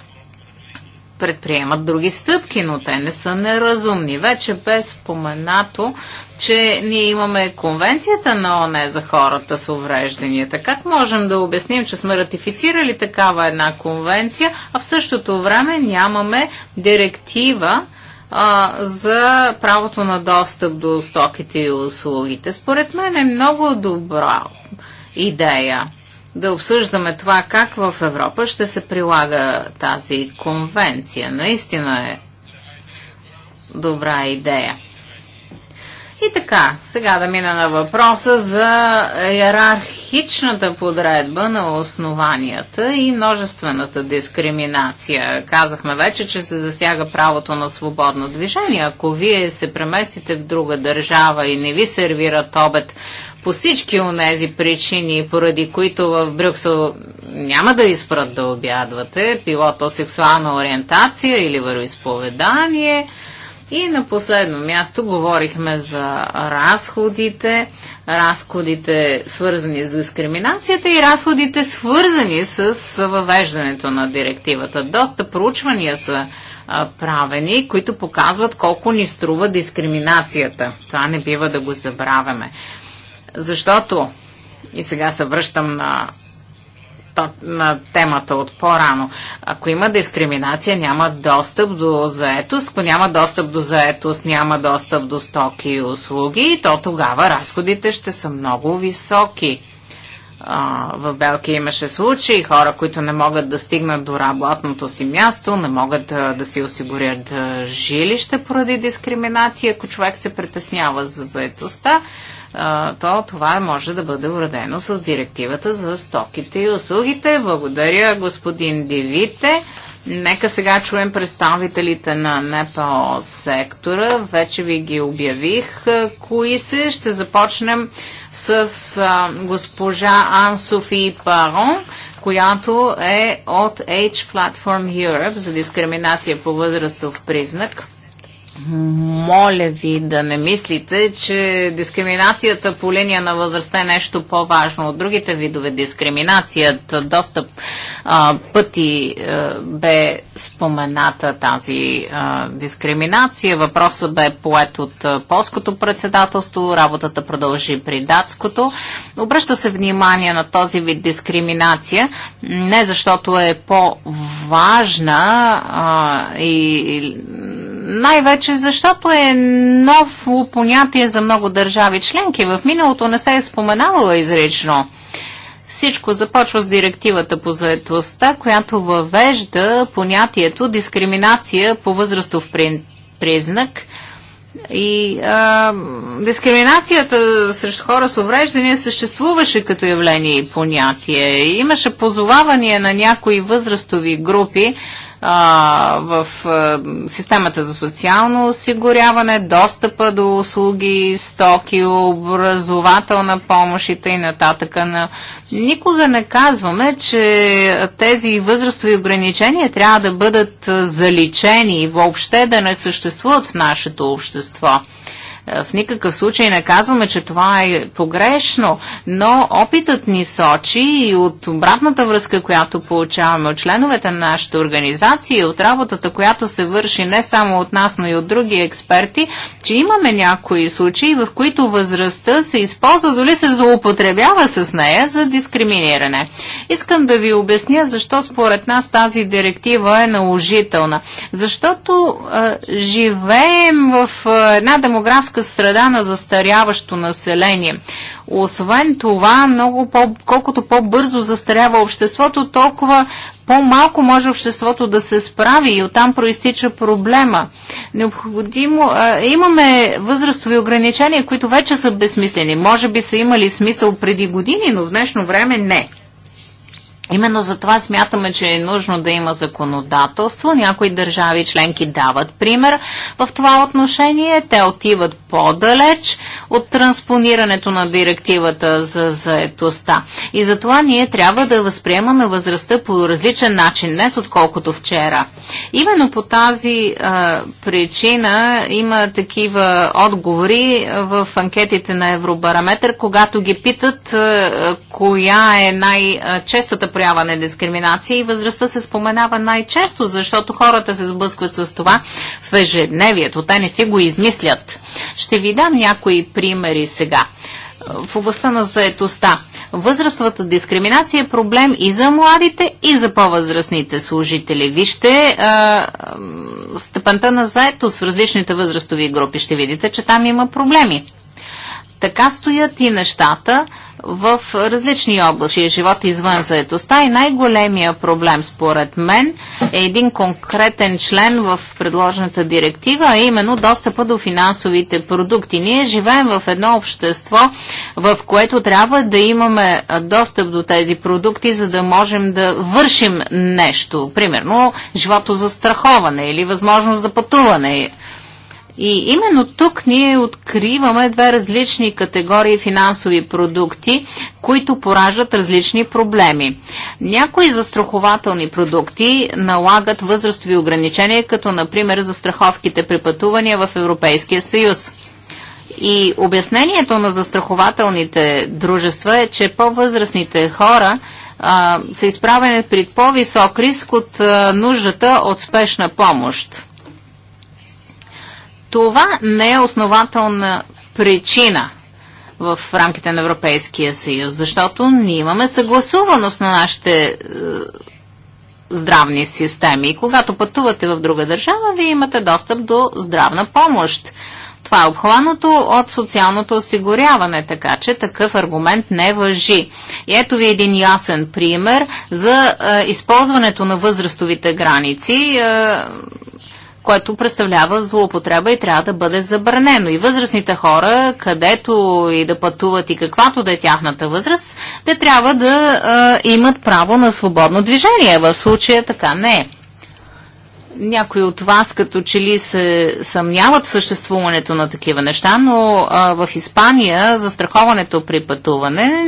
предприемат други стъпки, но те не са неразумни. Вече бе споменато, че ние имаме конвенцията на ОНЕ за хората с уврежданията. Как можем да обясним, че сме ратифицирали такава една конвенция, а в същото време нямаме директива, а, за правото на достъп до стоките и услугите. Според мен е много добра идея да обсъждаме това как в Европа ще се прилага тази конвенция. Наистина е добра идея. И така, сега да мина на въпроса за иерархичната подредба на основанията и множествената дискриминация. Казахме вече, че се засяга правото на свободно движение. Ако вие се преместите в друга държава и не ви сервират обед по всички тези причини, поради които в Брюксел няма да ви спрат да обядвате, било то сексуална ориентация или вероисповедание, и на последно място говорихме за разходите, разходите свързани с дискриминацията и разходите свързани с въвеждането на директивата. Доста проучвания са правени, които показват колко ни струва дискриминацията. Това не бива да го забравяме. Защото, и сега се връщам на на темата от по-рано. Ако има дискриминация, няма достъп до заетост. Ако няма достъп до заетост, няма достъп до стоки и услуги, то тогава разходите ще са много високи. в Белки имаше случаи, хора, които не могат да стигнат до работното си място, не могат да, да си осигурят жилище поради дискриминация, ако човек се притеснява за заетостта то това може да бъде уредено с директивата за стоките и услугите. Благодаря, господин Дивите. Нека сега чуем представителите на НПО сектора. Вече ви ги обявих. Кои се? Ще започнем с госпожа Софи Парон, която е от H Platform Europe за дискриминация по възрастов признак моля ви да не мислите, че дискриминацията по линия на възрастта е нещо по-важно от другите видове дискриминацията. Доста а, пъти а, бе спомената тази а, дискриминация. Въпросът бе поет от а, полското председателство, работата продължи при датското. Обръща се внимание на този вид дискриминация, не защото е по-важна и, и най-вече повече, защото е ново понятие за много държави членки. В миналото не се е споменавало изрично. Всичко започва с директивата по заедостта, която въвежда понятието дискриминация по възрастов признак. И а, дискриминацията срещу хора с увреждания съществуваше като явление и понятие. Имаше позовавания на някои възрастови групи, а, в а, системата за социално осигуряване, достъпа до услуги, стоки, образователна помощ и т.н. На... Никога не казваме, че тези възрастови ограничения трябва да бъдат заличени и въобще да не съществуват в нашето общество. Е, в никакъв случай не казваме, че това е погрешно, но опитът ни сочи и от обратната връзка, която получаваме от членовете на нашата организация и от работата, която се върши не само от нас, но и от други експерти, че имаме някои случаи, в които възрастта се използва, дори се злоупотребява с нея за дискриминиране. Искам да ви обясня защо според нас тази директива е наложителна. Защото а, е, живеем в а, е, една демографска селска среда на застаряващо население. Освен това, много по, колкото по-бързо застарява обществото, толкова по-малко може обществото да се справи и оттам проистича проблема. Необходимо, а, имаме възрастови ограничения, които вече са безсмислени. Може би са имали смисъл преди години, но в днешно време не. Именно за това смятаме, че е нужно да има законодателство. Някои държави членки дават пример в това отношение. Те отиват по-далеч от транспонирането на директивата за заетостта. И затова ние трябва да възприемаме възрастта по различен начин днес, отколкото вчера. Именно по тази а, причина има такива отговори в анкетите на Евробараметр, когато ги питат а, коя е най-честата одобряване дискриминация и възрастта се споменава най-често, защото хората се сблъскват с това в ежедневието. Те не си го измислят. Ще ви дам някои примери сега. В областта на заетостта. Възрастовата дискриминация е проблем и за младите, и за по-възрастните служители. Вижте а, степента на заетост в различните възрастови групи. Ще видите, че там има проблеми. Така стоят и нещата в различни области, живот извън заедостта и най-големия проблем според мен е един конкретен член в предложената директива, а именно достъпа до финансовите продукти. Ние живеем в едно общество, в което трябва да имаме достъп до тези продукти, за да можем да вършим нещо. Примерно, живото за страховане или възможност за пътуване и именно тук ние откриваме две различни категории финансови продукти, които поражат различни проблеми. Някои застрахователни продукти налагат възрастови ограничения, като например застраховките при пътувания в Европейския съюз. И обяснението на застрахователните дружества е, че по-възрастните хора а, са изправени пред по-висок риск от а, нуждата от спешна помощ. Това не е основателна причина в рамките на Европейския съюз, защото ние имаме съгласуваност на нашите е, здравни системи. И когато пътувате в друга държава, вие имате достъп до здравна помощ. Това е обхванато от социалното осигуряване, така че такъв аргумент не въжи. И ето ви един ясен пример за е, използването на възрастовите граници. Е, което представлява злоупотреба и трябва да бъде забранено. И възрастните хора, където и да пътуват и каквато да е тяхната възраст, те трябва да а, имат право на свободно движение. В случая така не е. Някои от вас като че ли се съмняват в съществуването на такива неща, но а, в Испания застраховането при пътуване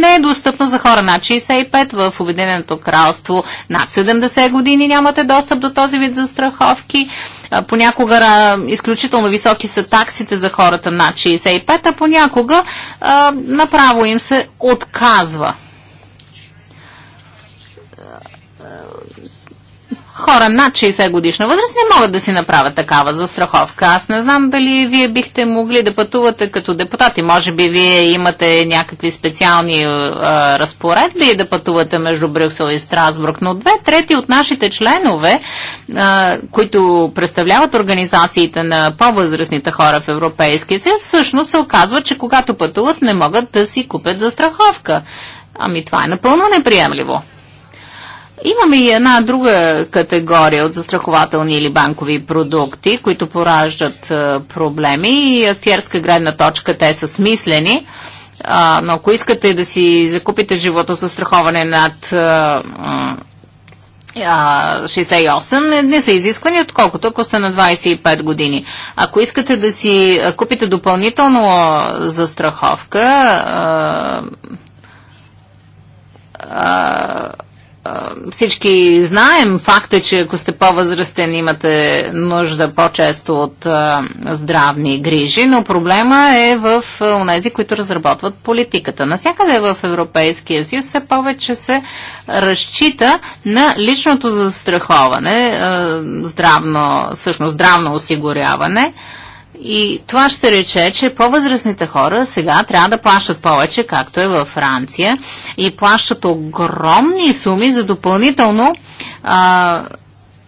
не е достъпно за хора над 65, в Обединеното кралство над 70 години нямате достъп до този вид застраховки. А, понякога а, изключително високи са таксите за хората над 65, а понякога а, направо им се отказва хора над 60 годишна възраст не могат да си направят такава застраховка. Аз не знам дали вие бихте могли да пътувате като депутати. Може би вие имате някакви специални а, разпоредби да пътувате между Брюксел и Страсбург, но две трети от нашите членове, а, които представляват организациите на по-възрастните хора в Европейския съюз, всъщност се оказва, че когато пътуват не могат да си купят застраховка. Ами това е напълно неприемливо. Имаме и една друга категория от застрахователни или банкови продукти, които пораждат е, проблеми и тиерска гледна точка те са смислени. но ако искате да си закупите живото застраховане над 68 е, е, не са изисквани, отколкото ако сте на 25 години. Ако искате да си купите допълнително застраховка, всички знаем факта, че ако сте по-възрастен, имате нужда по-често от здравни грижи, но проблема е в тези, които разработват политиката. Насякъде в Европейския съюз все повече се разчита на личното застраховане, здравно, всъщност здравно осигуряване. И това ще рече, че по-възрастните хора сега трябва да плащат повече, както е във Франция, и плащат огромни суми за допълнително а,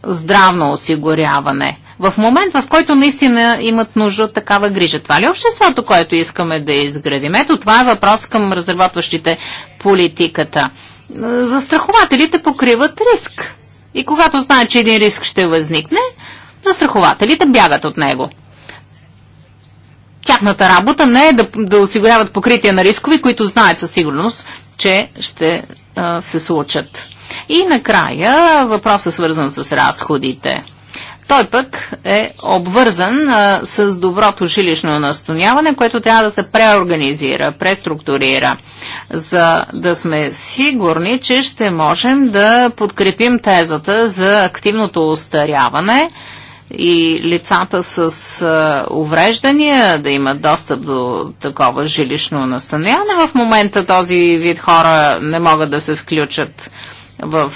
здравно осигуряване. В момент, в който наистина имат нужда от такава грижа. Това ли е обществото, което искаме да изградим? Ето това е въпрос към разработващите политиката. Застрахователите покриват риск. И когато знаят, че един риск ще възникне, застрахователите бягат от него тяхната работа не е да, да осигуряват покритие на рискови, които знаят със сигурност, че ще а, се случат. И накрая въпросът свързан с разходите. Той пък е обвързан а, с доброто жилищно настояване, което трябва да се преорганизира, преструктурира, за да сме сигурни, че ще можем да подкрепим тезата за активното устаряване, и лицата с увреждания да имат достъп до такова жилищно настаняване. В момента този вид хора не могат да се включат в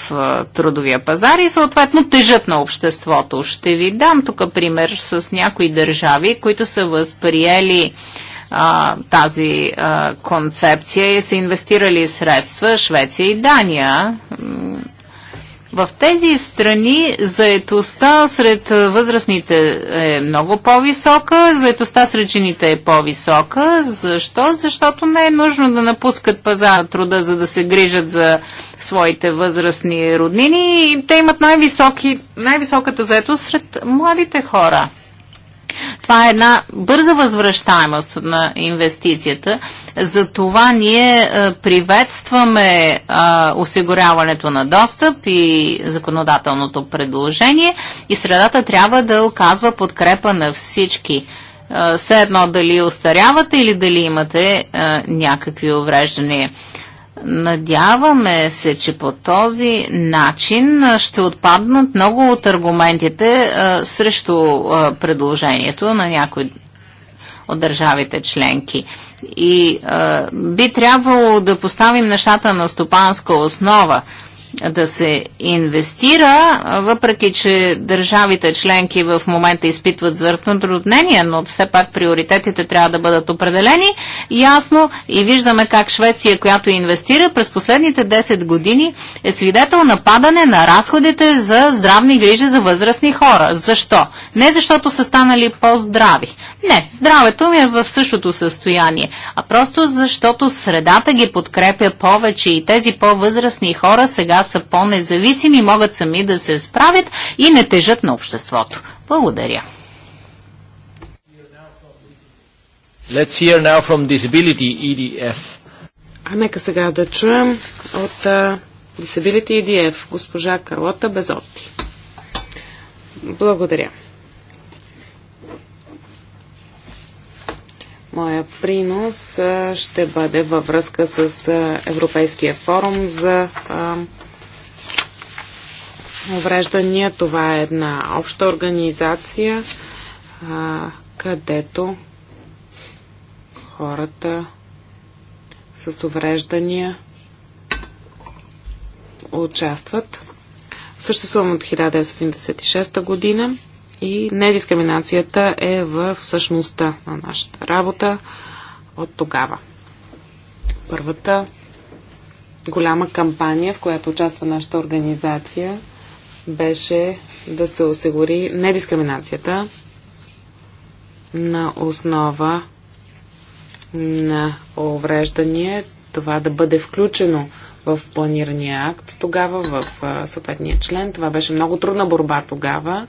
трудовия пазар и съответно тежат на обществото. Ще ви дам тук пример с някои държави, които са възприели а, тази а, концепция и са инвестирали средства Швеция и Дания. В тези страни заетостта сред е, възрастните е много по-висока, заетостта сред жените е по-висока. Защо? Защото не е нужно да напускат пазара на труда, за да се грижат за своите възрастни роднини и те имат най-високата най заетост сред младите хора. Това е една бърза възвръщаемост на инвестицията. За това ние е, приветстваме е, осигуряването на достъп и законодателното предложение и средата трябва да оказва подкрепа на всички. Е, все едно дали остарявате или дали имате някакви увреждания. Надяваме се, че по този начин ще отпаднат много от аргументите а, срещу а, предложението на някои от държавите членки. И а, би трябвало да поставим нещата на стопанска основа. А, да се инвестира, въпреки че държавите членки в момента изпитват звъртно труднение, но все пак приоритетите трябва да бъдат определени ясно и виждаме как Швеция, която инвестира през последните 10 години, е свидетел на падане на разходите за здравни грижи за възрастни хора. Защо? Не защото са станали по-здрави. Не, здравето ми е в същото състояние, а просто защото средата ги подкрепя повече и тези по-възрастни хора сега са по-независими, могат сами да се справят и не тежат на обществото. Благодаря. Let's hear now from Disability EDF.
А нека сега да чуем от uh, Disability EDF госпожа Карлота Безотти. Благодаря. Моя принос ще бъде във връзка с Европейския форум за увреждания. Това е една обща организация, а, където хората с увреждания участват. Съществувам от 1996 година и недискриминацията е в същността на нашата работа от тогава. Първата голяма кампания, в която участва нашата организация, беше да се осигури недискриминацията на основа на увреждане, това да бъде включено в планирания акт тогава, в съответния член. Това беше много трудна борба тогава,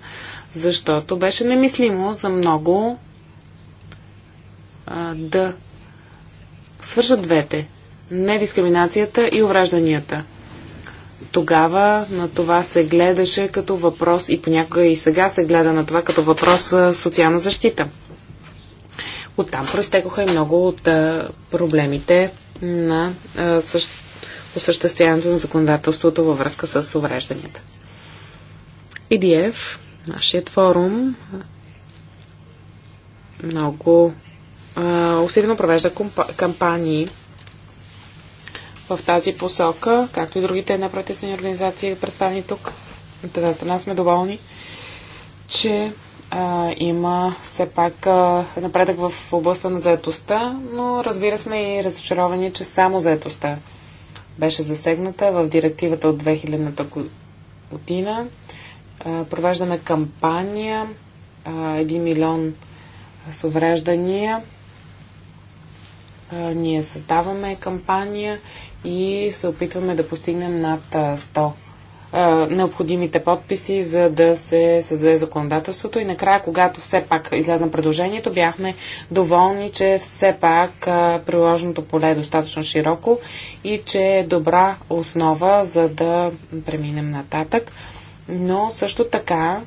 защото беше немислимо за много а, да свържат двете. Недискриминацията и уврежданията тогава на това се гледаше като въпрос и понякога и сега се гледа на това като въпрос социална защита. Оттам проистекоха и много от а, проблемите на а, същ... осъществяването на законодателството във връзка с уврежданията. EDF, нашият форум, много усилено провежда кампании в тази посока, както и другите неправителствени организации, представени тук. От тази страна сме доволни, че а, има все пак а, напредък в областта на заетостта, но разбира сме и разочаровани, че само заетостта беше засегната в директивата от 2000-та година. А, провеждаме кампания а, 1 милион с увреждания. ние създаваме кампания и се опитваме да постигнем над 100 необходимите подписи, за да се създаде законодателството. И накрая, когато все пак излезна предложението, бяхме доволни, че все пак приложеното поле е достатъчно широко и че е добра основа, за да преминем нататък. Но също така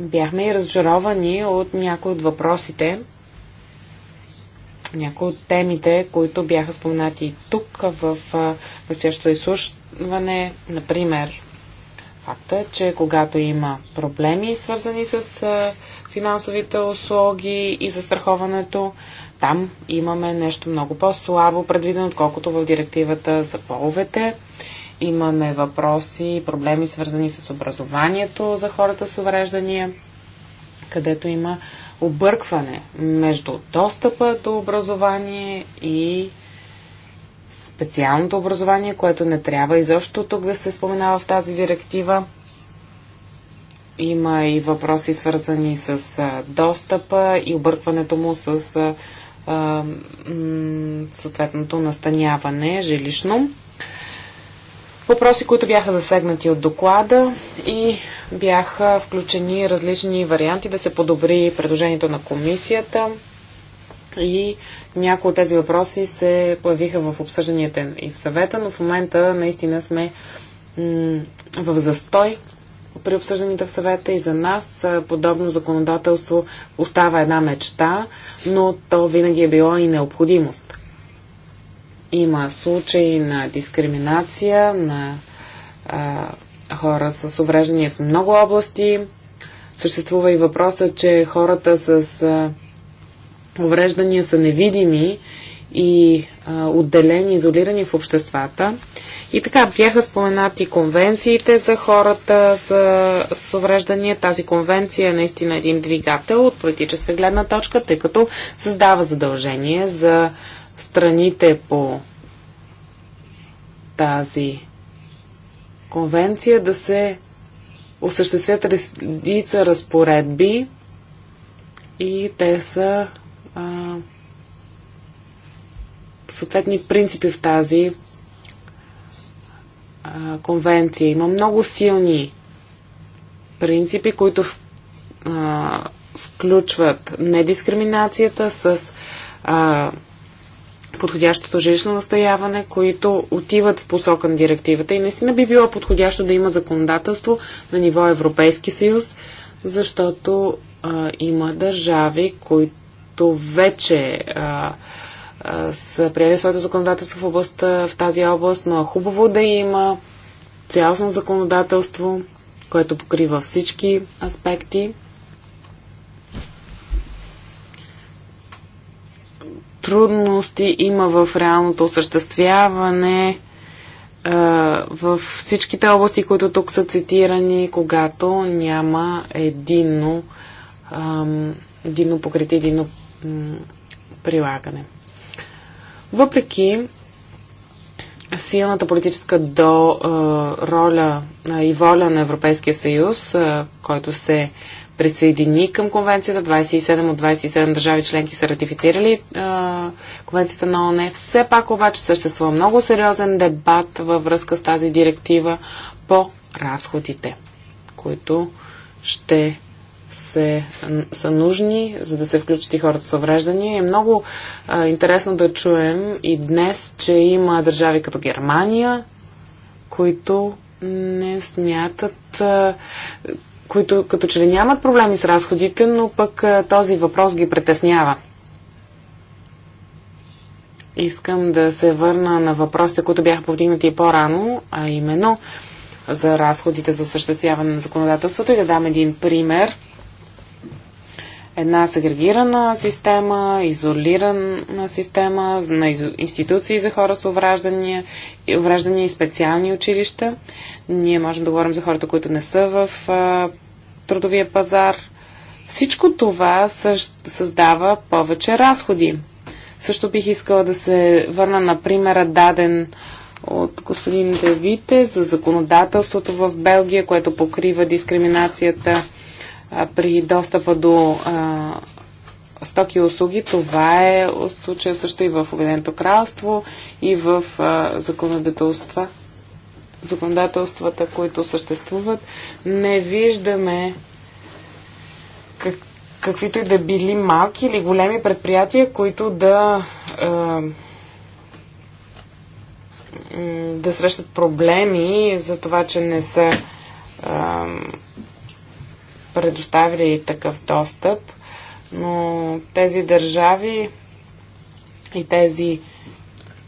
бяхме и разочаровани от някои от въпросите, някои от темите, които бяха споменати тук в настоящото изслушване, например, факта, че когато има проблеми, свързани с финансовите услуги и застраховането, там имаме нещо много по-слабо предвидено, отколкото в директивата за половете. Имаме въпроси, проблеми свързани с образованието за хората с увреждания, където има объркване между достъпа до образование и специалното образование, което не трябва изобщо тук да се споменава в тази директива. Има и въпроси свързани с достъпа и объркването му с съответното настаняване жилищно въпроси, които бяха засегнати от доклада и бяха включени различни варианти да се подобри предложението на комисията. И някои от тези въпроси се появиха в обсъжданията и в съвета, но в момента наистина сме в застой при обсъжданията в съвета и за нас подобно законодателство остава една мечта, но то винаги е било и необходимост. Има случаи на дискриминация на а, хора с увреждания в много области. Съществува и въпроса, че хората с а, увреждания са невидими и а, отделени, изолирани в обществата. И така бяха споменати конвенциите за хората с, с увреждания. Тази конвенция е наистина един двигател от политическа гледна точка, тъй като създава задължение за страните по тази конвенция да се осъществят редица разпоредби и те са а, съответни принципи в тази а, конвенция. Има много силни принципи, които а, включват недискриминацията с а, подходящото жилищно настояване, които отиват в посока на директивата. И наистина би било подходящо да има законодателство на ниво Европейски съюз, защото а, има държави, които вече а, а, са приели своето законодателство в, област в тази област, но е хубаво да има цялостно законодателство, което покрива всички аспекти трудности има в реалното осъществяване е, в всичките области, които тук са цитирани, когато няма единно, единно покритие, единно прилагане. Въпреки силната политическа до, е, роля е, и воля на Европейския съюз, който се присъедини към конвенцията. 27 от 27 държави членки са ратифицирали а, конвенцията на ОНЕ. Все пак обаче съществува много сериозен дебат във връзка с тази директива по разходите, които ще се, са нужни, за да се включат и хората с увреждания. Е много а, интересно да чуем и днес, че има държави като Германия, които не смятат а, които като че ли нямат проблеми с разходите, но пък този въпрос ги притеснява. Искам да се върна на въпросите, които бяха повдигнати по-рано, а именно за разходите за осъществяване на законодателството и да дам един пример – една сегрегирана система, изолирана система на институции за хора с увраждания, увраждания и специални училища. Ние можем да говорим за хората, които не са в а, трудовия пазар. Всичко това създава повече разходи. Също бих искала да се върна на примера даден от господин Девите за законодателството в Белгия, което покрива дискриминацията при достъпа до а, стоки и услуги. Това е случая също и в Обединеното кралство и в а, законодателства, законодателствата, които съществуват. Не виждаме как, каквито и да били малки или големи предприятия, които да а, да срещат проблеми за това, че не са а, предоставили такъв достъп, но тези държави и тези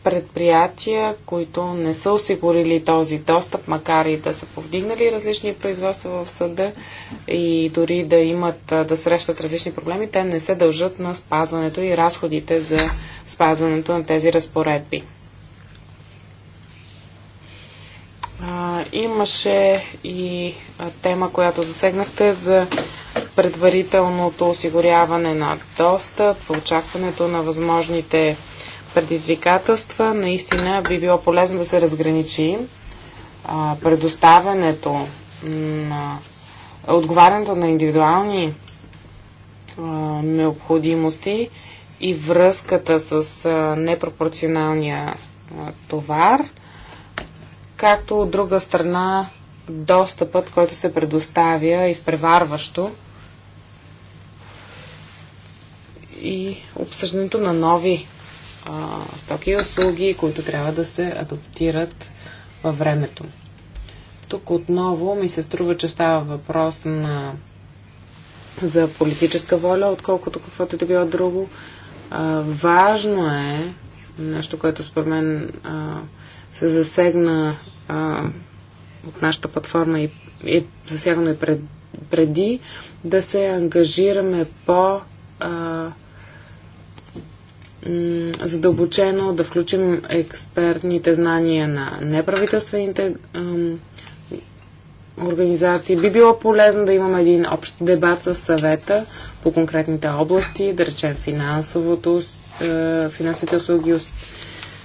предприятия, които не са осигурили този достъп, макар и да са повдигнали различни производства в съда и дори да имат да срещат различни проблеми, те не се дължат на спазването и разходите за спазването на тези разпоредби. А, имаше и тема, която засегнахте за предварителното осигуряване на достъп, очакването на възможните предизвикателства. Наистина би било полезно да се разграничи а, предоставянето на отговарянето на индивидуални а, необходимости и връзката с а, непропорционалния а, товар както от друга страна достъпът, който се предоставя е изпреварващо и обсъждането на нови а, стоки и услуги, които трябва да се адаптират във времето. Тук отново ми се струва, че става въпрос на, за политическа воля, отколкото каквото е да било друго. А, важно е, нещо, което според мен а, се засегна а, от нашата платформа и е засягано и пред, преди, да се ангажираме по а, задълбочено да включим експертните знания на неправителствените а, организации. Би било полезно да имаме един общ дебат с съвета по конкретните области, да речем финансовото, а, е, финансовите услуги,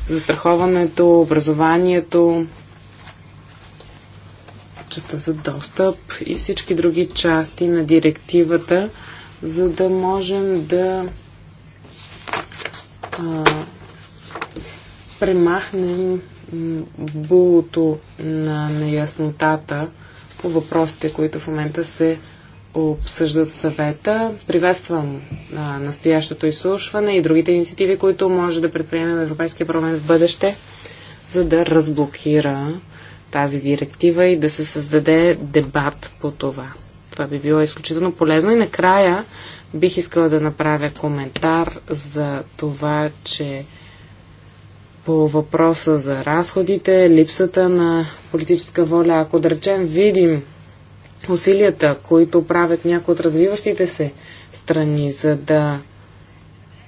застраховането, образованието, частта за достъп и всички други части на директивата, за да можем да а, премахнем булото на неяснотата по въпросите, които в момента се обсъждат съвета. Приветствам а, настоящото изслушване и другите инициативи, които може да предприемем Европейския парламент в бъдеще, за да разблокира тази директива и да се създаде дебат по това. Това би било изключително полезно. И накрая бих искала да направя коментар за това, че по въпроса за разходите, липсата на политическа воля, ако да речем видим усилията, които правят някои от развиващите се страни, за да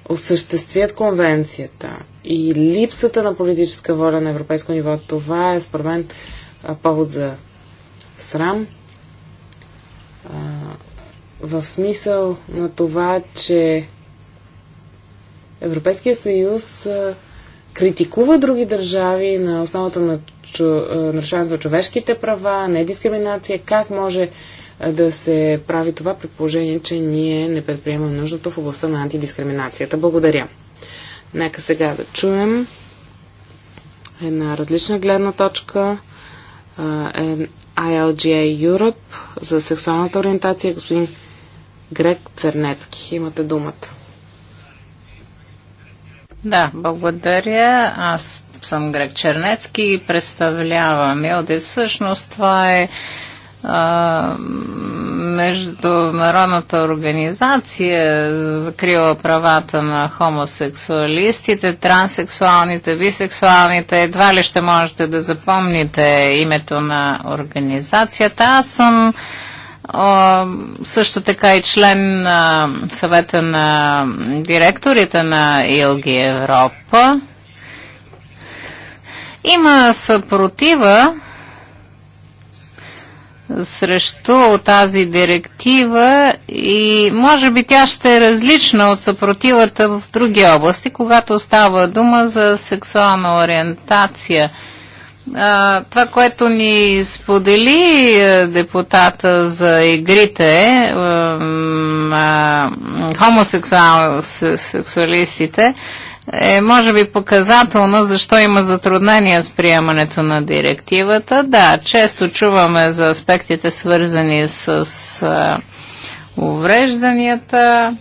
осъществят конвенцията и липсата на политическа воля на европейско ниво, това е според мен повод за срам. в смисъл на това, че Европейския съюз а, критикува други държави на основата на е, нарушаването на човешките права, дискриминация. как може е, да се прави това при положение, че ние не предприемаме нужното в областта на антидискриминацията. Благодаря. Нека сега да чуем една различна гледна точка. Е, ILGA Europe за сексуалната ориентация господин Грег Цернецки. Имате думата.
Да, благодаря. Аз съм Грек Чернецки и представлявам Илди. Всъщност това е международната организация закрила правата на хомосексуалистите, транссексуалните, бисексуалните. Едва ли ще можете да запомните името на организацията. Аз съм също така и член на съвета на директорите на Илги Европа. Има съпротива срещу тази директива и може би тя ще е различна от съпротивата в други области, когато става дума за сексуална ориентация – а, това, което ни сподели е, депутата за игрите, а, е, хомосексуалистите, е може би показателно защо има затруднения с приемането на директивата. Да, често чуваме за аспектите свързани с уврежданията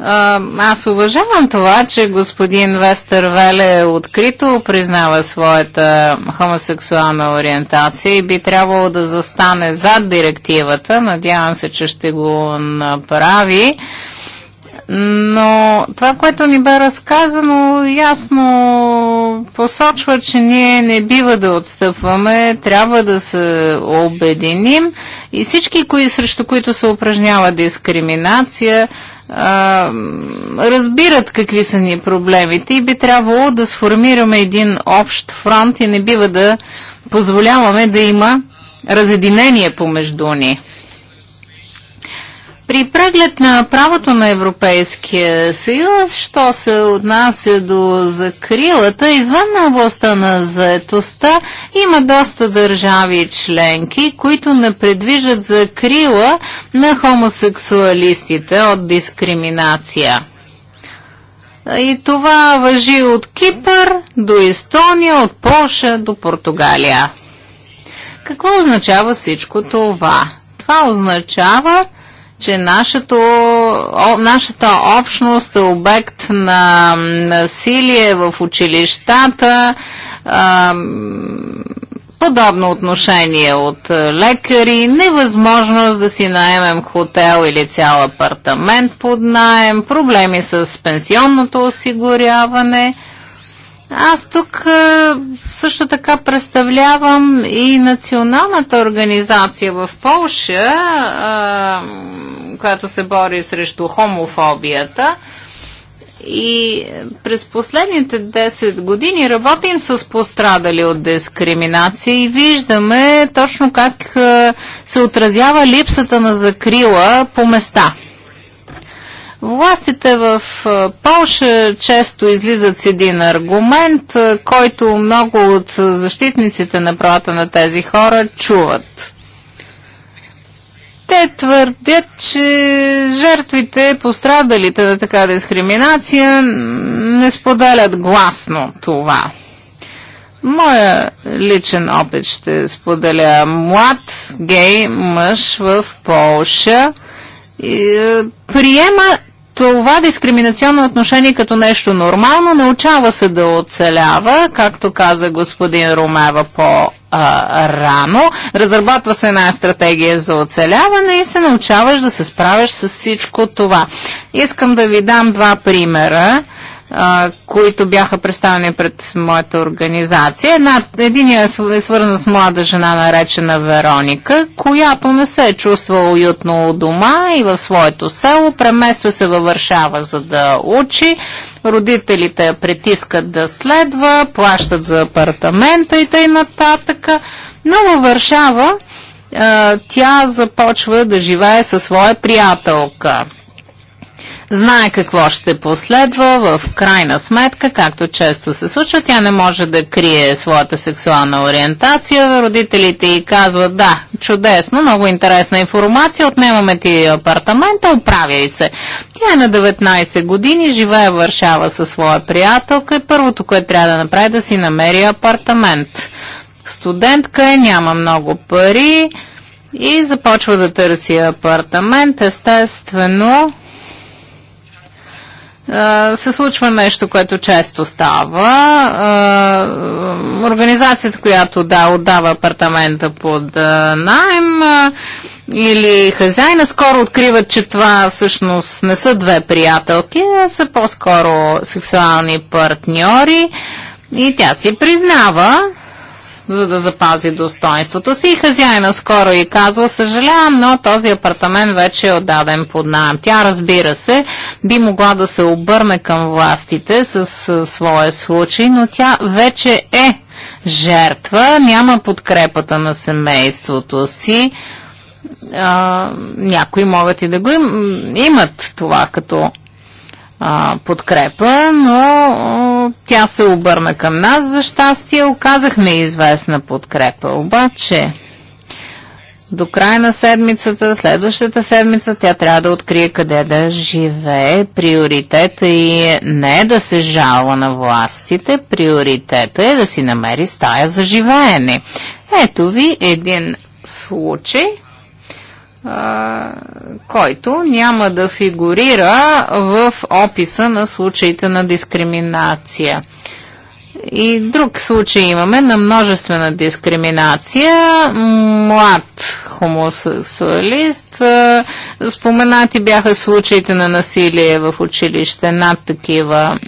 аз уважавам това, че господин Веле е открито признава своята хомосексуална ориентация и би трябвало да застане зад директивата. Надявам се, че ще го направи. Но това, което ни бе разказано, ясно посочва, че ние не бива да отстъпваме, трябва да се обединим и всички, кои, срещу които се упражнява дискриминация, разбират какви са ни проблемите и би трябвало да сформираме един общ фронт и не бива да позволяваме да има разединение помежду ни. При преглед на правото на Европейския съюз, що се отнася до закрилата, извън на областта на заетостта, има доста държави членки, които не предвиждат закрила на хомосексуалистите от дискриминация. И това въжи от Кипър до Естония, от Польша до Португалия. Какво означава всичко това? Това означава, че нашето, о, нашата общност е обект на насилие в училищата, а, подобно отношение от лекари, невъзможност да си наемем хотел или цял апартамент под наем, проблеми с пенсионното осигуряване – аз тук е, също така представлявам и националната организация в Полша, е, която се бори срещу хомофобията. И през последните 10 години работим с пострадали от дискриминация и виждаме точно как е, се отразява липсата на закрила по места – Властите в Польша често излизат с един аргумент, който много от защитниците на правата на тези хора чуват. Те твърдят, че жертвите, пострадалите на така дискриминация, не споделят гласно това. Моя личен опит ще споделя. Млад гей мъж в Полша и, приема това дискриминационно отношение като нещо нормално, научава се да оцелява, както каза господин Ромева по рано, разработва се една стратегия за оцеляване и се научаваш да се справиш с всичко това. Искам да ви дам два примера които бяха представени пред моята организация. Една, единия е, е свързан с млада жена, наречена Вероника, която не се е чувствала уютно у дома и в своето село. Премества се във Варшава, за да учи. Родителите я притискат да следва, плащат за апартамента и т.н. нататък. Но във Варшава тя започва да живее със своя приятелка знае какво ще последва в крайна сметка, както често се случва. Тя не може да крие своята сексуална ориентация. Родителите й казват, да, чудесно, много интересна информация, отнемаме ти апартамента, оправяй се. Тя е на 19 години, живее в Варшава със своя приятелка и първото, което трябва да направи, е да си намери апартамент. Студентка е, няма много пари и започва да търси апартамент. Естествено, се случва нещо, което често става. Организацията, която да, отдава апартамента под найем или хазяина, скоро откриват, че това всъщност не са две приятелки, а са по-скоро сексуални партньори. И тя си признава, за да запази достоинството си. И хазяина скоро и казва, съжалявам, но този апартамент вече е отдаден под найем. Тя, разбира се, би могла да се обърне към властите с, с своя случай, но тя вече е жертва, няма подкрепата на семейството си. А, някои могат и да го им, имат това като а, подкрепа, но а, тя се обърна към нас. За щастие оказахме известна подкрепа. Обаче, до края на седмицата, следващата седмица, тя трябва да открие къде да живее. Приоритета и е не е да се жалва на властите, приоритета е да си намери стая за живеене. Ето ви един случай – който няма да фигурира в описа на случаите на дискриминация. И друг случай имаме на множествена дискриминация. Млад хомосексуалист. Споменати бяха случаите на насилие в училище над такива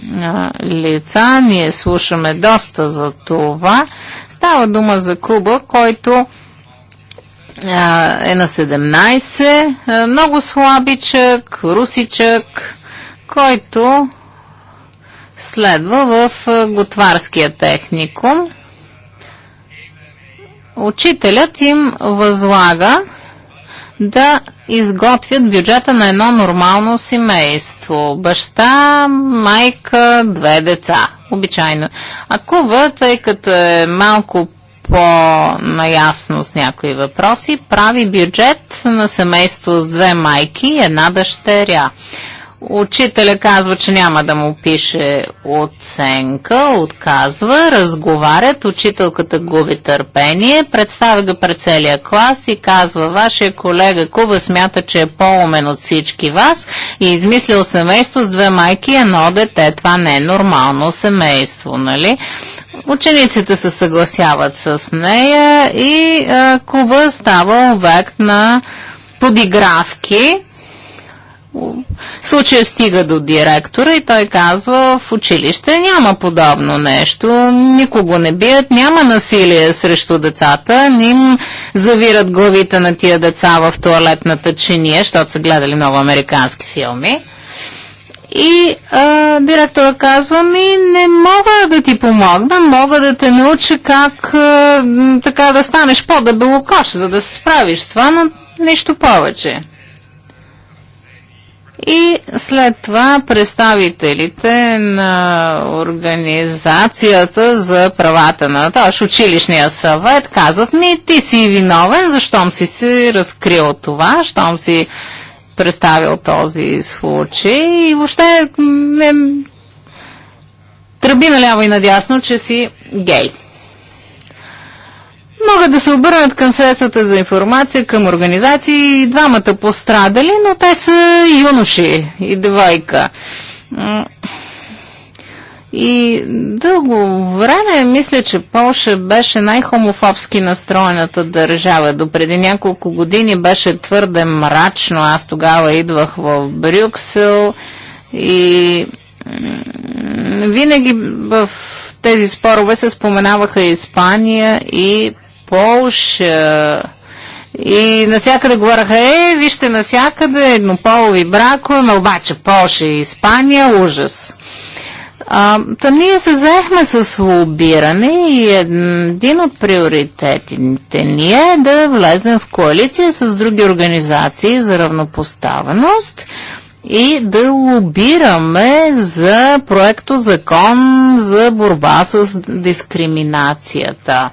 лица. Ние слушаме доста за това. Става дума за Куба, който е на 17. Много слабичък, русичък, който следва в готварския техникум. Учителят им възлага да изготвят бюджета на едно нормално семейство. Баща, майка, две деца. Обичайно. А кува, тъй като е малко по-наясно с някои въпроси, прави бюджет на семейство с две майки и една дъщеря. Учителя казва, че няма да му пише оценка, отказва, разговарят, учителката губи търпение, представя го пред целия клас и казва, вашия колега Куба смята, че е по-умен от всички вас и е измислил семейство с две майки и едно дете. Това не е нормално семейство, нали? Учениците се съгласяват с нея и а, Куба става обект на подигравки случая стига до директора и той казва, в училище няма подобно нещо, никого не бият, няма насилие срещу децата, не им завират главите на тия деца в туалетната чиния, защото са гледали много американски филми. И а, директора казва ми, не мога да ти помогна, мога да те науча как а, така да станеш по-дебелокош, за да се справиш това, но нищо повече. И след това представителите на Организацията за правата на т.е. училищния съвет казват ми, ти си виновен, защом си се разкрил това, щом си представил този случай и въобще не, тръби наляво и надясно, че си гей могат да се обърнат към средствата за информация, към организации. Двамата пострадали, но те са юноши и девойка. И дълго време мисля, че Полша беше най-хомофобски настроената държава. До преди няколко години беше твърде мрачно. Аз тогава идвах в Брюксел и винаги в тези спорове се споменаваха Испания и Полша. И насякъде говореха, е, вижте насякъде еднополови бракове, но обаче Польша и Испания, ужас. А, та ние се заехме с лобиране и един от приоритетите ни е да влезем в коалиция с други организации за равнопоставеност и да лобираме за проекто закон за борба с дискриминацията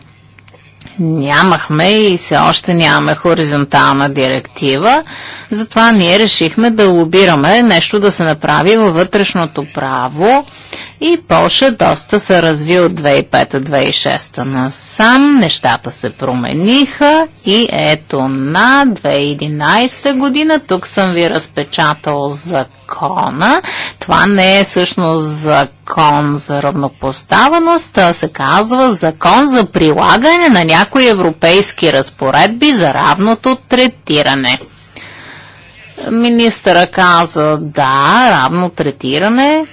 нямахме и все още нямаме хоризонтална директива. Затова ние решихме да лобираме нещо да се направи във вътрешното право и Польша доста се разви от 2005-2006 насам. Нещата се промениха и ето на 2011 година тук съм ви разпечатал закон закона. Това не е всъщност закон за равнопоставеност, а се казва закон за прилагане на някои европейски разпоредби за равното третиране. Министъра каза да, равно третиране,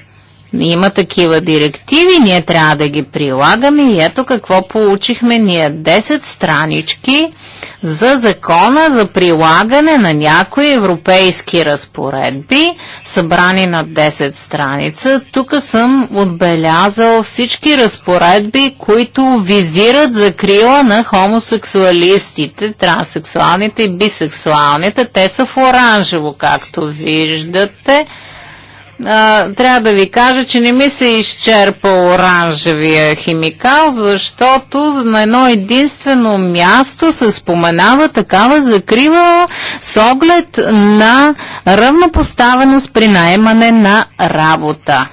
има такива директиви, ние трябва да ги прилагаме и ето какво получихме ние 10 странички за закона за прилагане на някои европейски разпоредби, събрани на 10 страница. Тук съм отбелязал всички разпоредби, които визират закрила на хомосексуалистите, транссексуалните и бисексуалните. Те са в оранжево, както виждате а, трябва да ви кажа, че не ми се изчерпа оранжевия химикал, защото на едно единствено място се споменава такава закрива с оглед на равнопоставеност при наемане на работа.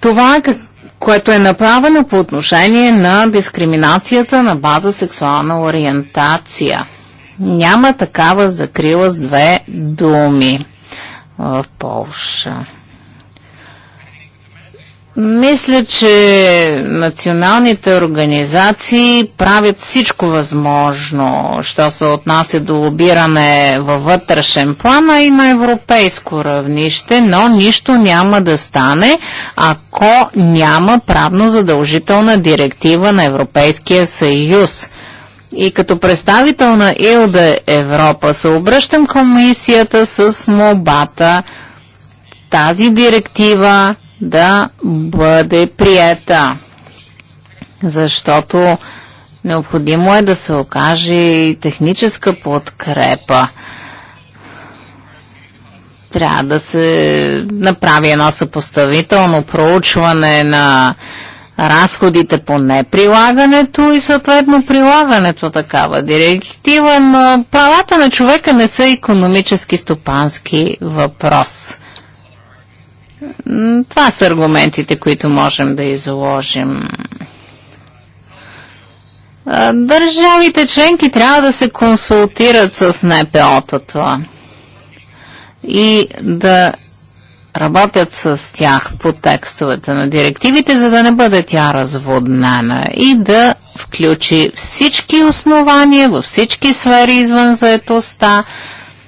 Това е как което е направено по отношение на дискриминацията на база сексуална ориентация. Няма такава закрила с две думи в Полша. Мисля, че националните организации правят всичко възможно, що се отнася до лобиране във вътрешен план, а и на европейско равнище, но нищо няма да стане, ако няма правно задължителна директива на Европейския съюз и като представител на Илда Европа се обръщам комисията с мобата тази директива да бъде приета. Защото необходимо е да се окаже и техническа подкрепа. Трябва да се направи едно съпоставително проучване на разходите по неприлагането и съответно прилагането такава директива, но правата на човека не са економически стопански въпрос. Това са аргументите, които можем да изложим. Държавите членки трябва да се консултират с НПО-тата и да работят с тях по текстовете на директивите, за да не бъде тя разводнена и да включи всички основания във всички сфери извън заетостта,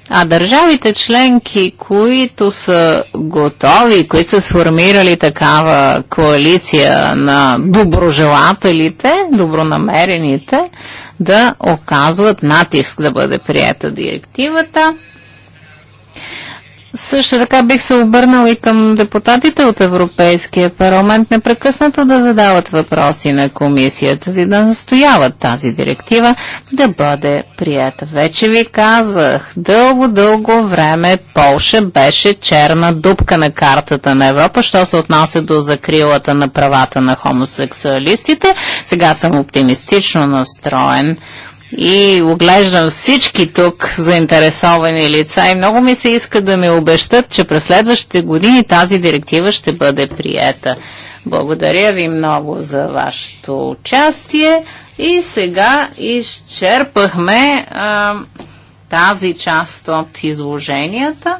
а държавите членки, които са готови, които са сформирали такава коалиция на доброжелателите, добронамерените, да оказват натиск да бъде прията директивата. Също така бих се обърнал и към депутатите от Европейския парламент непрекъснато да задават въпроси на комисията и да настояват тази директива да бъде прията. Вече ви казах, дълго-дълго време Полша беше черна дупка на картата на Европа, що се отнася до закрилата на правата на хомосексуалистите. Сега съм оптимистично настроен и оглеждам всички тук заинтересовани лица и много ми се иска да ми обещат, че през следващите години тази директива ще бъде приета. Благодаря ви много за вашето участие и сега изчерпахме а, тази част от изложенията.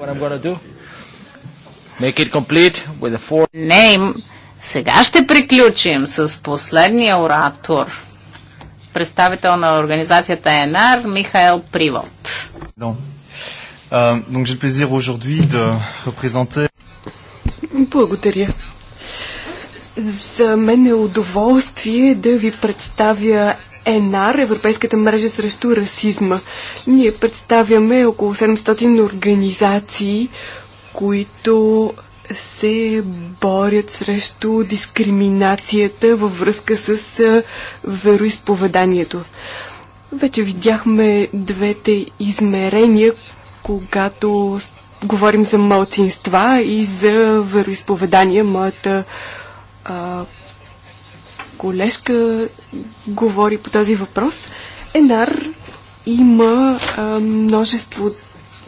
What Не, сега ще приключим с последния оратор представител на организацията ЕНАР Михаил Привалт. Euh, Благодаря.
За мен е удоволствие да ви представя ЕНАР, Европейската мрежа срещу расизма. Ние представяме около 700 организации, които се борят срещу дискриминацията във връзка с вероисповеданието. Вече видяхме двете измерения, когато говорим за малцинства и за вероисповедания. Моята а, колежка говори по този въпрос. Енар има а, множество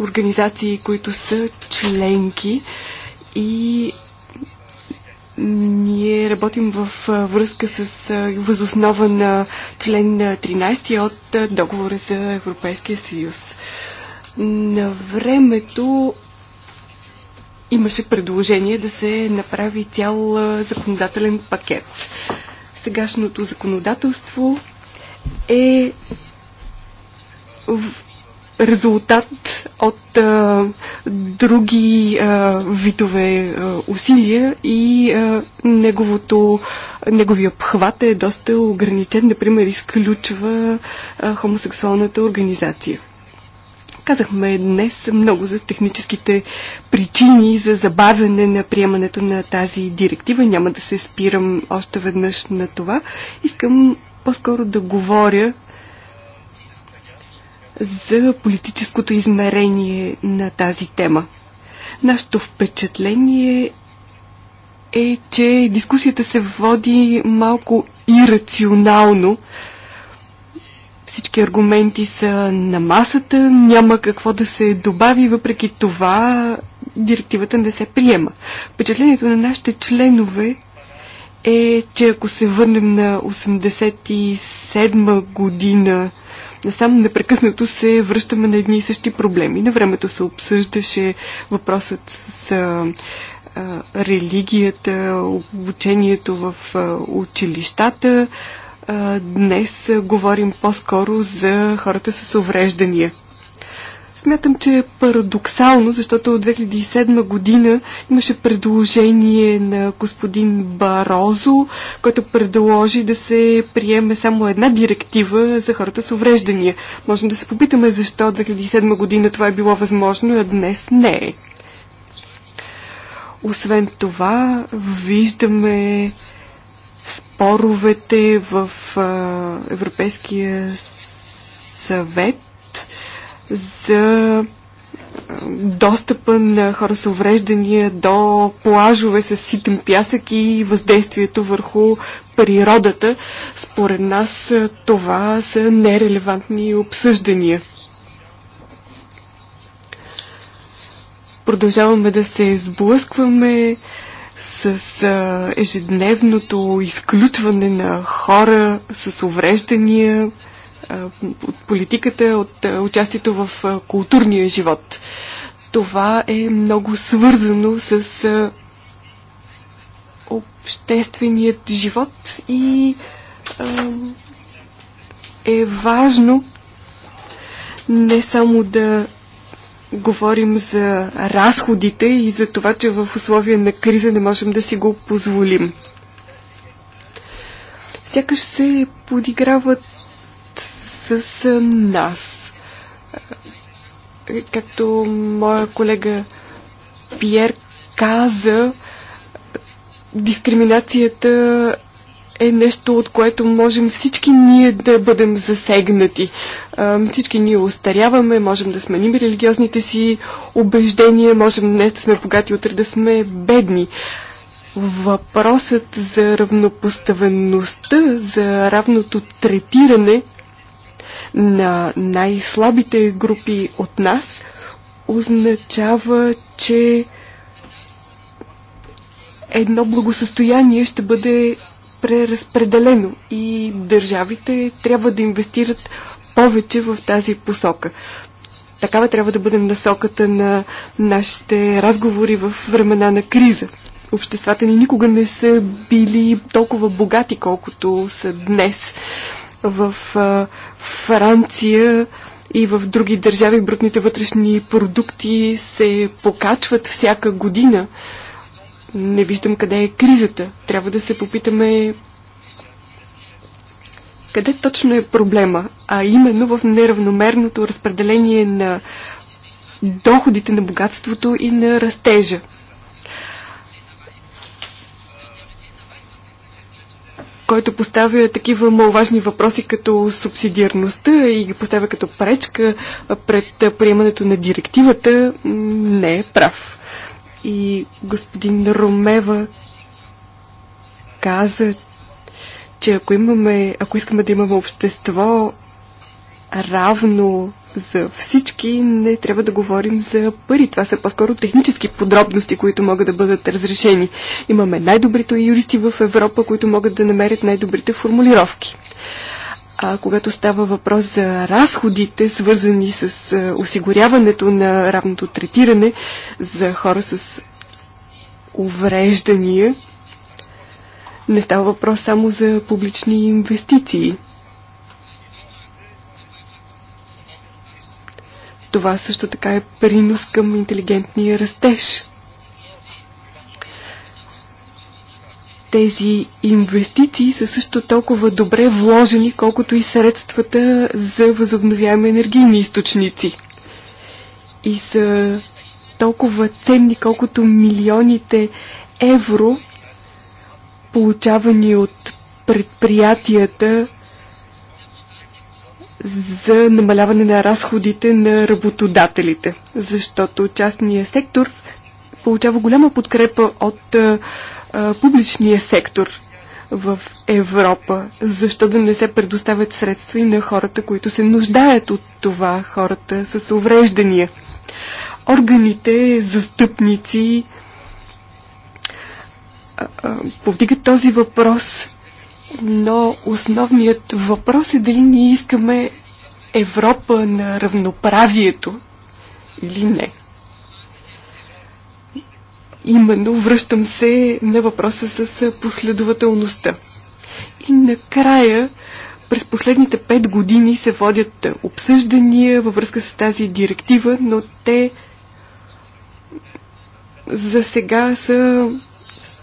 организации, които са членки. А, и ние работим в връзка с възоснова на член 13 от договора за Европейския съюз. На времето имаше предложение да се направи цял законодателен пакет. Сегашното законодателство е резултат от а, други а, видове а, усилия и а, неговото, неговия обхват е доста ограничен, например изключва а, хомосексуалната организация. Казахме днес много за техническите причини за забавяне на приемането на тази директива. Няма да се спирам още веднъж на това. Искам по-скоро да говоря а, за политическото измерение на тази тема. Нашето впечатление е, че дискусията се води малко ирационално. Всички аргументи са на масата, няма какво да се добави, въпреки това директивата не се приема. Впечатлението на нашите членове е, че ако се върнем на 87 година насам непрекъснато се връщаме на едни и същи проблеми. На времето се обсъждаше въпросът с а, а, религията, обучението в а, училищата. А, днес а, говорим по-скоро за хората с увреждания. Смятам, че е парадоксално, защото от 2007 година имаше предложение на господин Барозо, който предложи да се приеме само една директива за хората с увреждания. Можем да се попитаме защо 2007 година това е било възможно, а днес не е. Освен това, виждаме споровете в Европейския съвет за достъпа на хора с увреждания до плажове с ситен пясък и въздействието върху природата. Според нас това са нерелевантни обсъждания. Продължаваме да се сблъскваме с ежедневното изключване на хора с увреждания, от политиката, от участието в културния живот. Това е много свързано с общественият живот и е важно не само да говорим за разходите и за това, че в условия на криза не можем да си го позволим. Сякаш се подиграват с нас. Е, както моя колега Пьер каза, дискриминацията е нещо, от което можем всички ние да бъдем засегнати. Всички ние остаряваме, можем да сменим религиозните си убеждения, можем днес да сме богати, утре да сме бедни. Въпросът за равнопоставеността, за равното третиране на най-слабите групи от нас, означава, че едно благосъстояние ще бъде преразпределено и държавите трябва да инвестират повече в тази посока. Такава трябва да бъде насоката на нашите разговори в времена на криза. Обществата ни никога не са били толкова богати, колкото са днес в Франция и в други държави брутните вътрешни продукти се покачват всяка година. Не виждам къде е кризата. Трябва да се попитаме къде точно е проблема, а именно в неравномерното разпределение на доходите на богатството и на растежа. който поставя такива маловажни въпроси като субсидиарността и ги поставя като пречка пред приемането на директивата, не е прав. И господин Ромева каза, че ако имаме, ако искаме да имаме общество равно за всички, не трябва да говорим за пари. Това са по-скоро технически подробности, които могат да бъдат разрешени. Имаме най-добрите юристи в Европа, които могат да намерят най-добрите формулировки. А когато става въпрос за разходите, свързани с осигуряването на равното третиране за хора с увреждания, не става въпрос само за публични инвестиции – Това също така е принос към интелигентния растеж. Тези инвестиции са също толкова добре вложени, колкото и средствата за възобновяеми енергийни източници. И са толкова ценни, колкото милионите евро, получавани от предприятията за намаляване на разходите на работодателите, защото частният сектор получава голяма подкрепа от а, публичния сектор в Европа. Защо да не се предоставят средства и на хората, които се нуждаят от това, хората с увреждания? Органите, застъпници а, а, повдигат този въпрос но основният въпрос е дали ние искаме Европа на равноправието или не. Именно връщам се на въпроса с последователността. И накрая, през последните пет години се водят обсъждания във връзка с тази директива, но те за сега са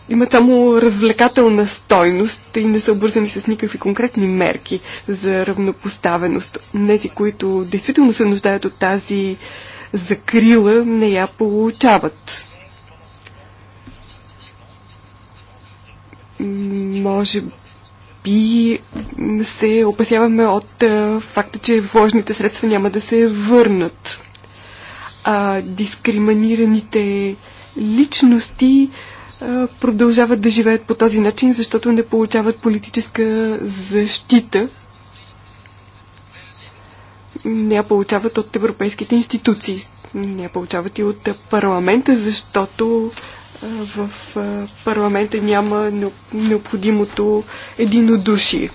имат само развлекателна стойност и не са обвързани с никакви конкретни мерки за равнопоставеност. Нези, които действително се нуждаят от тази закрила, не я получават. Може би се опасяваме от факта, че вложните средства няма да се върнат. А, дискриминираните личности продължават да живеят по този начин, защото не получават политическа защита. Не я получават от европейските институции. Не я получават и от парламента, защото в парламента няма необходимото единодушие.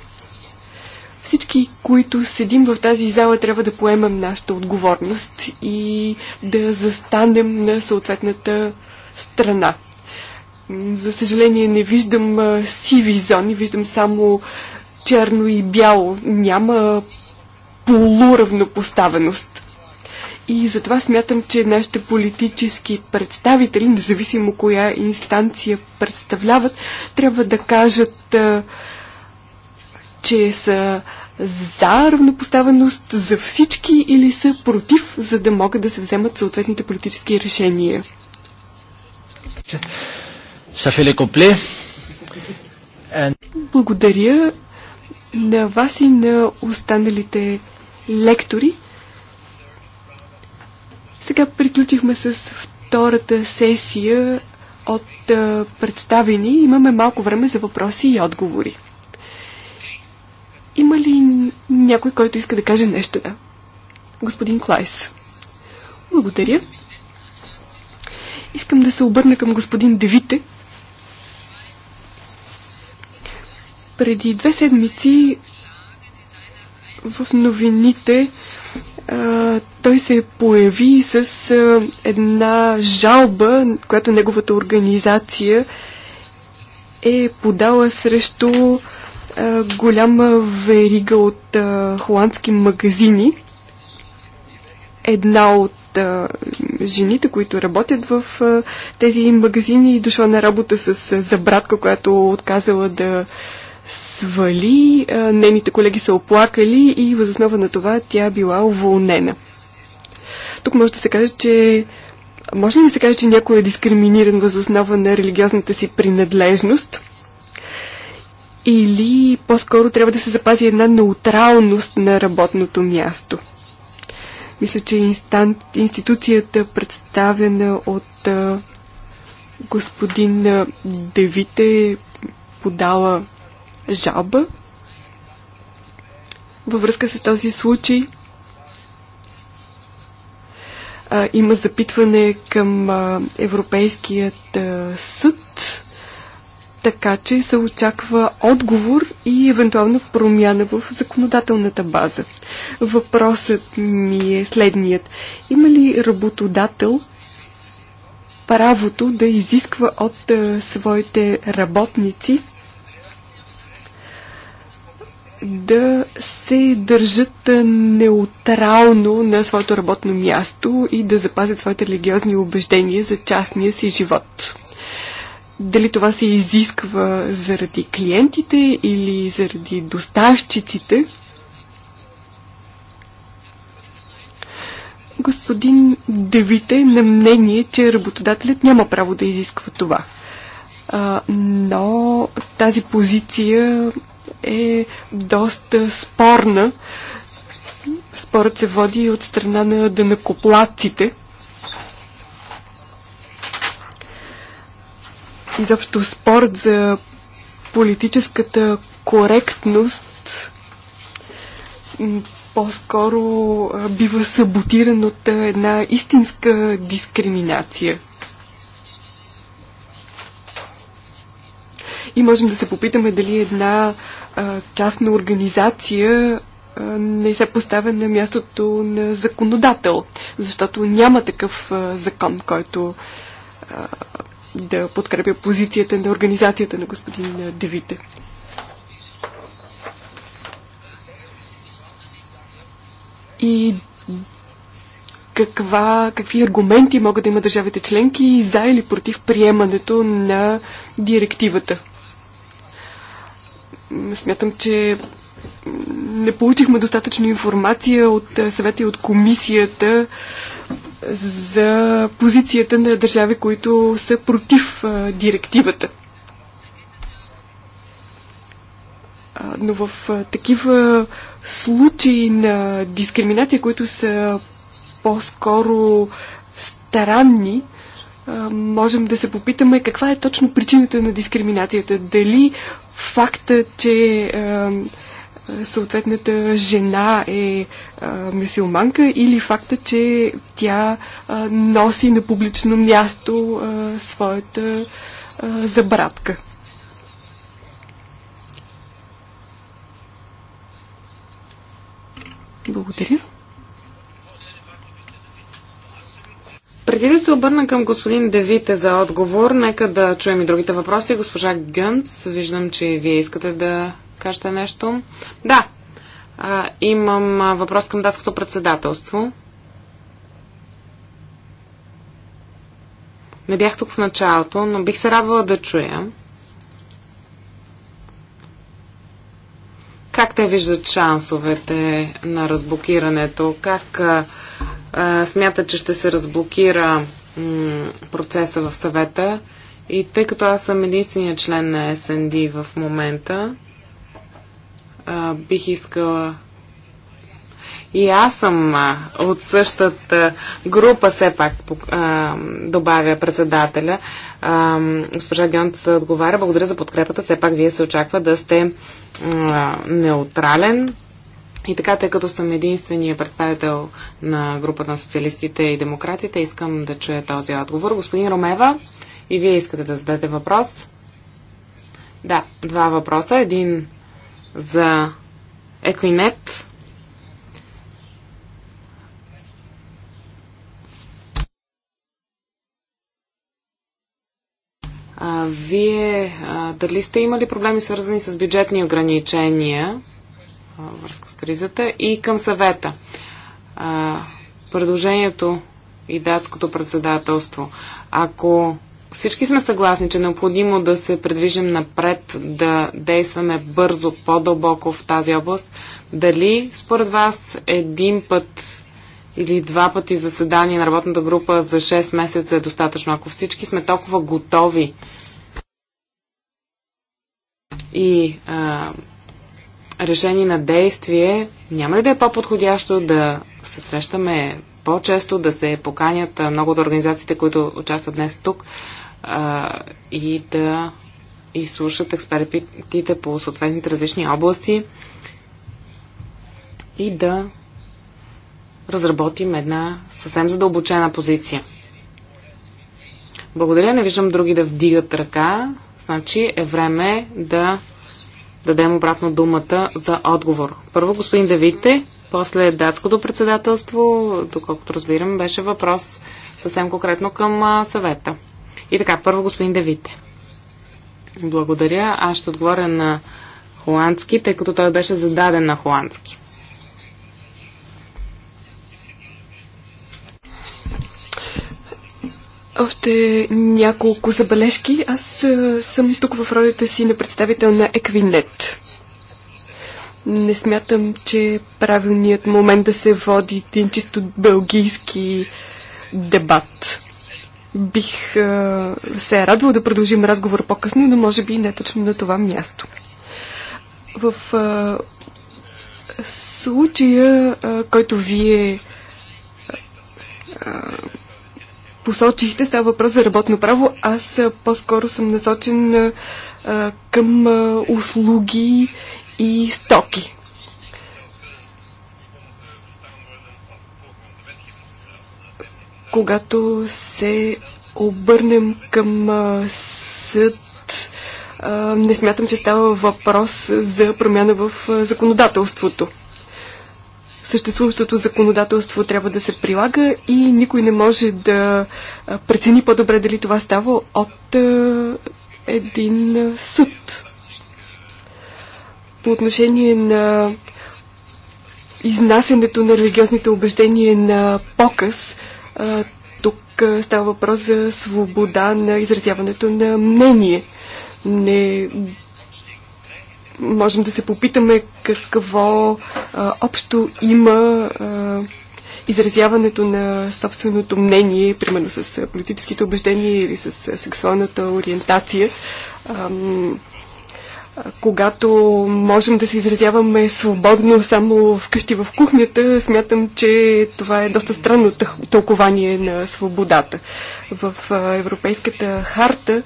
Всички, които седим в тази зала, трябва да поемем нашата отговорност и да застанем на съответната страна. За съжаление не виждам сиви зони, виждам само черно и бяло. Няма полуравнопоставеност. И затова смятам, че нашите политически представители, независимо коя инстанция представляват, трябва да кажат, че са за равнопоставеност за всички или са против, за да могат да се вземат съответните политически решения. Ça Копле. Благодаря на вас и на останалите лектори. Сега приключихме с втората сесия от представени. Имаме малко време за въпроси и отговори. Има ли някой, който иска да каже нещо? Да. Господин Клайс. Благодаря. Искам да се обърна към господин Девите, Преди две седмици в новините а, той се появи с а, една жалба, която неговата организация е подала срещу а, голяма верига от а, холандски магазини. Една от а, жените, които работят в а, тези магазини, дошла на работа с а, забратка, която отказала да а, свали, нейните колеги са оплакали и възоснова на това тя била уволнена. Тук може да се каже, че може ли да се каже, че някой е дискриминиран възоснова на религиозната си принадлежност? Или по-скоро трябва да се запази една неутралност на работното място? Мисля, че инстант, институцията, представена от а, господин Девите, подала жалба във връзка с този случай. А, има запитване към а, Европейският а, съд, така че се очаква отговор и евентуална промяна в законодателната база. Въпросът ми е следният. Има ли работодател правото да изисква от а, своите работници да се държат неутрално на своето работно място и да запазят своите религиозни убеждения за частния си живот. Дали това се изисква заради клиентите или заради доставчиците, господин Девите е на мнение, че работодателят няма право да изисква това. А, но тази позиция е доста спорна. Спорът се води и от страна на дънакоплаците. Изобщо спорт за политическата коректност по-скоро бива саботиран от една истинска дискриминация. И можем да се попитаме дали една частна организация не се поставя на мястото на законодател, защото няма такъв закон, който да подкрепя позицията на организацията на господин Девите. И каква, какви аргументи могат да има държавите членки за или против приемането на директивата? смятам, че не получихме достатъчно информация от е, съвета и от комисията за позицията на държави, които са против е, директивата. Но в е, такива случаи на дискриминация, които са по-скоро странни, можем да се попитаме каква е точно причината на дискриминацията. Дали факта, че съответната жена е мюсюлманка или факта, че тя носи на публично място своята забратка. Благодаря.
Преди да се обърна към господин Девите за отговор, нека да чуем и другите въпроси. Госпожа Гънц, виждам, че вие искате да кажете нещо. Да, а, имам въпрос към датското председателство. Не бях тук в началото, но бих се радвала да чуя. Как те виждат шансовете на разблокирането? Как а, смята, че ще се разблокира процеса в съвета. И тъй като аз съм единствения член на СНД в момента, а, бих искала. И аз съм а, от същата група, все пак а, добавя председателя. А, госпожа Гьонц отговаря. Благодаря за подкрепата. Все пак вие се очаква да сте а, неутрален и така, тъй като съм единствения представител на групата на социалистите и демократите, искам да чуя този отговор. Господин Ромева, и вие искате да зададете въпрос? Да, два въпроса. Един за Еквинет. А, вие а, дали сте имали проблеми свързани с бюджетни ограничения? връзка с кризата. И към съвета. Предложението и датското председателство. Ако всички сме съгласни, че е необходимо да се предвижим напред, да действаме бързо, по-дълбоко в тази област. Дали според вас един път или два пъти заседание на работната група за 6 месеца е достатъчно? Ако всички сме толкова готови и а, решение на действие, няма ли да е по-подходящо да се срещаме по-често, да се поканят много от организациите, които участват днес тук а, и да изслушат експертите по съответните различни области и да разработим една съвсем задълбочена позиция. Благодаря, не виждам други да вдигат ръка. Значи е време да дадем обратно думата за отговор. Първо господин Давидте, после датското председателство, доколкото разбирам, беше въпрос съвсем конкретно към съвета. И така, първо господин Давидте. Благодаря. Аз ще отговоря на холандски, тъй като той беше зададен на холандски.
Още няколко забележки. Аз съм тук в ролята си на представител на Еквинет. Не смятам, че правилният момент да се води един чисто бългийски дебат. Бих а, се е радвал да продължим разговор по-късно, но може би не точно на това място. В а, случая, а, който вие а, посочихте, става въпрос за работно право. Аз по-скоро съм насочен а, към а, услуги и стоки. Когато се обърнем към а, съд, а, не смятам, че става въпрос за промяна в а, законодателството съществуващото законодателство трябва да се прилага и никой не може да прецени по-добре дали това става от един съд. По отношение на изнасянето на религиозните убеждения на показ, тук става въпрос за свобода на изразяването на мнение. Не можем да се попитаме какво а, общо има а, изразяването на собственото мнение, примерно с политическите убеждения или с сексуалната ориентация. А, когато можем да се изразяваме свободно само вкъщи в кухнята, смятам, че това е доста странно тълкование на свободата. В Европейската харта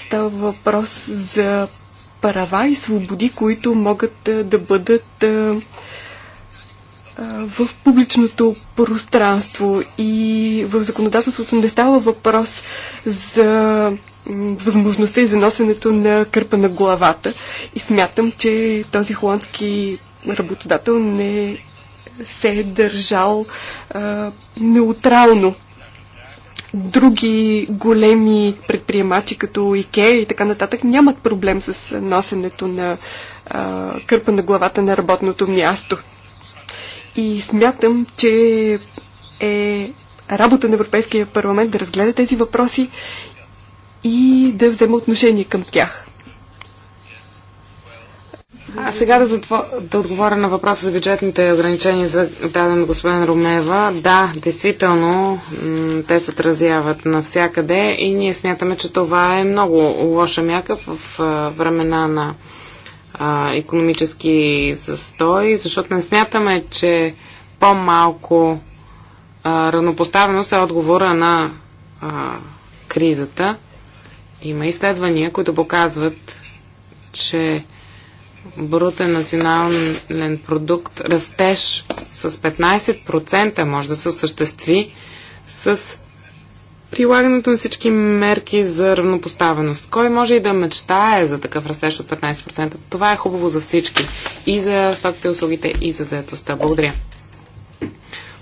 става въпрос за права и свободи, които могат да бъдат в публичното пространство и в законодателството не става въпрос за възможността и за носенето на кърпа на главата. И смятам, че този холандски работодател не се е държал а, неутрално други големи предприемачи, като Икея и така нататък, нямат проблем с носенето на а, кърпа на главата на работното място. И смятам, че е работа на Европейския парламент да разгледа тези въпроси
и да взема отношение към тях. А сега да, затво... да отговоря на въпроса за бюджетните ограничения, за даден господин Румева. Да, действително, те се отразяват навсякъде и ние смятаме, че това е много лоша мяка в времена на а, економически застой, защото не смятаме, че по-малко равнопоставеност е отговора на а, кризата. Има изследвания, които показват, че брутен национален продукт, растеж с 15% може да се осъществи с прилагането на всички мерки за равнопоставеност. Кой може и да мечтае за такъв растеж от 15%? Това е хубаво за всички. И за стоките, услугите, и за заедостта. Благодаря.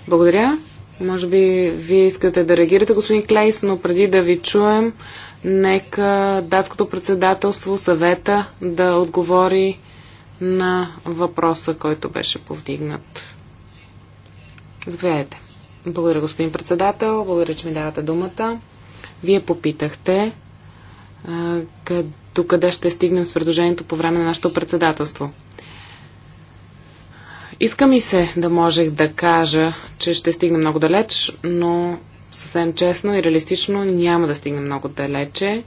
Благодаря. Може би вие искате да реагирате, господин Клейс, но преди да ви чуем, нека датското председателство, съвета да отговори на въпроса, който беше повдигнат. Заповядайте. Благодаря, господин председател. Благодаря, че ми давате думата. Вие попитахте до къде ще стигнем с предложението по време на нашето председателство. Иска ми се да можех да кажа, че ще стигне много далеч, но съвсем честно и реалистично няма да стигне много далече.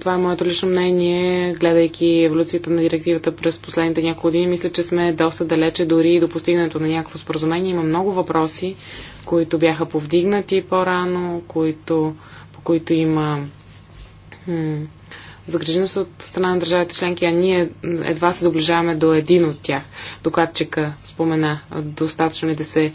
Това е моето лично мнение, гледайки еволюцията на директивата през последните няколко години. Мисля, че сме доста далече дори и до постигането на някакво споразумение. Има много въпроси, които бяха повдигнати по-рано, които, по които има загриженост от страна на държавите членки, а ние едва се доближаваме до един от тях. Докладчика спомена достатъчно ли е да се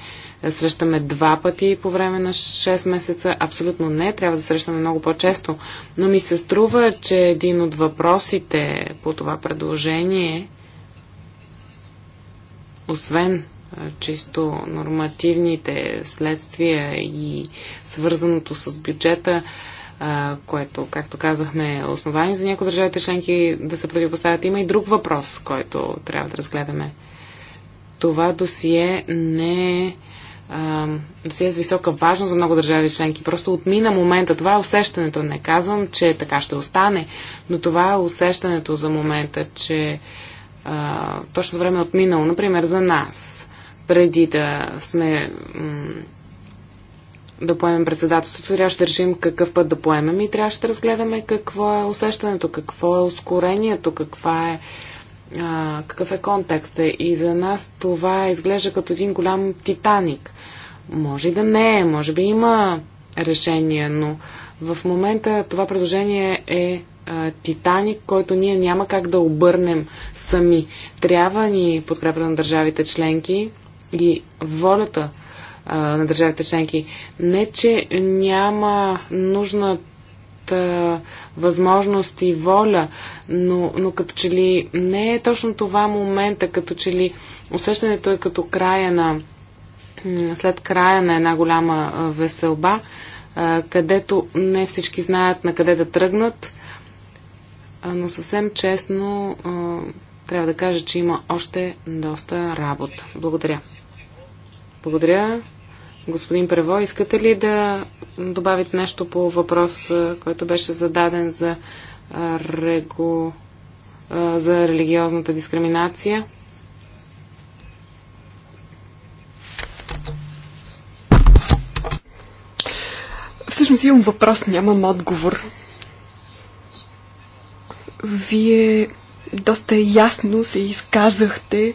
срещаме два пъти по време на 6 месеца. Абсолютно не, трябва да срещаме много по-често. Но ми се струва, че един от въпросите по това предложение, освен чисто нормативните следствия и свързаното с бюджета, което, както казахме, е основание за някои държавите членки да се противопоставят. Има и друг въпрос, който трябва да разгледаме. Това досие не е е с висока важност за много държави членки. Просто отмина момента. Това е усещането. Не казвам, че така ще остане, но това е усещането за момента, че а, точно време е отминало. Например, за нас, преди да сме да поемем председателството, трябваше да решим какъв път да поемем и трябваше да разгледаме какво е усещането, какво е ускорението, каква е а, какъв е контекста. И за нас това изглежда като един голям титаник. Може и да не е, може би има решение, но в момента това предложение е а, титаник, който ние няма как да обърнем сами. Трябва ни подкрепата на държавите членки и волята а, на държавите членки. Не, че няма нужна а, възможност и воля, но, но като че ли не е точно това момента, като че ли усещането е като края на, след края на една голяма веселба, а, където не всички знаят на къде да тръгнат, а, но съвсем честно а, трябва да кажа, че има още доста работа. Благодаря. Благодаря. Господин Прево, искате ли да добавите нещо по въпрос, който беше зададен за, регу... за религиозната дискриминация? Всъщност имам въпрос,
нямам отговор. Вие доста ясно се изказахте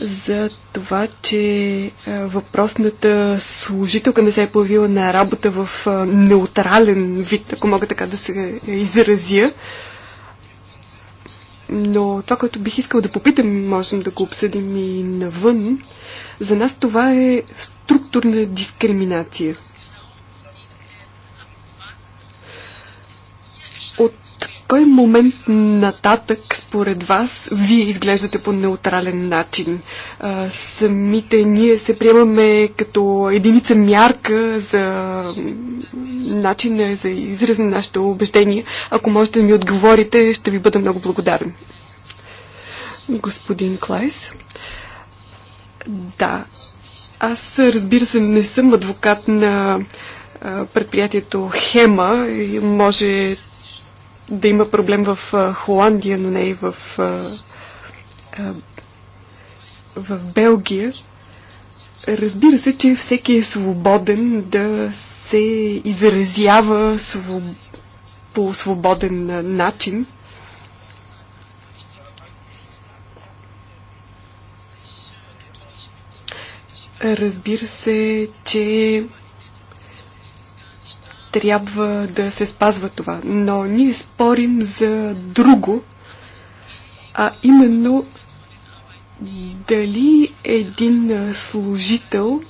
за това, че въпросната служителка не се е появила на работа в неутрален вид, ако мога така да се изразя. Но това, което бих искал да попитам, можем да го обсъдим и навън. За нас това е структурна дискриминация. От кой момент нататък, според вас, вие изглеждате по неутрален начин? А, самите ние се приемаме като единица мярка за начина за израз на нашите убеждения. Ако можете да ми отговорите, ще ви бъда много благодарен. Господин Клайс. Да. Аз, разбира се, не съм адвокат на предприятието Хема. Може да има проблем в Холандия, но не и в, в Белгия. Разбира се, че всеки е свободен да се изразява своб... по свободен начин. Разбира се, че трябва да се спазва това. Но ние спорим за друго, а именно дали един служител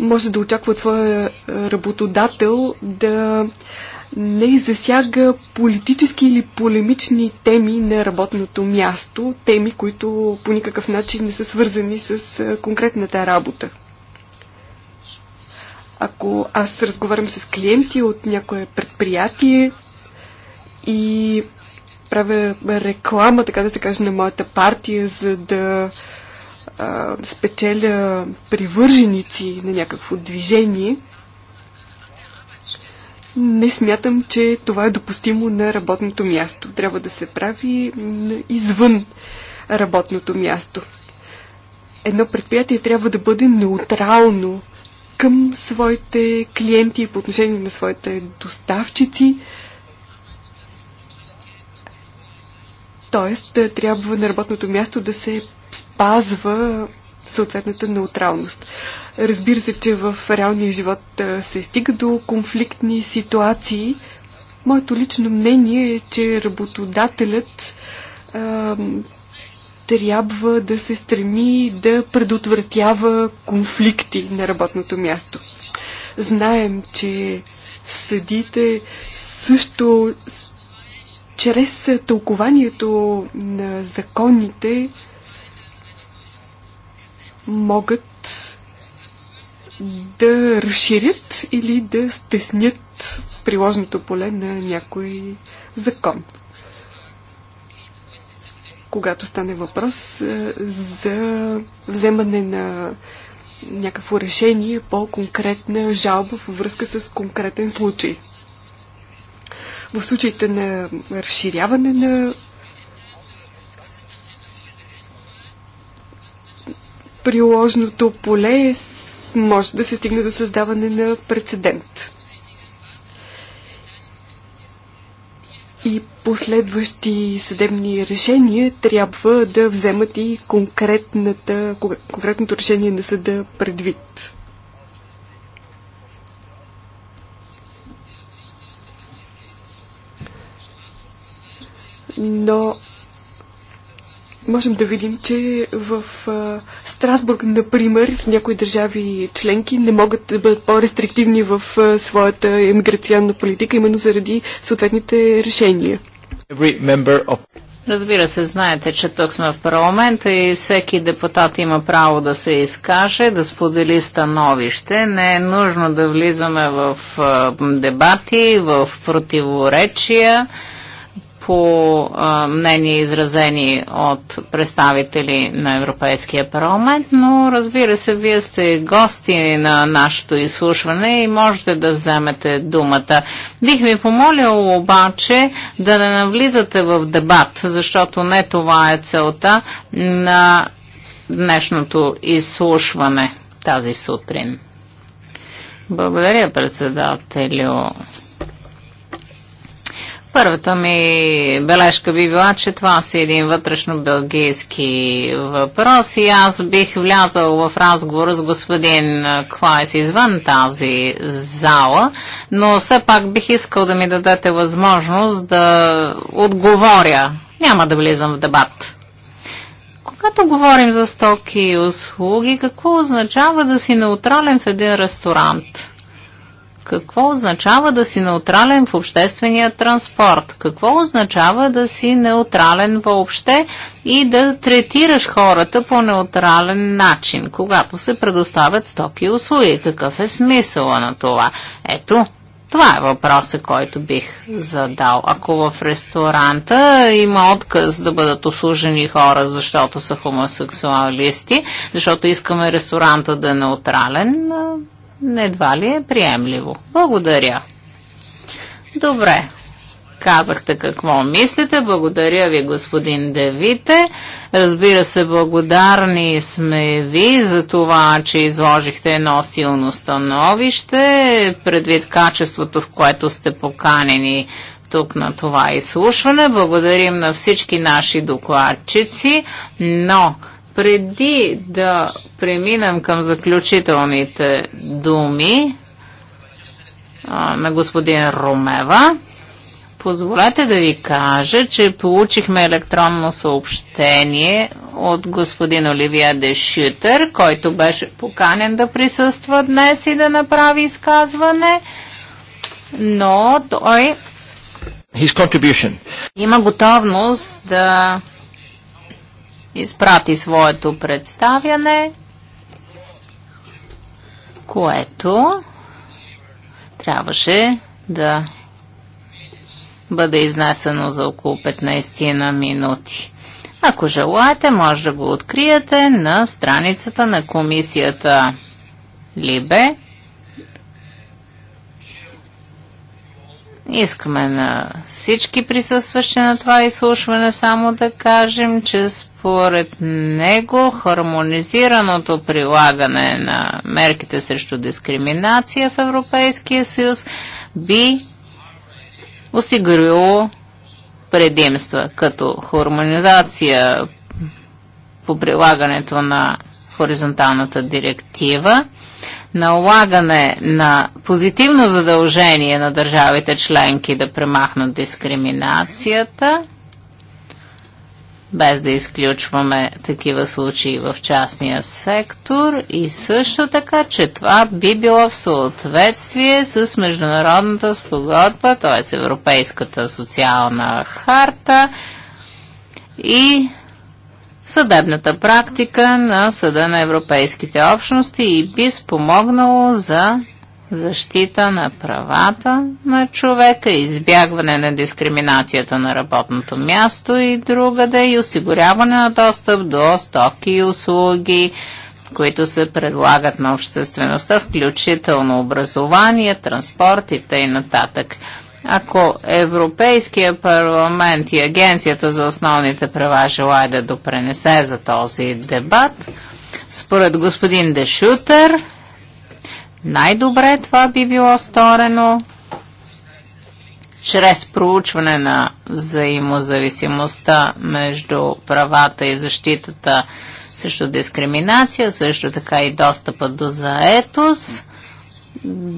може да очаква от своя работодател да не засяга политически или полемични теми на работното място, теми, които по никакъв начин не са свързани с конкретната работа. Ако аз разговарям с клиенти от някое предприятие и правя реклама, така да се каже, на моята партия, за да а, спечеля привърженици на някакво движение, не смятам, че това е допустимо на работното място. Трябва да се прави извън работното място. Едно предприятие трябва да бъде неутрално към своите клиенти и по отношение на своите доставчици. Тоест, е, трябва на работното място да се спазва съответната неутралност. Разбира се, че в реалния живот е, се стига до конфликтни ситуации. Моето лично мнение е, че работодателят е, трябва да се стреми да предотвратява конфликти на работното място. Знаем, че съдите също чрез тълкованието на законите могат да разширят или да стеснят приложното поле на някой закон когато стане въпрос е, за вземане на някакво решение по конкретна жалба във връзка с конкретен случай. В случаите на разширяване на приложното поле може да се стигне до създаване на прецедент. и последващи съдебни решения трябва да вземат и конкретното решение на съда предвид. Но можем да видим, че в а, Страсбург, например, в някои държави членки не могат да бъдат по-рестриктивни в а, своята емиграционна политика, именно заради съответните решения.
Разбира се, знаете, че тук сме в парламента и всеки депутат има право да се изкаже, да сподели становище. Не е нужно да влизаме в а, дебати, в противоречия по мнение мнения изразени от представители на Европейския парламент, но разбира се, вие сте гости на нашето изслушване и можете да вземете думата. Бих ви помолил обаче да не навлизате в дебат, защото не това е целта на днешното изслушване тази сутрин. Благодаря, председателю. Първата ми бележка би била, че това си един вътрешно-белгийски въпрос и аз бих влязал в разговор с господин Квайс извън тази зала, но все пак бих искал да ми дадете възможност да отговоря. Няма да влизам в дебат. Когато говорим за стоки и услуги, какво означава да си неутрален в един ресторант? Какво означава да си неутрален в обществения транспорт? Какво означава да си неутрален въобще и да третираш хората по неутрален начин, когато се предоставят стоки и услуги? Какъв е смисъла на това? Ето, това е въпросът, който бих задал. Ако в ресторанта има отказ да бъдат услужени хора, защото са хомосексуалисти, защото искаме ресторанта да е неутрален, едва ли е приемливо? Благодаря. Добре. Казахте какво мислите. Благодаря ви, господин Девите. Разбира се, благодарни сме ви за това, че изложихте едно силно становище, предвид качеството, в което сте поканени тук на това изслушване. Благодарим на всички наши докладчици, но преди да преминем към заключителните думи а, на господин Ромева, позволете да ви кажа, че получихме електронно съобщение от господин Оливия Дешютер, който беше поканен да присъства днес и да направи изказване, но той His contribution. има готовност да изпрати своето представяне, което трябваше да бъде изнесено за около 15 на минути. Ако желаете, може да го откриете на страницата на комисията Либе. Искаме на всички присъстващи на това изслушване само да кажем, че според него хармонизираното прилагане на мерките срещу дискриминация в Европейския съюз би осигурило предимства, като хармонизация по прилагането на хоризонталната директива налагане на позитивно задължение на държавите членки да премахнат дискриминацията, без да изключваме такива случаи в частния сектор и също така, че това би било в съответствие с Международната спогодба, т.е. Европейската социална харта и съдебната практика на Съда на Европейските общности и би спомогнало за защита на правата на човека, избягване на дискриминацията на работното място и другаде и осигуряване на достъп до стоки и услуги, които се предлагат на обществеността, включително образование, транспорт и т.н. нататък. Ако Европейския парламент и Агенцията за основните права желая да допренесе за този дебат, според господин Дешутер, най-добре това би било сторено чрез проучване на взаимозависимостта между правата и защитата също дискриминация, също така и достъпа до заетост,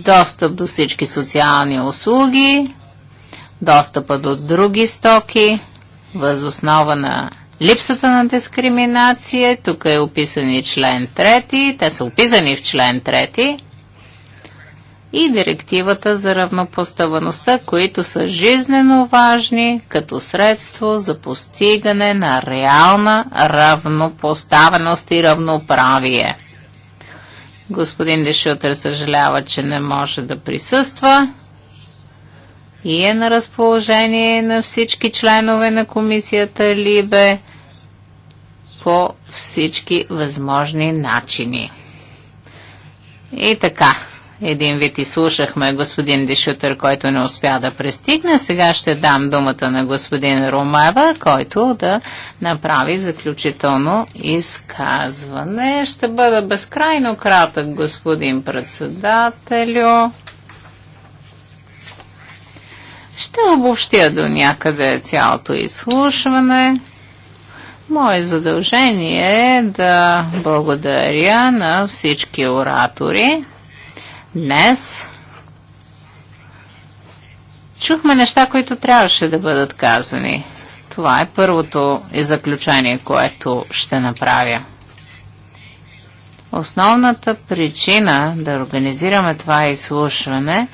достъп до всички социални услуги, достъпа до други стоки, възоснова на липсата на дискриминация. Тук е описан и член 3. Те са описани в член 3 и директивата за равнопоставеността, които са жизнено важни като средство за постигане на реална равнопоставеност и равноправие. Господин Дешутър съжалява, че не може да присъства и е на разположение на всички членове на комисията Либе по всички възможни начини. И така, един вид изслушахме господин Дишутър, който не успя да престигне. Сега ще дам думата на господин Ромева, който да направи заключително изказване. Ще бъда безкрайно кратък, господин председателю. Ще обобщя до някъде цялото изслушване. Мое задължение е да благодаря на всички оратори. Днес чухме неща, които трябваше да бъдат казани. Това е първото и заключение, което ще направя. Основната причина да организираме това изслушване е,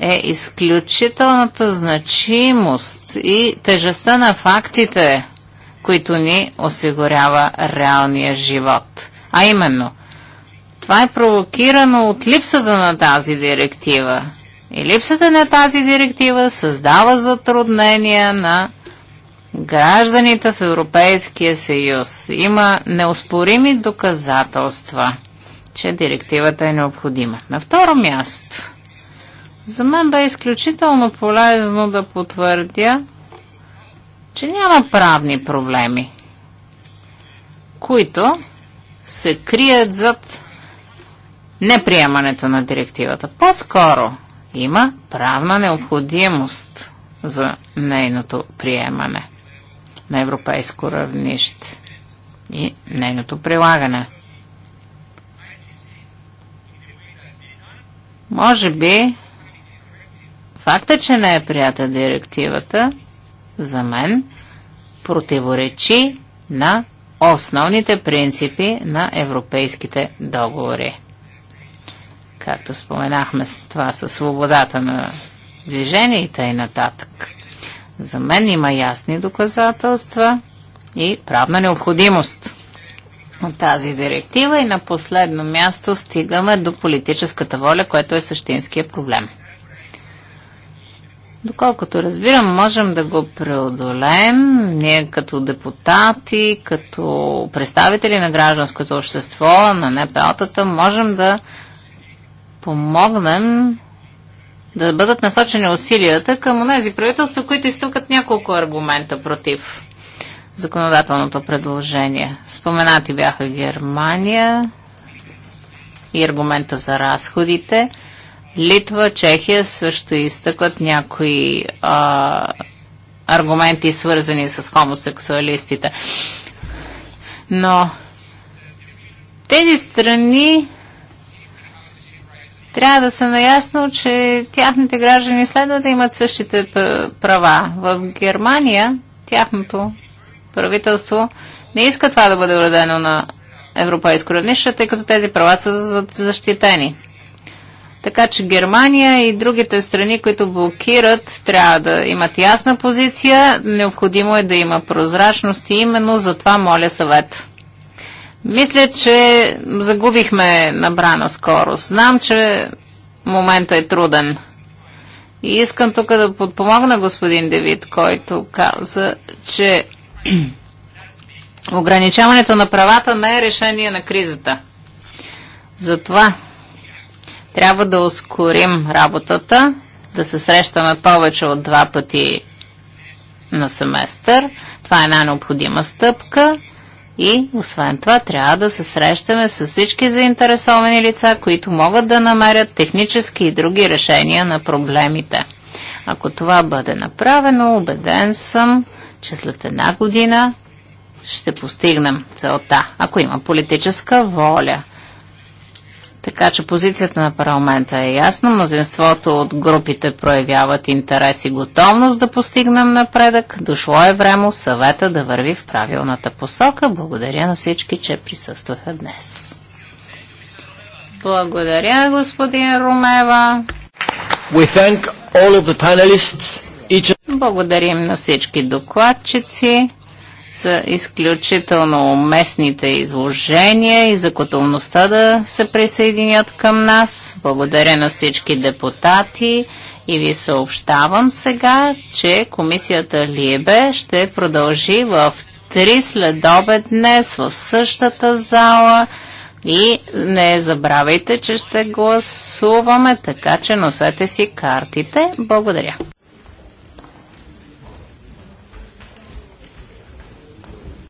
е изключителната значимост и тежестта на фактите, които ни осигурява реалния живот. А именно, това е провокирано от липсата на тази директива. И липсата на тази директива създава затруднения на гражданите в Европейския съюз. Има неоспорими доказателства, че директивата е необходима. На второ място – за мен бе изключително полезно да потвърдя, че няма правни проблеми, които се крият зад неприемането на директивата. По-скоро има правна необходимост за нейното приемане на европейско равнище и нейното прилагане. Може би Факта, че не е прията директивата, за мен, противоречи на основните принципи на европейските договори. Както споменахме това със свободата на движение и тъй нататък. За мен има ясни доказателства и правна необходимост от тази директива и на последно място стигаме до политическата воля, което е същинския проблем. Доколкото разбирам, можем да го преодолеем. Ние като депутати, като представители на гражданското общество, на НПО-тата, можем да помогнем да бъдат насочени усилията към тези правителства, които изтъкат няколко аргумента против законодателното предложение. Споменати бяха Германия и аргумента за разходите – Литва, Чехия също изтъкват някои а, аргументи, свързани с хомосексуалистите. Но тези страни трябва да са наясно, че тяхните граждани следва да имат същите права. В Германия тяхното правителство не иска това да бъде уредено на европейско равнище, тъй като тези права са защитени. Така че Германия и другите страни, които блокират, трябва да имат ясна позиция. Необходимо е да има прозрачност и именно за това моля съвет. Мисля, че загубихме набрана скорост. Знам, че момента е труден. И искам тук да подпомогна господин Девид, който каза, че ограничаването на правата не е решение на кризата. Затова трябва да ускорим работата, да се срещаме повече от два пъти на семестър. Това е най необходима стъпка. И освен това трябва да се срещаме с всички заинтересовани лица, които могат да намерят технически и други решения на проблемите. Ако това бъде направено, убеден съм, че след една година ще постигнем целта, ако има политическа воля. Така че позицията на парламента е ясна. Мнозинството от групите проявяват интерес и готовност да постигнем напредък. Дошло е време съвета да върви в правилната посока. Благодаря на всички, че присъстваха днес. Благодаря, господин Румева. We thank all of the panelists, each... Благодарим на всички докладчици. Са изключително уместните изложения и за готовността да се присъединят към нас. Благодаря на всички депутати и ви съобщавам сега, че комисията Либе ще продължи в 3 след обед днес в същата зала и не забравяйте, че ще гласуваме, така че носете си картите. Благодаря.